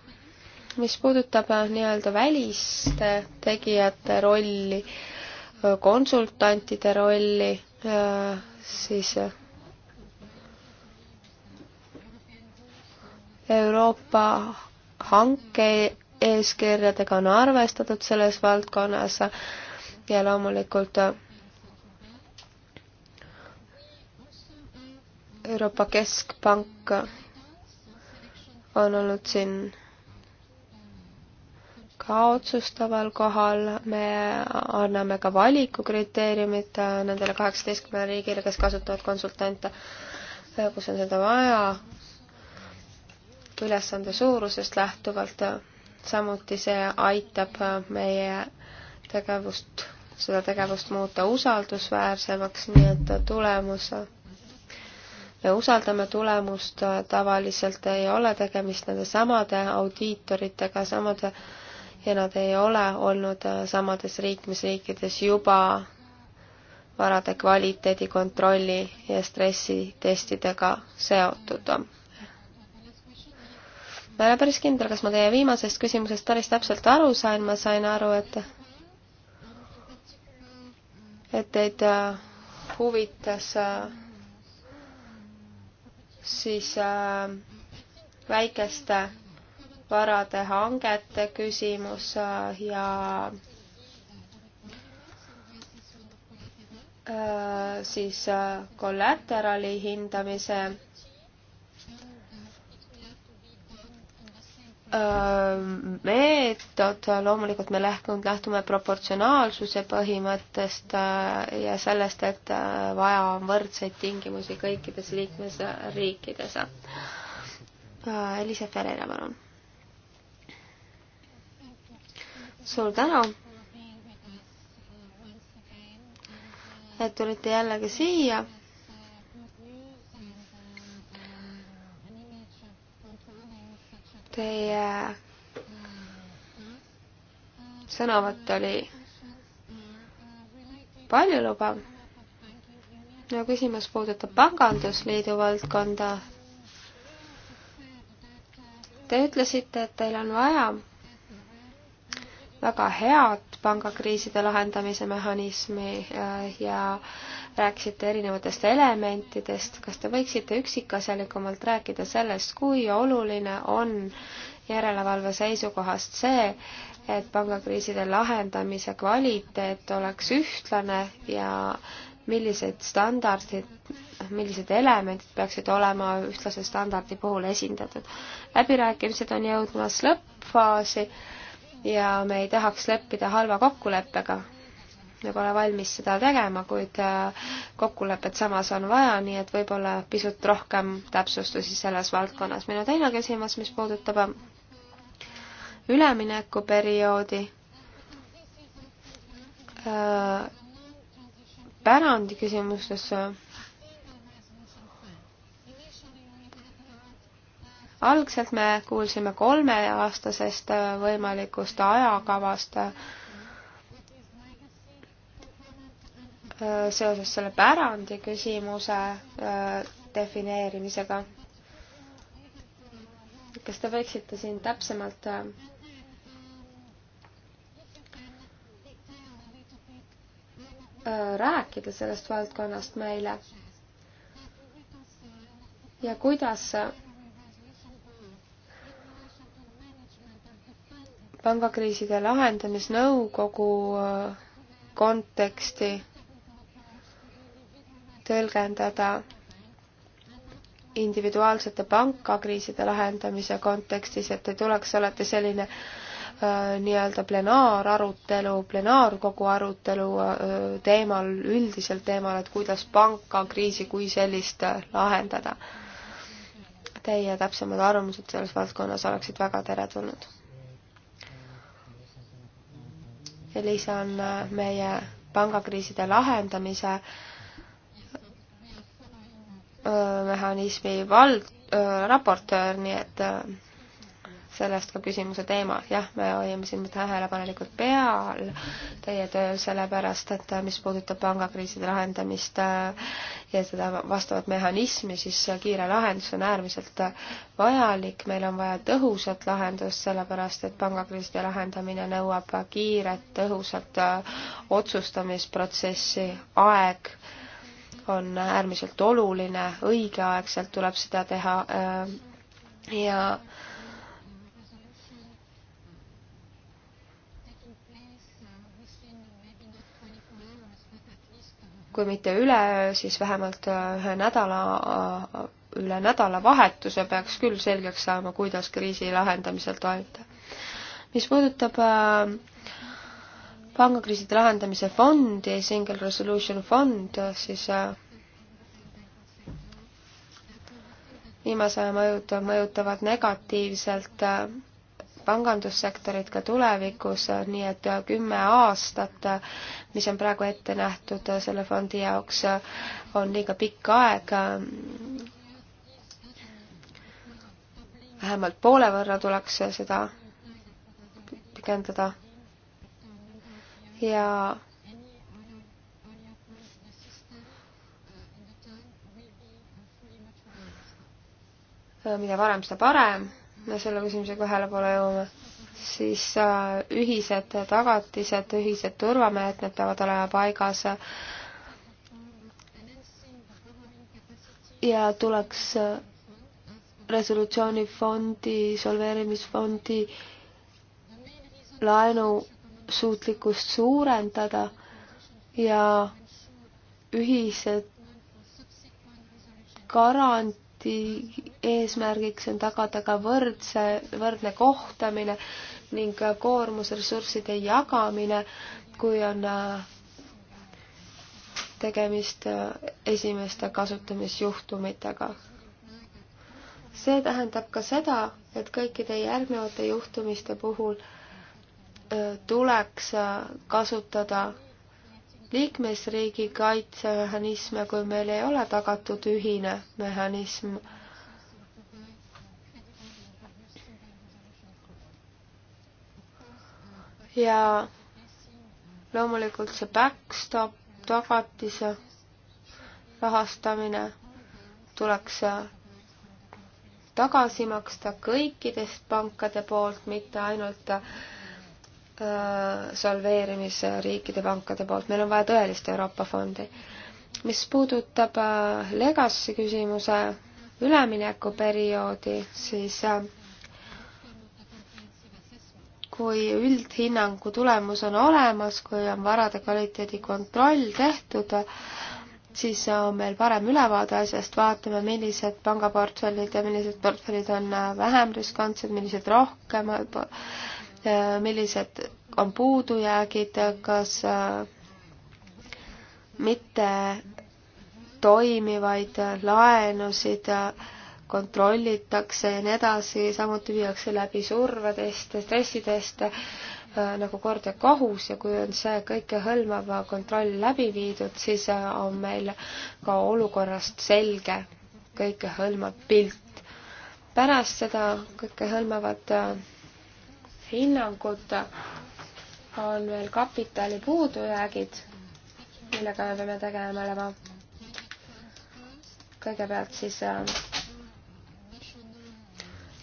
mis puudutab äh, nii-öelda väliste tegijate rolli, äh, konsultantide rolli, äh, siis Euroopa hanke eeskirjadega on arvestatud selles valdkonnas ja loomulikult Euroopa Keskpank on olnud siin ka otsustaval kohal, me anname ka valikukriteeriumid nendele kaheksateistkümnele riigile, kes kasutavad konsultante, kus on seda vaja, seatud ülesande suurusest lähtuvalt. samuti see aitab meie tegevust, seda tegevust muuta usaldusväärsemaks, nii et tulemus me usaldame tulemust, tavaliselt ei ole tegemist nende samade audiitoritega, samade ja nad ei ole olnud samades liikmesriikides juba varade kvaliteedikontrolli ja stressitestidega seotud ma ei ole päris kindel, kas ma teie viimasest küsimusest päris täpselt aru sain, ma sain aru, et et teid äh, huvitas äh, siis äh, väikeste varade hangete küsimus ja siis kollateraali hindamise meetod, loomulikult me lähtunud, lähtume proportsionaalsuse põhimõttest ja sellest, et vaja on võrdseid tingimusi kõikides liikmesriikides. Elisa Ferreira, palun. suur tänu, et tulite jällegi siia Teie sõnavõtt oli paljulubav. no küsimus puudutab pangandusliidu valdkonda. Te ütlesite, et teil on vaja väga head pangakriiside lahendamise mehhanismi äh, ja, ja rääkisite erinevatest elementidest, kas te võiksite üksikasjalikumalt rääkida sellest, kui oluline on järelevalve seisukohast see, et pangakriiside lahendamise kvaliteet oleks ühtlane ja millised standardid, millised elemendid peaksid olema ühtlase standardi puhul esindatud. läbirääkimised on jõudmas lõppfaasi ja me ei tahaks leppida halva kokkuleppega, ja pole valmis seda tegema, kuid äh, kokkulepet samas on vaja, nii et võib-olla pisut rohkem täpsustusi selles valdkonnas. minu teine küsimus, mis puudutab äh, üleminekuperioodi äh, pärandi küsimustes algselt me kuulsime kolmeaastasest võimalikust ajakavast Äh, seoses selle pärandi küsimuse äh, defineerimisega. kas te võiksite siin täpsemalt äh, rääkida sellest valdkonnast meile ja kuidas pangakriiside lahendamisnõukogu konteksti tõlgendada individuaalsete pankakriiside lahendamise kontekstis, et ei tuleks alati selline äh, nii-öelda plenaararutelu, plenaarkogu arutelu äh, teemal, üldisel teemal, et kuidas pankakriisi kui sellist äh, lahendada. Teie täpsemad arvamused selles valdkonnas oleksid väga teretulnud. Elisa on meie pangakriiside lahendamise äh, mehhanismi vald-, raportöör, nii et sellest ka küsimuse teema. jah, me hoiame siin tähelepanelikult peal teie tööl, sellepärast et mis puudutab pangakriiside lahendamist ja seda vastavat mehhanismi, siis kiire lahendus on äärmiselt vajalik. meil on vaja tõhusat lahendust, sellepärast et pangakriiside lahendamine nõuab kiiret, tõhusat otsustamisprotsessi, aeg on äärmiselt oluline, õigeaegselt tuleb seda teha äh, ja kui mitte üleöö, siis vähemalt äh, ühe nädala, äh, üle nädalavahetuse peaks küll selgeks saama, kuidas kriisi lahendamisel toimida. mis puudutab äh, pangakriiside lahendamise fond ja Single Resolution Fond, siis äh, viimase aja mõjud mõjutavad negatiivselt äh, pangandussektorit ka tulevikus, äh, nii et kümme aastat, mis on praegu ette nähtud selle fondi jaoks, on liiga pikk aeg. vähemalt poole võrra tuleks seda pikendada ja mida varem, seda parem, me selle küsimusega ühele poole jõuame, siis äh, ühised tagatised, ühised turvameetmed peavad olema paigas. ja tuleks äh, resolutsioonifondi, solveerimisfondi laenu jätkusuutlikkust suurendada ja ühised garantii eesmärgiks on tagada ka võrdse, võrdne kohtlemine ning koormusressursside jagamine, kui on äh, tegemist äh, esimeste kasutamisjuhtumitega. see tähendab ka seda, et kõikide järgnevate juhtumiste puhul Äh, tuleks äh, kasutada liikmesriigi kaitsemehhanisme, kui meil ei ole tagatud ühine mehhanism. ja loomulikult see backstop, tagatise rahastamine tuleks äh, tagasi maksta kõikidest pankade poolt, mitte ainult äh, Äh, solveerimisriikide pankade poolt, meil on vaja tõelist Euroopa fondi. mis puudutab äh, Legacy küsimuse üleminekuperioodi, siis äh, kui üldhinnangu tulemus on olemas, kui on varade kvaliteedi kontroll tehtud, siis on meil parem ülevaade asjast, vaatame, millised pangaportfellid ja millised portfellid on vähem riskantsed, millised rohkem, Äh, millised on puudujäägid, kas äh, mitte toimivaid laenusid äh, kontrollitakse ja nii edasi, samuti viiakse läbi surveteste, stressiteste nagu kord ja kohus ja kui on see kõikehõlmav kontroll läbi viidud, siis on meil ka olukorrast selge kõikehõlmav pilt. pärast seda kõikehõlmavat hinnangut, on veel kapitali puudujäägid, millega me peame tegelema. kõigepealt siis äh,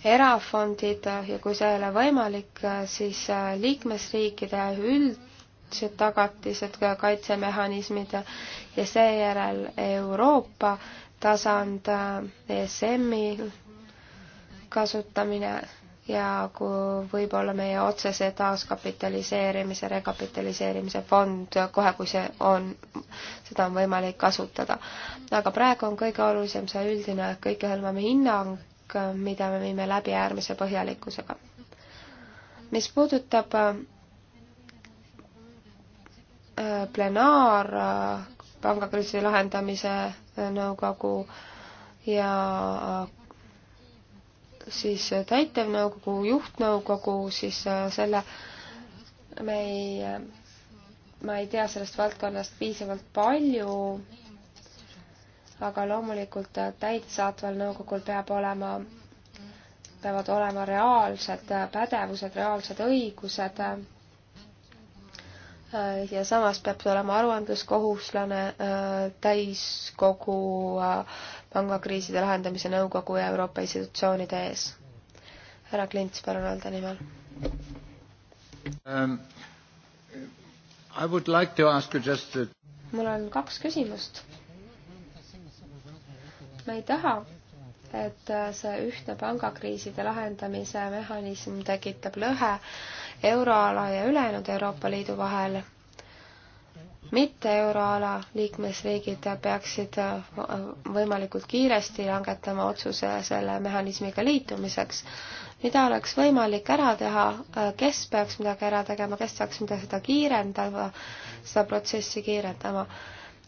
erafondid ja kui see ei ole võimalik, äh, siis äh, liikmesriikide üldised tagatised, kaitsemehhanismid ja seejärel Euroopa tasand ESM-i kasutamine ja kui võib-olla meie otsese taaskapitaliseerimise, rekapitaliseerimise fond kohe, kui see on, seda on võimalik kasutada. aga praegu on kõige olulisem see üldine kõikehõlmav hinnang, mida me viime läbi äärmise põhjalikkusega. mis puudutab äh, plenaar äh, pangakriisi lahendamise äh, nõukogu ja siis täitevnõukogu, juhtnõukogu, siis äh, selle me ei, äh, ma ei tea sellest valdkonnast piisavalt palju, aga loomulikult äh, täidesaatval nõukogul peab olema, peavad olema reaalsed pädevused, reaalsed õigused Äh, ja samas peab ta olema aruandluskohuslane äh, täiskogu äh, pangakriiside lahendamise nõukogu ja Euroopa institutsioonide ees. härra Klints, palun öelda nimel um,. Like just... mul on kaks küsimust. ma ei taha, et see ühtne pangakriiside lahendamise mehhanism tekitab lõhe euroala ja ülejäänud Euroopa Liidu vahel. mitte euroala liikmesriigid peaksid võimalikult kiiresti langetama otsuse selle mehhanismiga liitumiseks. mida oleks võimalik ära teha, kes peaks midagi ära tegema, kes saaks mida seda kiirendama, seda protsessi kiirendama,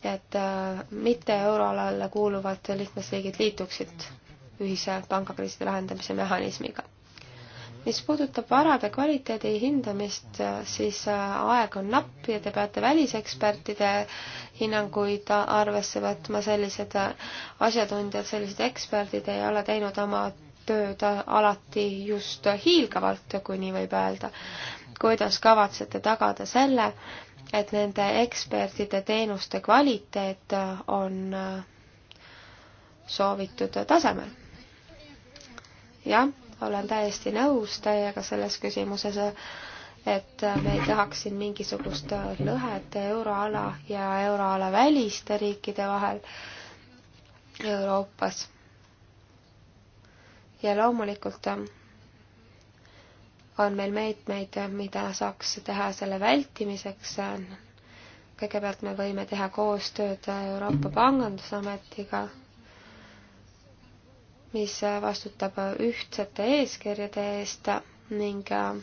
et äh, mitte euroalale kuuluvad liikmesriigid liituksid ühise pangakriiside lahendamise mehhanismiga mis puudutab varade kvaliteedi hindamist, siis äh, aeg on napp ja te peate välisekspertide hinnanguid arvesse võtma, sellised äh, asjatundjad, sellised eksperdid ei ole teinud oma tööd äh, alati just hiilgavalt, kui nii võib öelda. kuidas kavatsete tagada selle, et nende ekspertide teenuste kvaliteet on soovitud tasemel? jah olen täiesti nõus teiega selles küsimuses, et me ei tahaks siin mingisugust lõhet euroala ja euroala väliste riikide vahel Euroopas. ja loomulikult on meil meetmeid, mida saaks teha selle vältimiseks. kõigepealt me võime teha koostööd Euroopa Pangandusametiga mis vastutab ühtsete eeskirjade eest ning äh,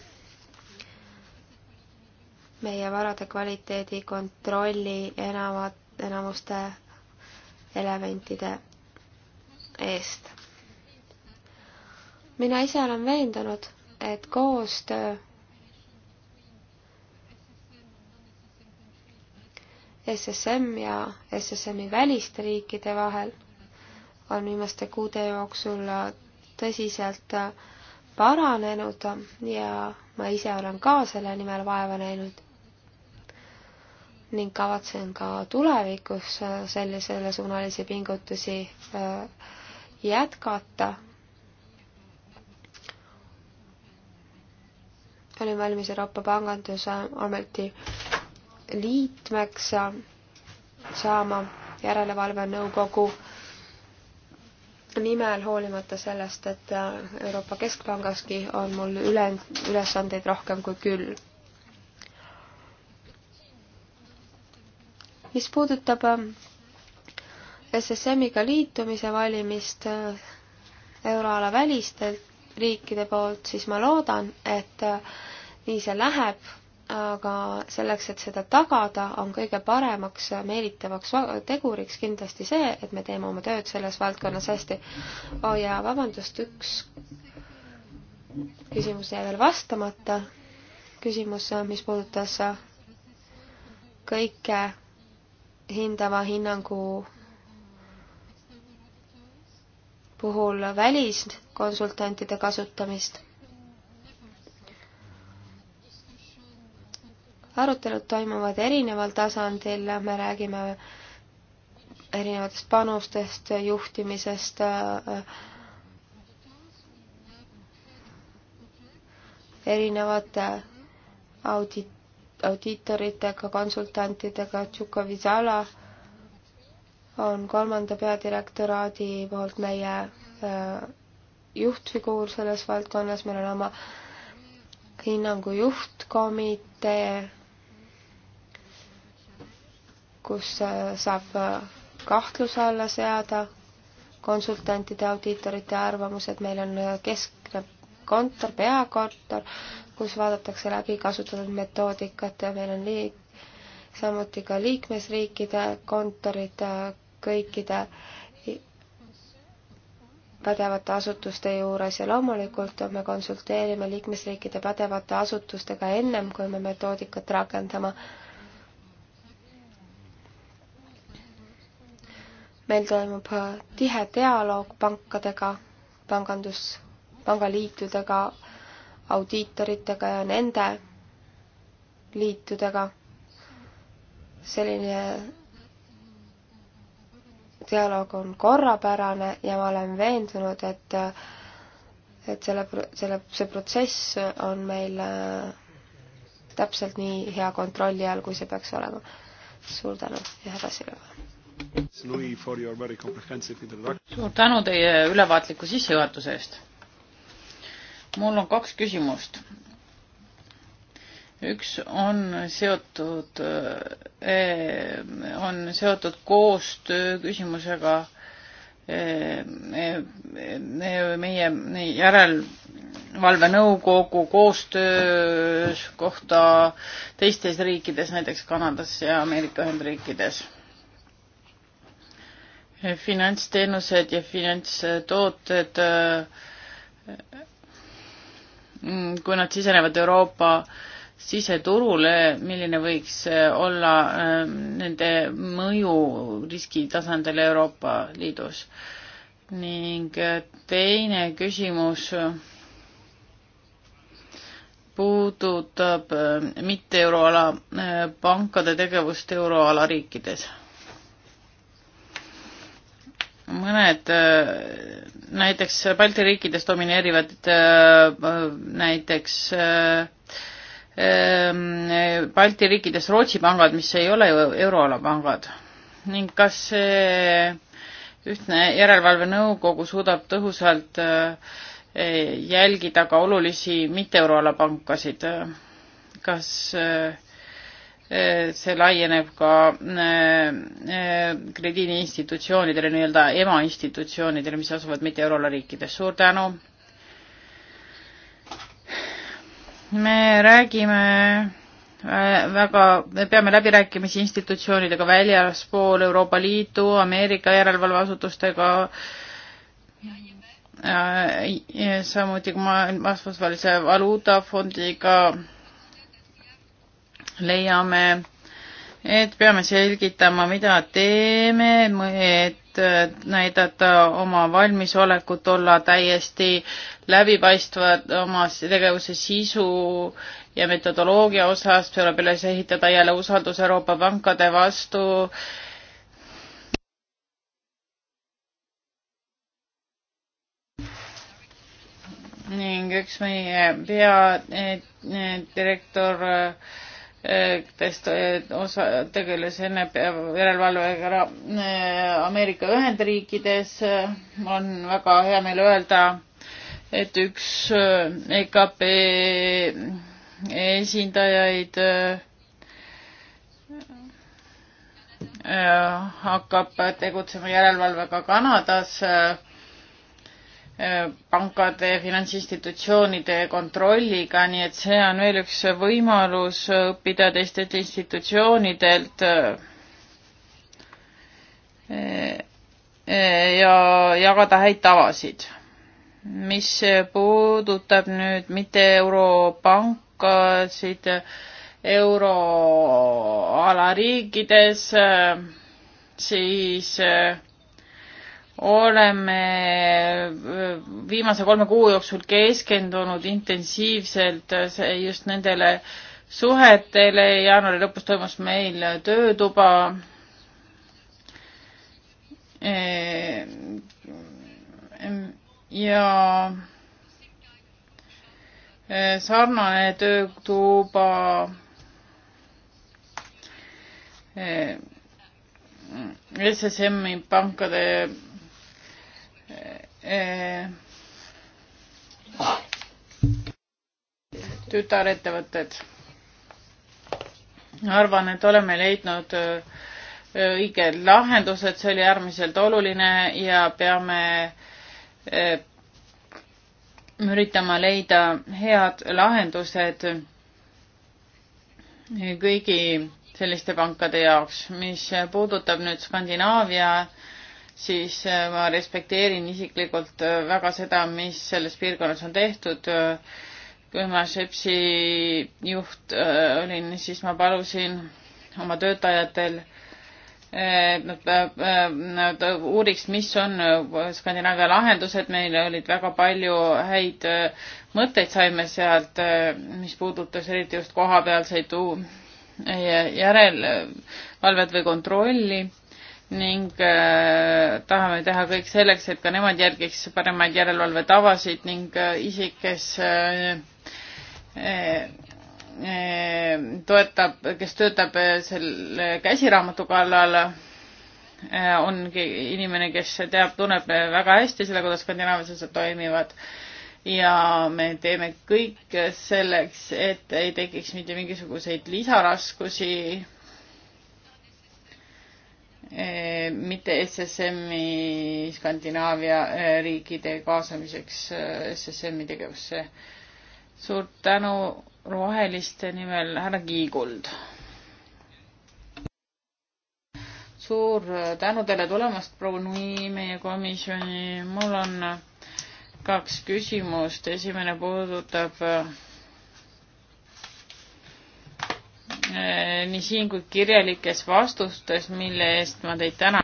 meie varade kvaliteedi kontrolli enama, enamuste elementide eest. mina ise olen veendunud, et koostöö SSM ja SSM-i väliste riikide vahel on viimaste kuude jooksul tõsiselt paranenud ja ma ise olen ka selle nimel vaeva näinud ning kavatsen ka tulevikus sellisele suunalisi pingutusi äh, jätkata. olin valmis Euroopa Panganduse Ameti liikmeks saama järelevalvenõukogu nimel, hoolimata sellest, et äh, Euroopa Keskpangaski on mul üle, ülesandeid rohkem kui küll. mis puudutab äh, SSM-iga liitumise valimist äh, euroala välistelt riikide poolt, siis ma loodan, et nii see läheb aga selleks, et seda tagada, on kõige paremaks meelitavaks teguriks kindlasti see, et me teeme oma tööd selles valdkonnas hästi. oo oh jaa, vabandust, üks küsimus jäi veel vastamata. küsimus, mis puudutas kõike hindava hinnangu puhul väliskonsultantide kasutamist arutelud toimuvad erineval tasandil, me räägime erinevatest panustest, juhtimisest, erinevate audit-, audiitoritega, konsultantidega, Tšukovizala on kolmanda peadirektoraadi poolt meie äh, juhtfiguur selles valdkonnas, meil on oma hinnangu juhtkomitee, kus äh, saab äh, kahtluse alla seada konsultantide, audiitorite arvamused, meil on äh, keskne kontor, peakontor, kus vaadatakse läbi kasutatud metoodikat ja meil on lii-, samuti ka liikmesriikide kontorid kõikide pädevate asutuste juures ja loomulikult me konsulteerime liikmesriikide pädevate asutustega ennem, kui me metoodikat rakendama meil toimub äh, tihe dialoog pankadega, pangandus, pangaliitudega, audiitoritega ja nende liitudega. selline dialoog on korrapärane ja ma olen veendunud, et et selle, selle, see protsess on meil äh, täpselt nii hea kontrolli all, kui see peaks olema. suur tänu ja edasi lööme suur tänu teie ülevaatliku sissejuhatuse eest. mul on kaks küsimust. üks on seotud, eh, on seotud koostöö küsimusega eh, eh, meie järelevalvenõukogu koostöö kohta teistes riikides, näiteks Kanadas ja Ameerika Ühendriikides finantsteenused ja finantstooted, äh, kui nad sisenevad Euroopa siseturule, milline võiks äh, olla äh, nende mõju riskitasandil Euroopa Liidus? ning teine küsimus puudutab mitte euroala pankade tegevust euroala riikides mõned äh, näiteks Balti riikides domineerivad äh, näiteks äh, ähm, Balti riikides Rootsi pangad, mis ei ole euroala pangad ning kas see ühtne järelevalvenõukogu suudab tõhusalt jälgida ka olulisi mitte euroala pankasid, kas äh, Eh, see laieneb ka eh, eh, krediidiinstitutsioonidele, nii-öelda emainstitutsioonidele, mis asuvad mitte euroala riikides. suur tänu. me räägime väga, me peame läbirääkimisi institutsioonidega väljaspool Euroopa Liitu, Ameerika järelevalveasutustega, samuti kui ma rahvusvahelise valuutafondiga leiame, et peame selgitama, mida teeme, et äh, näidata oma valmisolekut olla täiesti läbipaistvad oma tegevuse sisu ja metodoloogia osas, tuleb üles ehitada jälle usaldus Euroopa pankade vastu ning üks meie peadirektor äh, eh, äh, osa tegeles enne järelevalvega Ameerika Ühendriikides. mul on väga hea meel öelda, et üks äh, EKP esindajaid äh, hakkab tegutsema järelevalvega Kanadas äh, pankade ja finantsinstitutsioonide kontrolliga, nii et see on veel üks võimalus õppida teistelt institutsioonidelt ja jagada häid tavasid. mis puudutab nüüd mitte europankasid euroala riikides, siis äh, oleme äh, viimase kolme kuu jooksul keskendunud intensiivselt äh, just nendele suhetele, jaanuari lõpus toimus meil töötuba, äh, ja sarnane töötuba SSM-i pankade Äh, äh, tütarettevõtted. arvan, et oleme leidnud äh, õiged lahendused, see oli äärmiselt oluline ja peame üritama leida head lahendused kõigi selliste pankade jaoks, mis puudutab nüüd Skandinaavia siis äh, ma respekteerin isiklikult äh, väga seda, mis selles piirkonnas on tehtud. kui ma Šepsi juht äh, olin, siis ma palusin oma töötajatel et nad, nad uuriks, mis on Skandinaavia lahendused, meil olid väga palju häid mõtteid saime sealt, mis puudutas eriti just kohapealseid järelvalvet või kontrolli ning äh, tahame teha kõik selleks, et ka nemad järgiks paremaid järelevalvetavasid ning äh, isik, kes äh, äh, äh toetab, kes töötab äh, selle käsiraamatu kallal, ongi inimene, kes teab, tunneb väga hästi seda, kuidas skandinaavias asjad toimivad. ja me teeme kõik selleks, et ei tekiks mitte mingisuguseid lisaraskusi Eh, mitte SSM-i Skandinaavia eh, riikide kaasamiseks eh, SSM-i tegevusse. suur tänu roheliste nimel, härra Kiiguld. suur tänu teile tulemast, proua Nui, meie komisjoni. mul on kaks küsimust. esimene puudutab Äh, nii siin kui kirjalikes vastustes, mille eest ma teid tänan.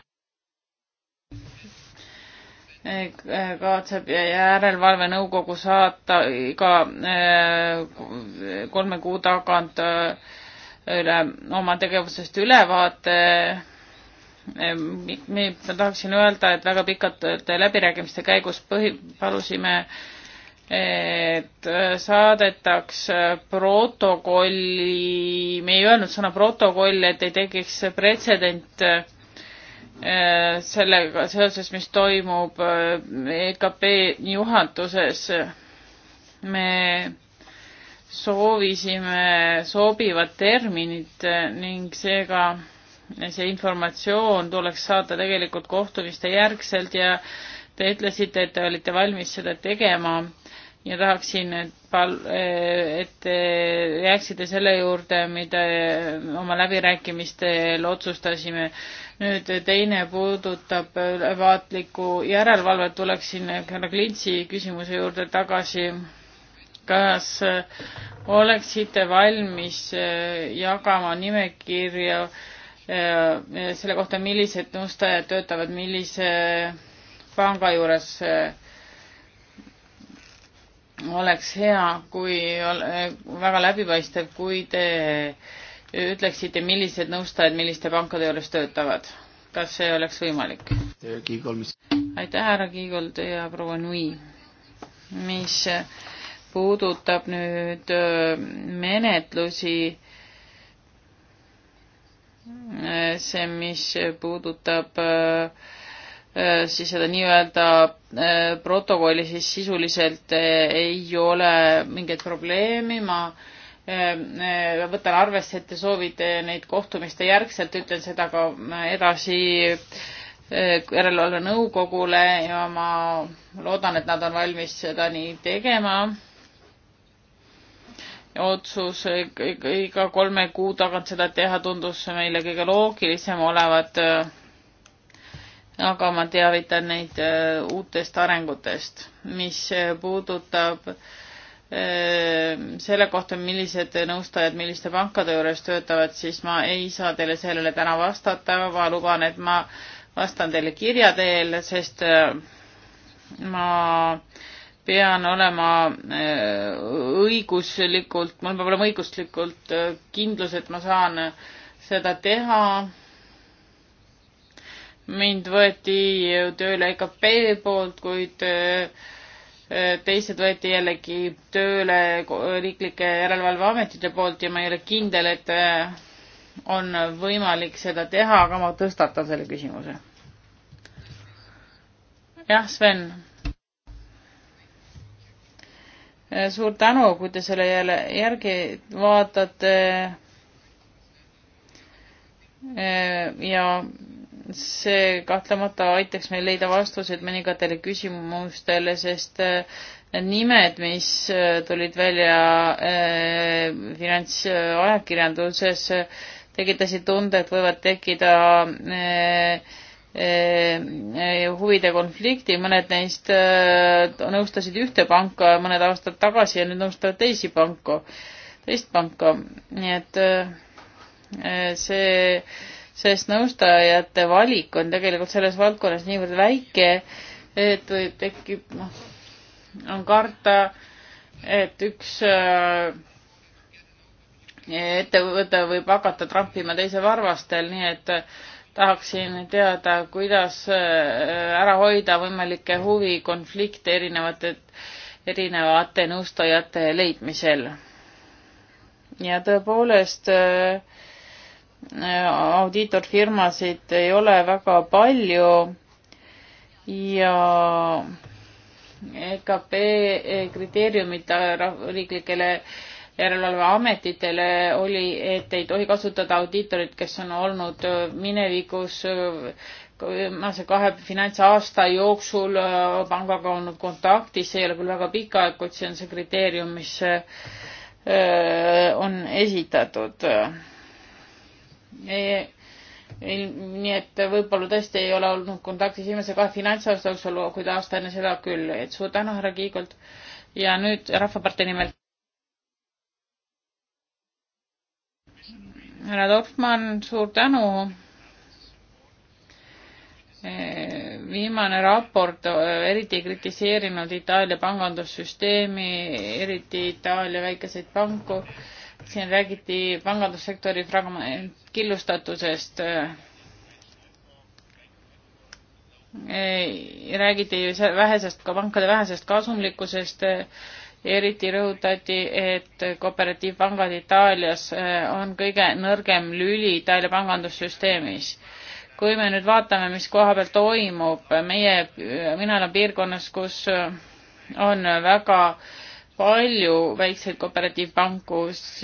Äh, kavatseb järelevalve nõukogu saata iga äh, kolme kuu tagant üle oma tegevusest ülevaate. ma tahaksin öelda, et väga pikalt läbirääkimiste käigus põhi, palusime äh, et äh, saadetaks äh, protokolli, me ei öelnud sõna protokoll, et ei tekiks pretsedent äh, sellega seoses, mis toimub EKP juhatuses. me soovisime sobivat terminit ning seega see informatsioon tuleks saada tegelikult kohtumiste järgselt ja te ütlesite, et te olite valmis seda tegema ja tahaksin, et pal-, et jääksite selle juurde, mida oma läbirääkimistel otsustasime. nüüd teine puudutab vaatlikku järelevalvet, tuleksin härra Klintsi küsimuse juurde tagasi. kas oleksite valmis eh, jagama nimekirja eh, selle kohta, millised nõustajad töötavad millise panga juures eh, oleks hea, kui ole, väga läbipaistev, kui te ütleksite, millised nõustajad milliste pankade juures töötavad. kas see oleks võimalik? aitäh, härra Kiigold ja proua Nui. mis puudutab nüüd äh, menetlusi, äh, see, mis puudutab äh, Äh, siis seda nii-öelda äh, protokolli, siis sisuliselt äh, ei ole mingeid probleemi, ma võtan arvesse, et te soovite neid kohtumiste järgselt, ütlen seda ka edasi järelevalve nõukogule ja ma loodan, et nad on valmis seda nii tegema. otsus iga kolme kuu tagant seda teha tundus meile kõige loogilisem olevat aga ma teavitan neid äh, uutest arengutest, mis äh, puudutab äh, selle kohta, millised nõustajad milliste pankade juures töötavad, siis ma ei saa teile sellele täna vastata, ma luban, et ma vastan teile kirja teel, sest ma pean olema õiguslikult, mul peab olema õiguslikult kindlus, et ma saan seda teha mind võeti tööle EKP poolt, kuid äh, äh, teised võeti jällegi tööle riiklike järelevalveametite poolt ja ma ei ole kindel, et äh, on võimalik seda teha, aga ma tõstatan selle küsimuse. jah, Sven. suur tänu, kui te selle jälle järgi vaatate. ja see kahtlemata aitaks meil leida vastused mõningatele küsimustele, sest need äh, nimed, mis äh, tulid välja äh, finantsajakirjanduses, tekitasid tunde, et võivad tekkida äh, äh huvide konflikti, mõned neist nõustasid ühte panka mõned aastad tagasi ja nüüd nõustavad teisi panku, teist panka, nii et see sest nõustajate valik on tegelikult selles valdkonnas niivõrd väike, et võib, tekib, noh, on karta, et üks äh, ettevõte võib hakata trampima teise varvastel, nii et äh, tahaksin teada, kuidas äh, ära hoida võimalikke huvikonflikte erinevate, erinevate nõustajate leidmisel. ja tõepoolest äh, audiitorfirmasid ei ole väga palju ja EKP kriteeriumid riiklikele järelevalveametitele oli, et ei tohi kasutada audiitorit, kes on olnud minevikus viimase kahe finantsaasta jooksul äh, pangaga olnud kontaktis, see ei ole küll väga pikk aeg, kuid see on see kriteerium, mis äh, on esitatud nii et võib-olla tõesti ei ole olnud kontaktis viimase kahe finantsaasta jooksul, kuid aasta enne seda küll, et suur tänu, härra Kiigolt. ja nüüd Rahvapartei nimel. härra Dorfmann, suur tänu. E, viimane raport e, eriti kritiseerinud Itaalia pangandussüsteemi, eriti Itaalia väikeseid panku siin räägiti pangandussektori killustatusest. räägiti vähesest, ka pankade vähesest kasumlikkusest. eriti rõhutati, et kooperatiivpangad Itaalias eh, on kõige nõrgem lüli Itaalia pangandussüsteemis kui me nüüd vaatame, mis koha peal toimub, meie, mina elan piirkonnas, kus eh, on väga äh, palju väikseid kooperatiivpanku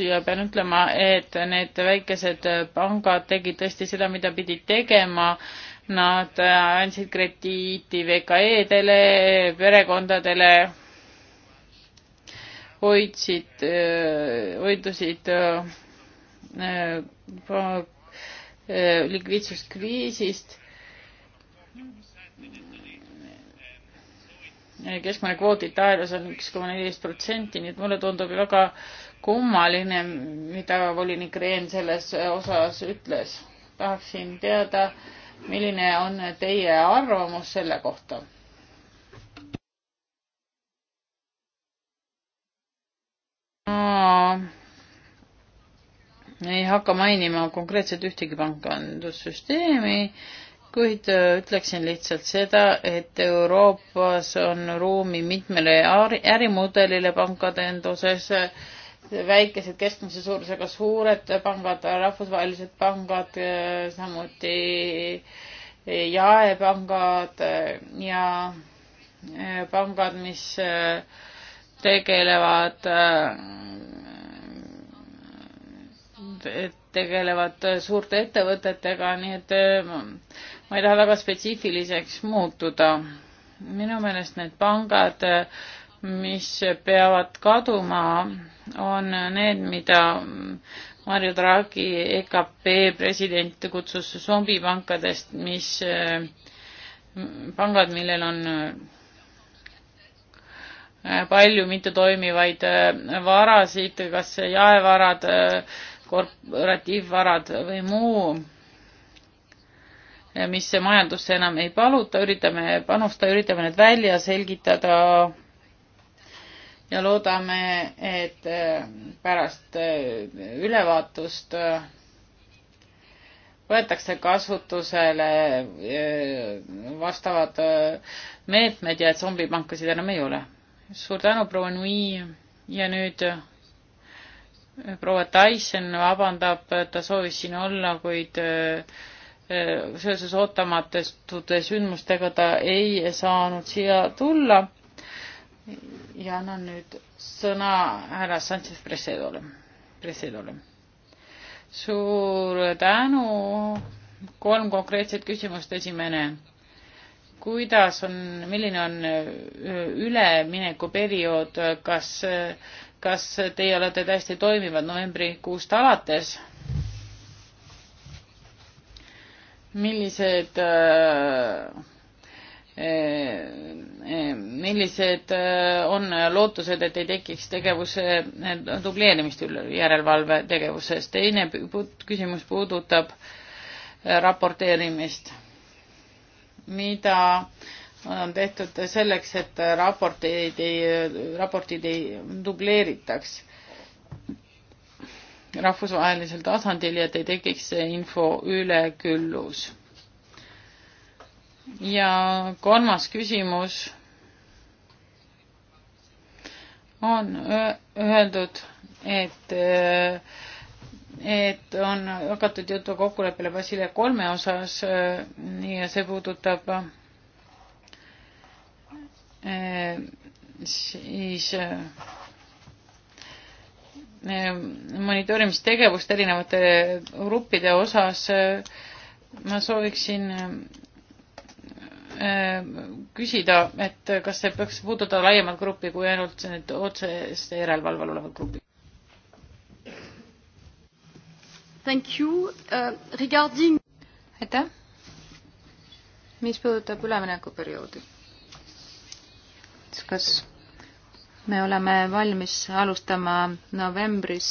ja pean ütlema, et need väikesed pangad tegid tõesti seda, mida pidid tegema. Nad andsid krediiti VKE-dele, perekondadele, hoidsid, hoidusid likviidsuskriisist keskmine kvoot Itaalias on üks koma neliteist protsenti, nii et mulle tundub väga kummaline, mida volinik Rehn selles osas ütles. tahaksin teada, milline on teie arvamus selle kohta? ma ei hakka mainima konkreetselt ühtegi pangandussüsteemi, kuid äh, ütleksin lihtsalt seda, et Euroopas on ruumi mitmele ärimudelile pankade enduses, väikesed keskmise suurusega suured pangad, rahvusvahelised pangad, äh, samuti jaepangad äh, ja pangad, mis tegelevad, tegelevad suurte ettevõtetega, nii et ma ei taha väga spetsiifiliseks muutuda. minu meelest need pangad, mis peavad kaduma, on need, mida Mario Draghi, EKP president kutsus zombipankadest, mis, pangad, millel on palju mittetoimivaid varasid, kas jaevarad, korporatiivvarad või muu mis majandusse enam ei paluta, üritame panustada, üritame need välja selgitada ja loodame, et äh, pärast äh, ülevaatust äh, võetakse kasutusele vastavad meetmed ja et zombipankasid enam ei ole. suur tänu, proua Nui ja nüüd proua Tyson vabandab, ta soovis siin olla, kuid äh, seoses ootamatute sündmustega ta ei saanud siia tulla. ja annan nüüd sõna härra Sanchez Presedole, Presedole. suur tänu, kolm konkreetset küsimust, esimene kuidas on, milline on üleminekuperiood, kas, kas teie olete täiesti toimivad novembrikuust alates? millised äh, äh, äh, millised on lootused, et ei tekiks tegevuse dubleerimist järelevalve tegevuses. teine küsimus puudutab raporteerimist. mida on tehtud selleks, et raporteid ei, raportid ei dubleeritaks? rahvusvahelisel tasandil ja et ei tekiks info üleküllus. ja kolmas küsimus on öeldud, et et on hakatud jõudma kokkuleppele Vasile kolme osas ja see puudutab siis Äh, monitoorimistegevust erinevate gruppide osas äh, ma sooviksin äh, küsida, et kas see peaks puudutada laiemat gruppi kui ainult need otseste järelevalvel olevat gruppi? Thank you uh,. Regarding aitäh. mis puudutab üleminekuperioodi, kas me oleme valmis alustama novembris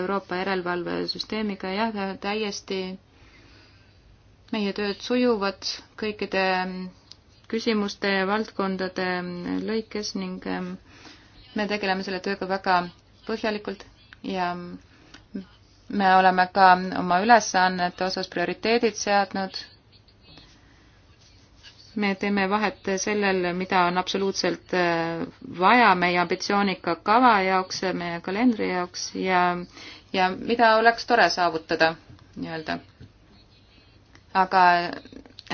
Euroopa järelevalvesüsteemiga, jah, täiesti meie tööd sujuvad kõikide küsimuste ja valdkondade lõikes ning ähm, me tegeleme selle tööga väga põhjalikult ja me oleme ka oma ülesannete osas prioriteedid seadnud me teeme vahet sellel, mida on absoluutselt äh, vaja meie ambitsioonika kava jaoks, meie kalendri jaoks ja, ja mida oleks tore saavutada nii-öelda. aga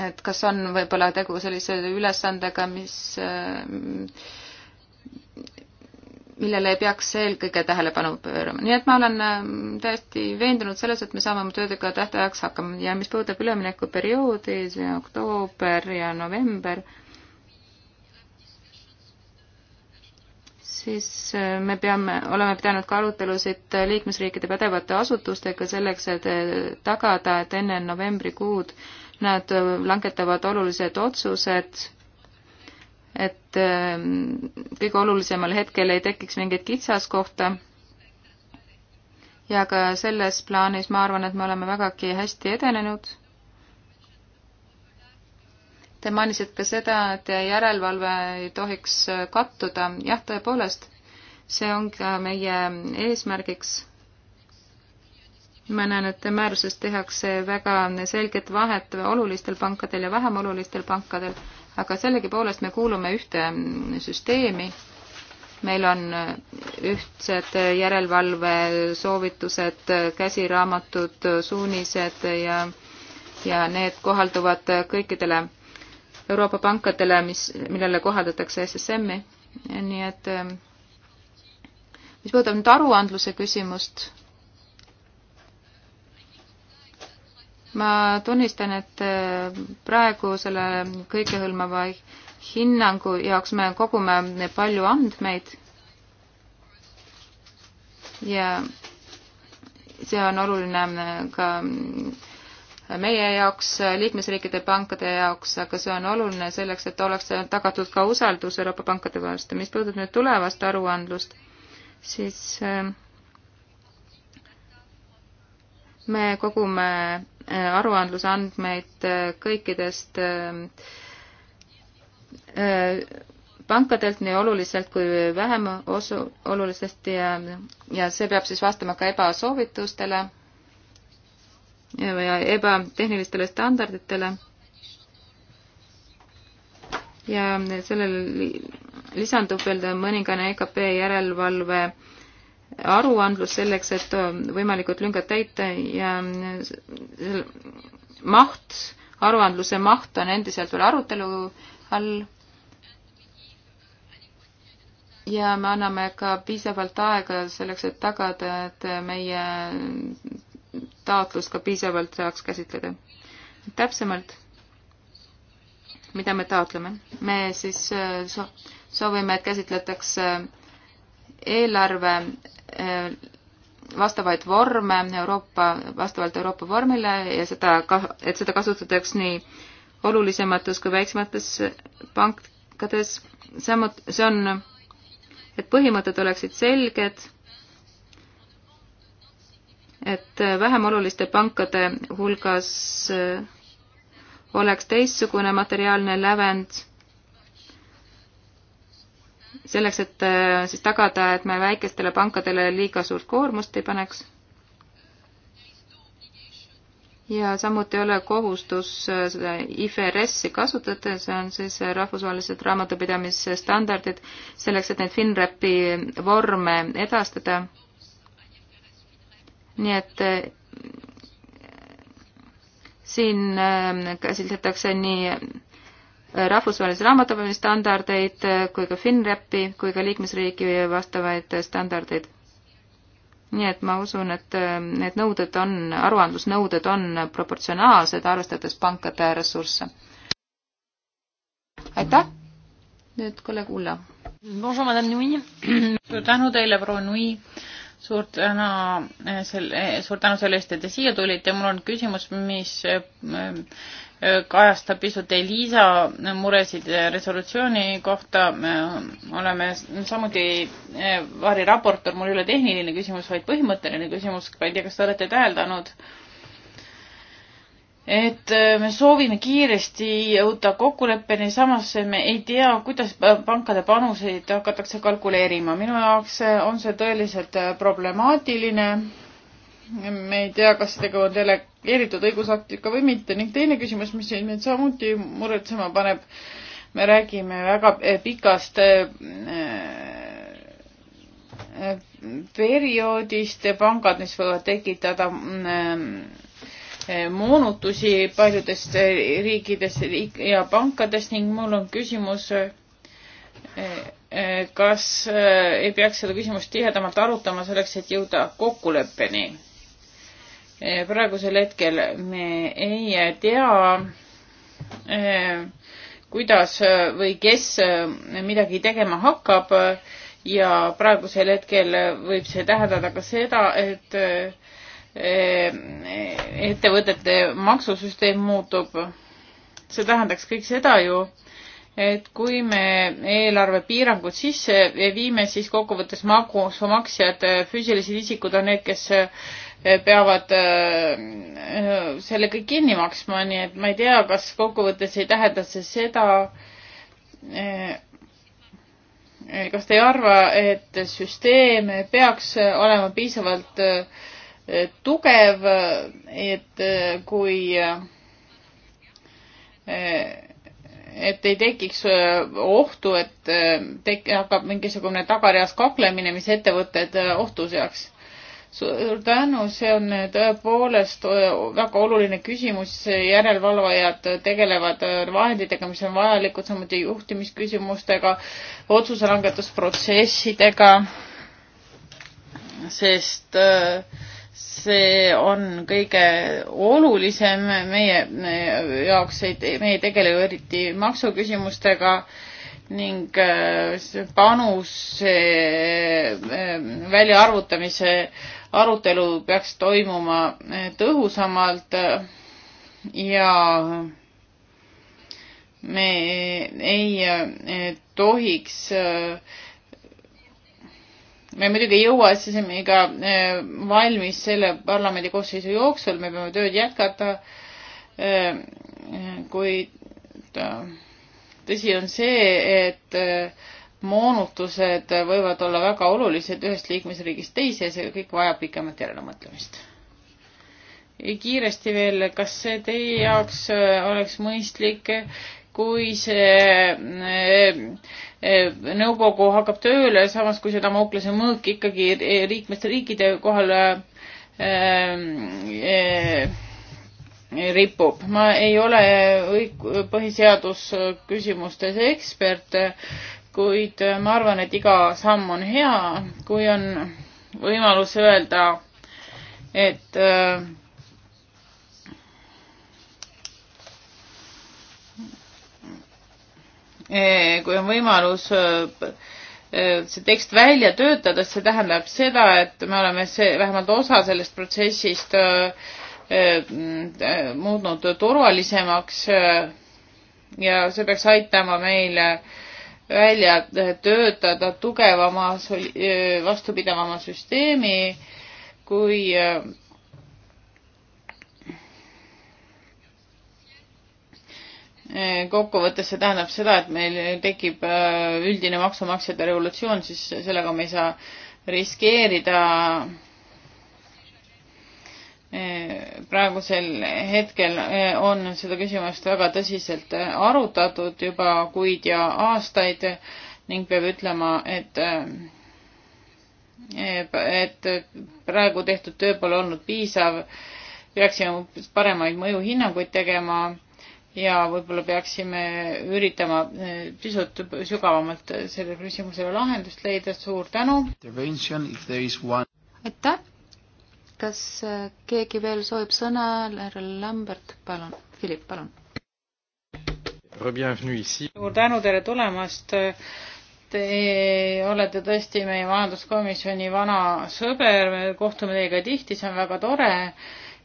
et kas on võib-olla tegu sellise ülesandega, mis äh, millele ei peaks eelkõige tähelepanu pöörama. nii et ma olen äh, täiesti veendunud selles, et me saame oma töödega tähtajaks hakkama ja mis puudutab üleminekuperioodi, see oktoober ja november, siis äh, me peame, oleme pidanud ka arutelusid liikmesriikide pädevate asutustega selleks, et äh, tagada, et enne novembrikuud nad langetavad olulised otsused et ähm, kõige olulisemal hetkel ei tekiks mingeid kitsaskohta. ja ka selles plaanis ma arvan, et me oleme vägagi hästi edenenud. Te mainisite ka seda, et järelevalve ei tohiks kattuda. jah, tõepoolest, see on ka meie eesmärgiks ma näen, et määruses tehakse väga selget vahet olulistel pankadel ja vähem olulistel pankadel aga sellegipoolest me kuulume ühte süsteemi, meil on ühtsed järelevalvesoovitused, käsiraamatud, suunised ja, ja need kohalduvad kõikidele Euroopa pankadele, mis, millele kohaldatakse SSM-i, nii et mis puudutab nüüd aruandluse küsimust, ma tunnistan, et äh, praegu selle kõikehõlmava hinnangu jaoks me kogume palju andmeid ja see on oluline äh, ka äh, meie jaoks, liikmesriikide pankade jaoks, aga see on oluline selleks, et oleks tagatud ka usaldus Euroopa pankade vastu. mis puudutab nüüd tulevast aruandlust, siis äh, me kogume äh, aruandluse andmeid äh, kõikidest äh, pankadelt nii oluliselt kui vähem osu, olulisest ja, ja see peab siis vastama ka EBA soovitustele ja EBA tehnilistele standarditele. ja sellel lisandub veel mõningane EKP järelevalve äh, aruandlus selleks, et äh, võimalikud lüngad täita ja äh, maht, aruandluse maht on endiselt veel arutelu all. ja me anname ka piisavalt aega selleks, et tagada, et meie taotlust ka piisavalt saaks käsitleda. täpsemalt, mida me taotleme? me siis äh, soovime, et käsitletakse eelarve Äh, vastavaid vorme Euroopa, vastavalt Euroopa vormile ja seda, et seda kasutataks nii olulisemates kui väiksemates pankades. samut-, see on, et põhimõtted oleksid selged, et vähem oluliste pankade hulgas äh, oleks teistsugune materiaalne lävend selleks, et äh, siis tagada, et me väikestele pankadele liiga suurt koormust ei paneks. ja samuti ei ole kohustus äh, seda IFRS-i kasutada, see on siis äh, rahvusvahelised raamatupidamisstandardid, selleks, et neid FINREP-i vorme edastada. nii et siin käsitletakse nii rahvusvahelisi raamatupidamisstandardeid kui ka FinRepi kui ka liikmesriigi vastavaid standardeid. nii et ma usun, et need nõuded on, aruandlusnõuded on proportsionaalsed, arvestades pankade ressursse. aitäh! nüüd kolleeg Ulla. Bonjour, madame Nui. suur tänu teile, proua Nui. suur täna eh, selle, eh, suur tänu selle eest, et te siia tulite. mul on küsimus, mis eh, kajastab pisut Elisa muresid resolutsiooni kohta. oleme samuti eh, variraportor, mul ei ole tehniline küsimus, vaid põhimõtteline küsimus. ma ei tea, kas te olete täheldanud, et eh, me soovime kiiresti jõuda kokkuleppeni, samas me ei tea, kuidas pankade panuseid hakatakse kalkuleerima. minu jaoks on see tõeliselt problemaatiline me ei tea, kas tegu on delegeeritud õigusaktiga või mitte ning teine küsimus, mis mind samuti muretsema paneb, me räägime väga eh, pikast eh, eh, perioodist ja pangad, mis võivad tekitada mm, moonutusi paljudes riikides ja pankades ning mul on küsimus, kas ei peaks seda küsimust tihedamalt arutama selleks, et jõuda kokkuleppeni? Eh, praegusel hetkel me ei tea, eh, kuidas või kes eh, midagi tegema hakkab ja praegusel hetkel võib see tähendada ka seda, et ettevõtete maksusüsteem muutub. see tähendaks kõik seda ju, et kui me eelarvepiirangud sisse viime, siis kokkuvõttes maksumaksjad, füüsilised isikud on need, kes peavad äh, selle kõik kinni maksma, nii et ma ei tea, kas kokkuvõttes ei tähenda see seda, äh, kas te ei arva, et süsteem peaks olema piisavalt äh, tugev, et kui, et ei tekiks ohtu, et tek-, hakkab mingisugune tagareas kaklemine, mis ettevõtted ohtu seaks suur tänu, see on tõepoolest äh, väga oluline küsimus, järelevalvajad tegelevad äh, vahenditega, mis on vajalikud, samuti juhtimisküsimustega, otsuse langetusprotsessidega, sest äh, see on kõige olulisem meie, meie jaoks, me ei tegele ju eriti maksuküsimustega ning see panuse väljaarvutamise äh, arutelu peaks toimuma eh, tõhusamalt eh, ja me eh, ei tohiks me muidugi ei jõua SSM-iga valmis selle parlamendi koosseisu jooksul, me peame tööd jätkata, kuid tõsi on see, et moonutused võivad olla väga olulised ühest liikmesriigist teise ja see kõik vajab pikemat järelemõtlemist. kiiresti veel, kas see teie jaoks äh, oleks mõistlik, kui see äh, äh, nõukogu hakkab tööle, samas kui see Damoklase mõõk ikkagi liikmete riikide kohal ripub. ma ei ole põhiseadus küsimustes ekspert, kuid äh, ma arvan, et iga samm on hea, kui on võimalus öelda, et äh, äh kui on võimalus äh, see tekst välja töötada, see tähendab seda, et me oleme see, vähemalt osa sellest protsessist muutnud turvalisemaks ja see peaks aitama meile välja töötada tugevama, vastupidavama süsteemi, kui kokkuvõttes see tähendab seda, et meil tekib üldine maksumaksjate revolutsioon, siis sellega me ei saa riskeerida Eh, praegusel hetkel eh, on seda küsimust väga tõsiselt eh, arutatud juba kuid ja aastaid ning peab ütlema, et et praegu tehtud töö pole olnud piisav, peaksime paremaid mõjuhinnanguid tegema ja võib-olla peaksime üritama pisut sügavamalt sellele küsimusele lahendust leida. suur tänu! aitäh! kas äh, keegi veel soovib sõna? härra Lambert, palun. Philipp, palun. suur tänu teile tulemast. Te olete tõesti meie majanduskomisjoni vana sõber, me kohtume teiega tihti, see on väga tore.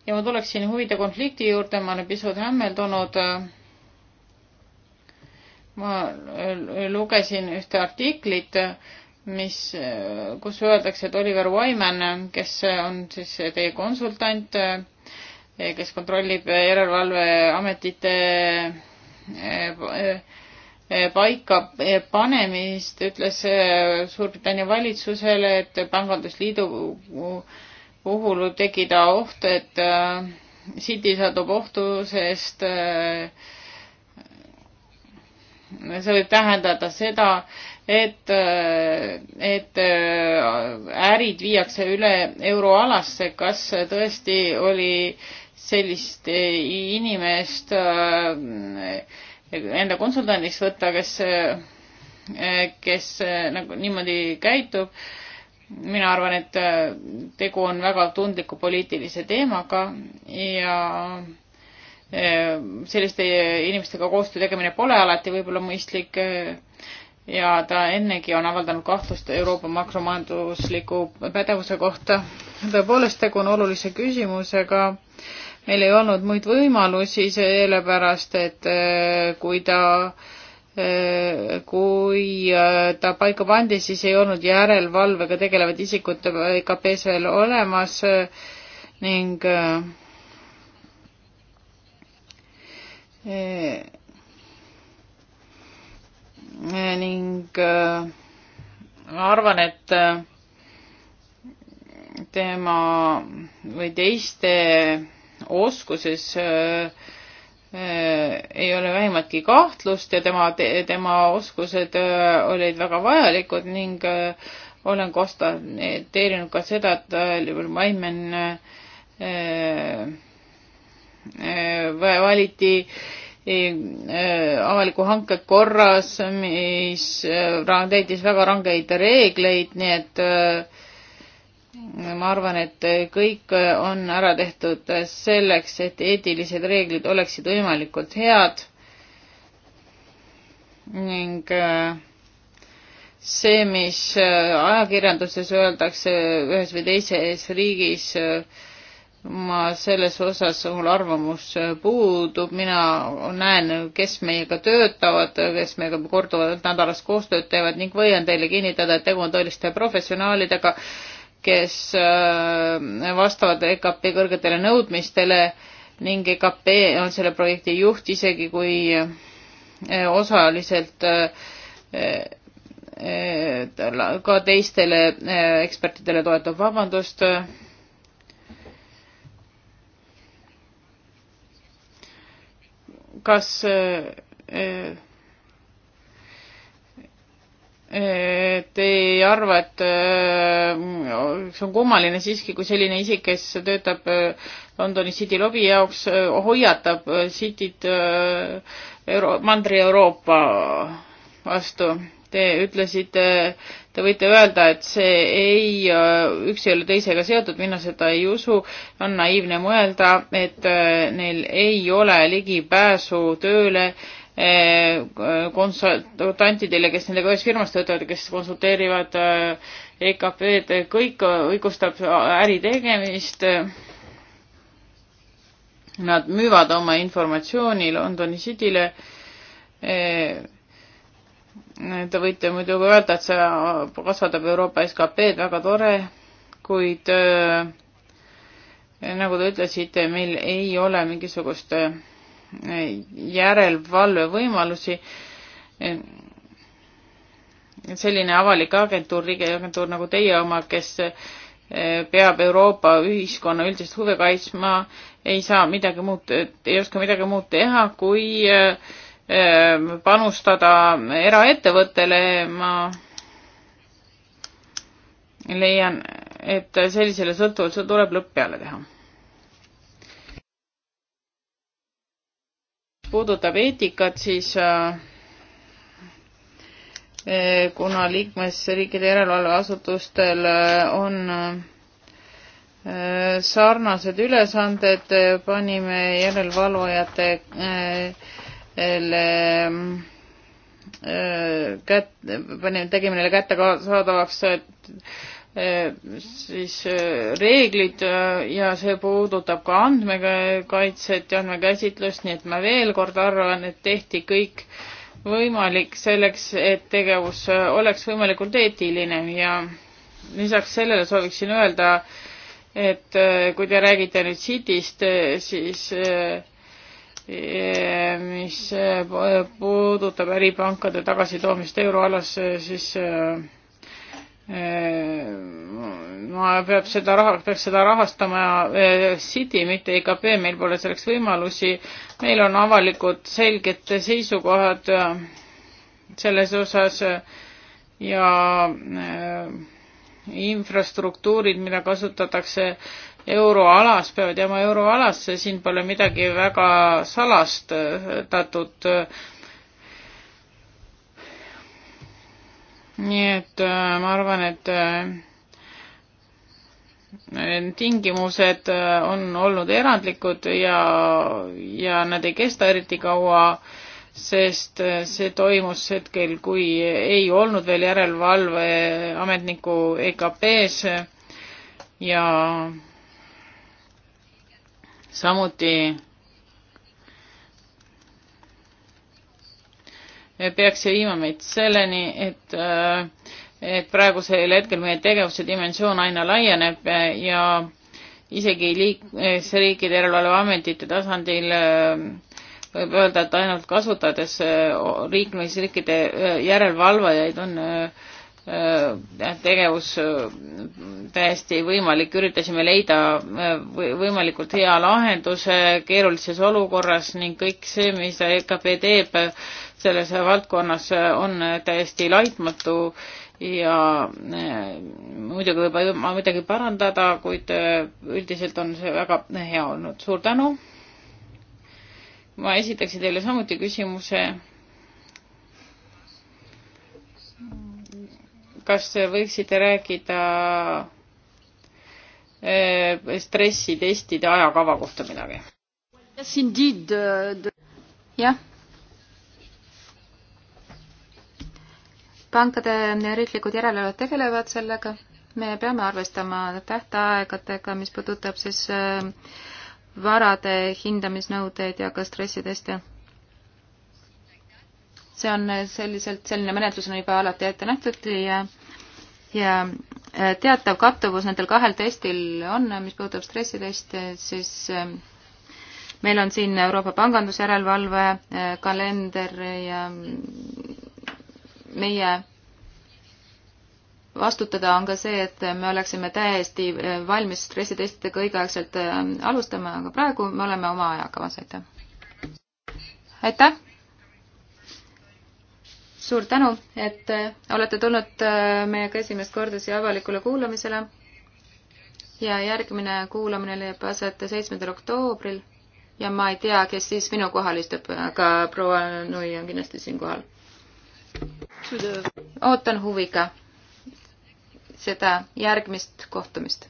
ja ma tuleksin huvide konflikti juurde, ma olen pisut hämmeldunud. ma lugesin ühte artiklit mis, kus öeldakse, et Oliver Wyman, kes on siis teie konsultant, kes kontrollib järelevalveametite eh, paika panemist, ütles eh, Suurbritannia valitsusele, et pangandusliidu puhul võib tekkida oht, et eh, City satub ohtu, sest see võib tähendada seda, et, et äh, ärid viiakse üle euroalasse, kas tõesti oli sellist äh, inimest äh, enda konsultandiks võtta, kes, kes nagu niimoodi käitub. mina arvan, et tegu on väga tundliku poliitilise teemaga ja selliste inimestega koostöö tegemine pole alati võib-olla mõistlik ja ta ennegi on avaldanud kahtlust Euroopa makromajandusliku pädevuse kohta. tõepoolest, tegu on olulise küsimusega. meil ei olnud muid võimalusi, sellepärast et eh, kui ta, eh, kui eh, ta paika pandi, siis ei olnud järelevalvega tegelevad isikud EKP-s veel olemas ning ning äh, arvan, et äh, tema või teiste oskuses äh, ei ole vähimatki kahtlust ja tema te,, tema oskused olid väga vajalikud ning olen konstateerinud ka seda, et Libel Maimen valiti Äh, avaliku hanke korras, mis äh, täitis väga rangeid reegleid, nii et äh, ma arvan, et kõik on ära tehtud selleks, et eetilised reeglid oleksid võimalikult head ning see, mis ajakirjanduses öeldakse ühes või teises riigis, ma selles osas, mul arvamus puudub, mina näen, kes meiega töötavad, kes meiega korduvalt nädalas koostööd teevad ning võin teile kinnitada, et tegu on tõeliste professionaalidega, kes äh, vastavad EKP kõrgetele nõudmistele ning EKP on selle projekti juht, isegi kui äh, osaliselt äh, ka teistele ekspertidele toetub, vabandust kas eh, eh, et ei arva, et eh, see on kummaline siiski, kui selline isik, kes töötab Londoni City lobi jaoks, hoiatab Cityt Euro-, Mandri-Euroopa vastu Te ütlesite, te võite öelda, et see ei, üks ei ole teisega seotud, mina seda ei usu. on naiivne mõelda, et äh, neil ei ole ligipääsu tööle äh, konsultantidele, kes nendega ühes firmas töötavad, kes konsulteerivad äh, EKP-d, kõik õigustab äri tegemist. Nad müüvad oma informatsiooni Londoni Cityle Te võite muidugi öelda, et see kasvatab Euroopa SKP-d, väga tore, kuid äh, nagu te ütlesite, meil ei ole mingisugust äh, järelevalvevõimalusi äh,. selline avalik agentuur, riigiagentuur nagu teie oma, kes äh, peab Euroopa ühiskonna üldist huve kaitsma, ei saa midagi muud, ei oska midagi muud teha, kui äh, Ehm, panustada eraettevõttele, ma leian, et sellisele sõltuvusele tuleb lõpp peale teha. puudutab eetikat, siis äh, äh, kuna liikmesriikide järelevalveasutustel äh, on sarnased ülesanded, panime järelevalvajate äh, selle äh, kät-, panime, tegime neile kättesaadavaks äh, siis äh, reeglid ja see puudutab ka andmekaitset ja andmekäsitlust, nii et ma veel kord arvan, et tehti kõik võimalik selleks, et tegevus oleks võimalikult eetiline ja lisaks sellele sooviksin öelda, et kui te räägite nüüd CIT-ist, siis äh, mis eh, puudutab äripankade tagasitoomist euroalasse, siis eh, ma peab seda raha, peaks seda rahastama eh, City, mitte EKP, meil pole selleks võimalusi. meil on avalikud selged seisukohad selles osas ja infrastruktuurid, mida kasutatakse äh, euroalas peavad jääma euroalasse, siin pole midagi väga salastatud. nii et äh, ma arvan, et äh, tingimused äh, on olnud erandlikud ja, ja nad ei kesta eriti kaua sest see toimus hetkel, kui ei olnud veel järelevalveametniku EKP-s ja samuti peaks see viima meid selleni, et äh, et praegusel hetkel meie tegevuse dimensioon aina laieneb äh, ja isegi liikmesriikide järelevalveametite tasandil äh, võib öelda, et ainult kasutades liikmesriikide järelevalvajaid on äh, Äh, tegevus äh, täiesti võimalik, üritasime leida äh, võimalikult hea lahenduse keerulises olukorras ning kõik see, mis EKP teeb selles valdkonnas, on täiesti laitmatu ja muidugi võib ma midagi parandada, kuid üldiselt on see väga hea olnud. suur tänu! ma esitaksin teile samuti küsimuse kas võiksite rääkida eh, stressitestide ajakava kohta midagi? jah. pankade riiklikud järelevalved tegelevad sellega. me peame arvestama tähtaegadega, mis puudutab siis eh, varade hindamisnõudeid ja ka stressiteste see on selliselt, selline menetlus on juba alati ette nähtud ja ja äh, teatav kattuvus nendel kahel testil on, äh, mis puudutab stressiteste, siis äh, meil on siin Euroopa pangandusjärelevalve kalender ja mm, meie vastutada on ka see, et me oleksime täiesti valmis stressitestidega õigeaegselt alustama, aga praegu me oleme oma ajakavas, aitäh. aitäh! suur tänu, et äh, olete tulnud äh, meiega esimest korda siia avalikule kuulamisele. ja järgmine kuulamine leiab aset seitsmendal oktoobril ja ma ei tea, kes siis minu kohal istub, aga proua Nui on kindlasti siin kohal. ootan huviga seda järgmist kohtumist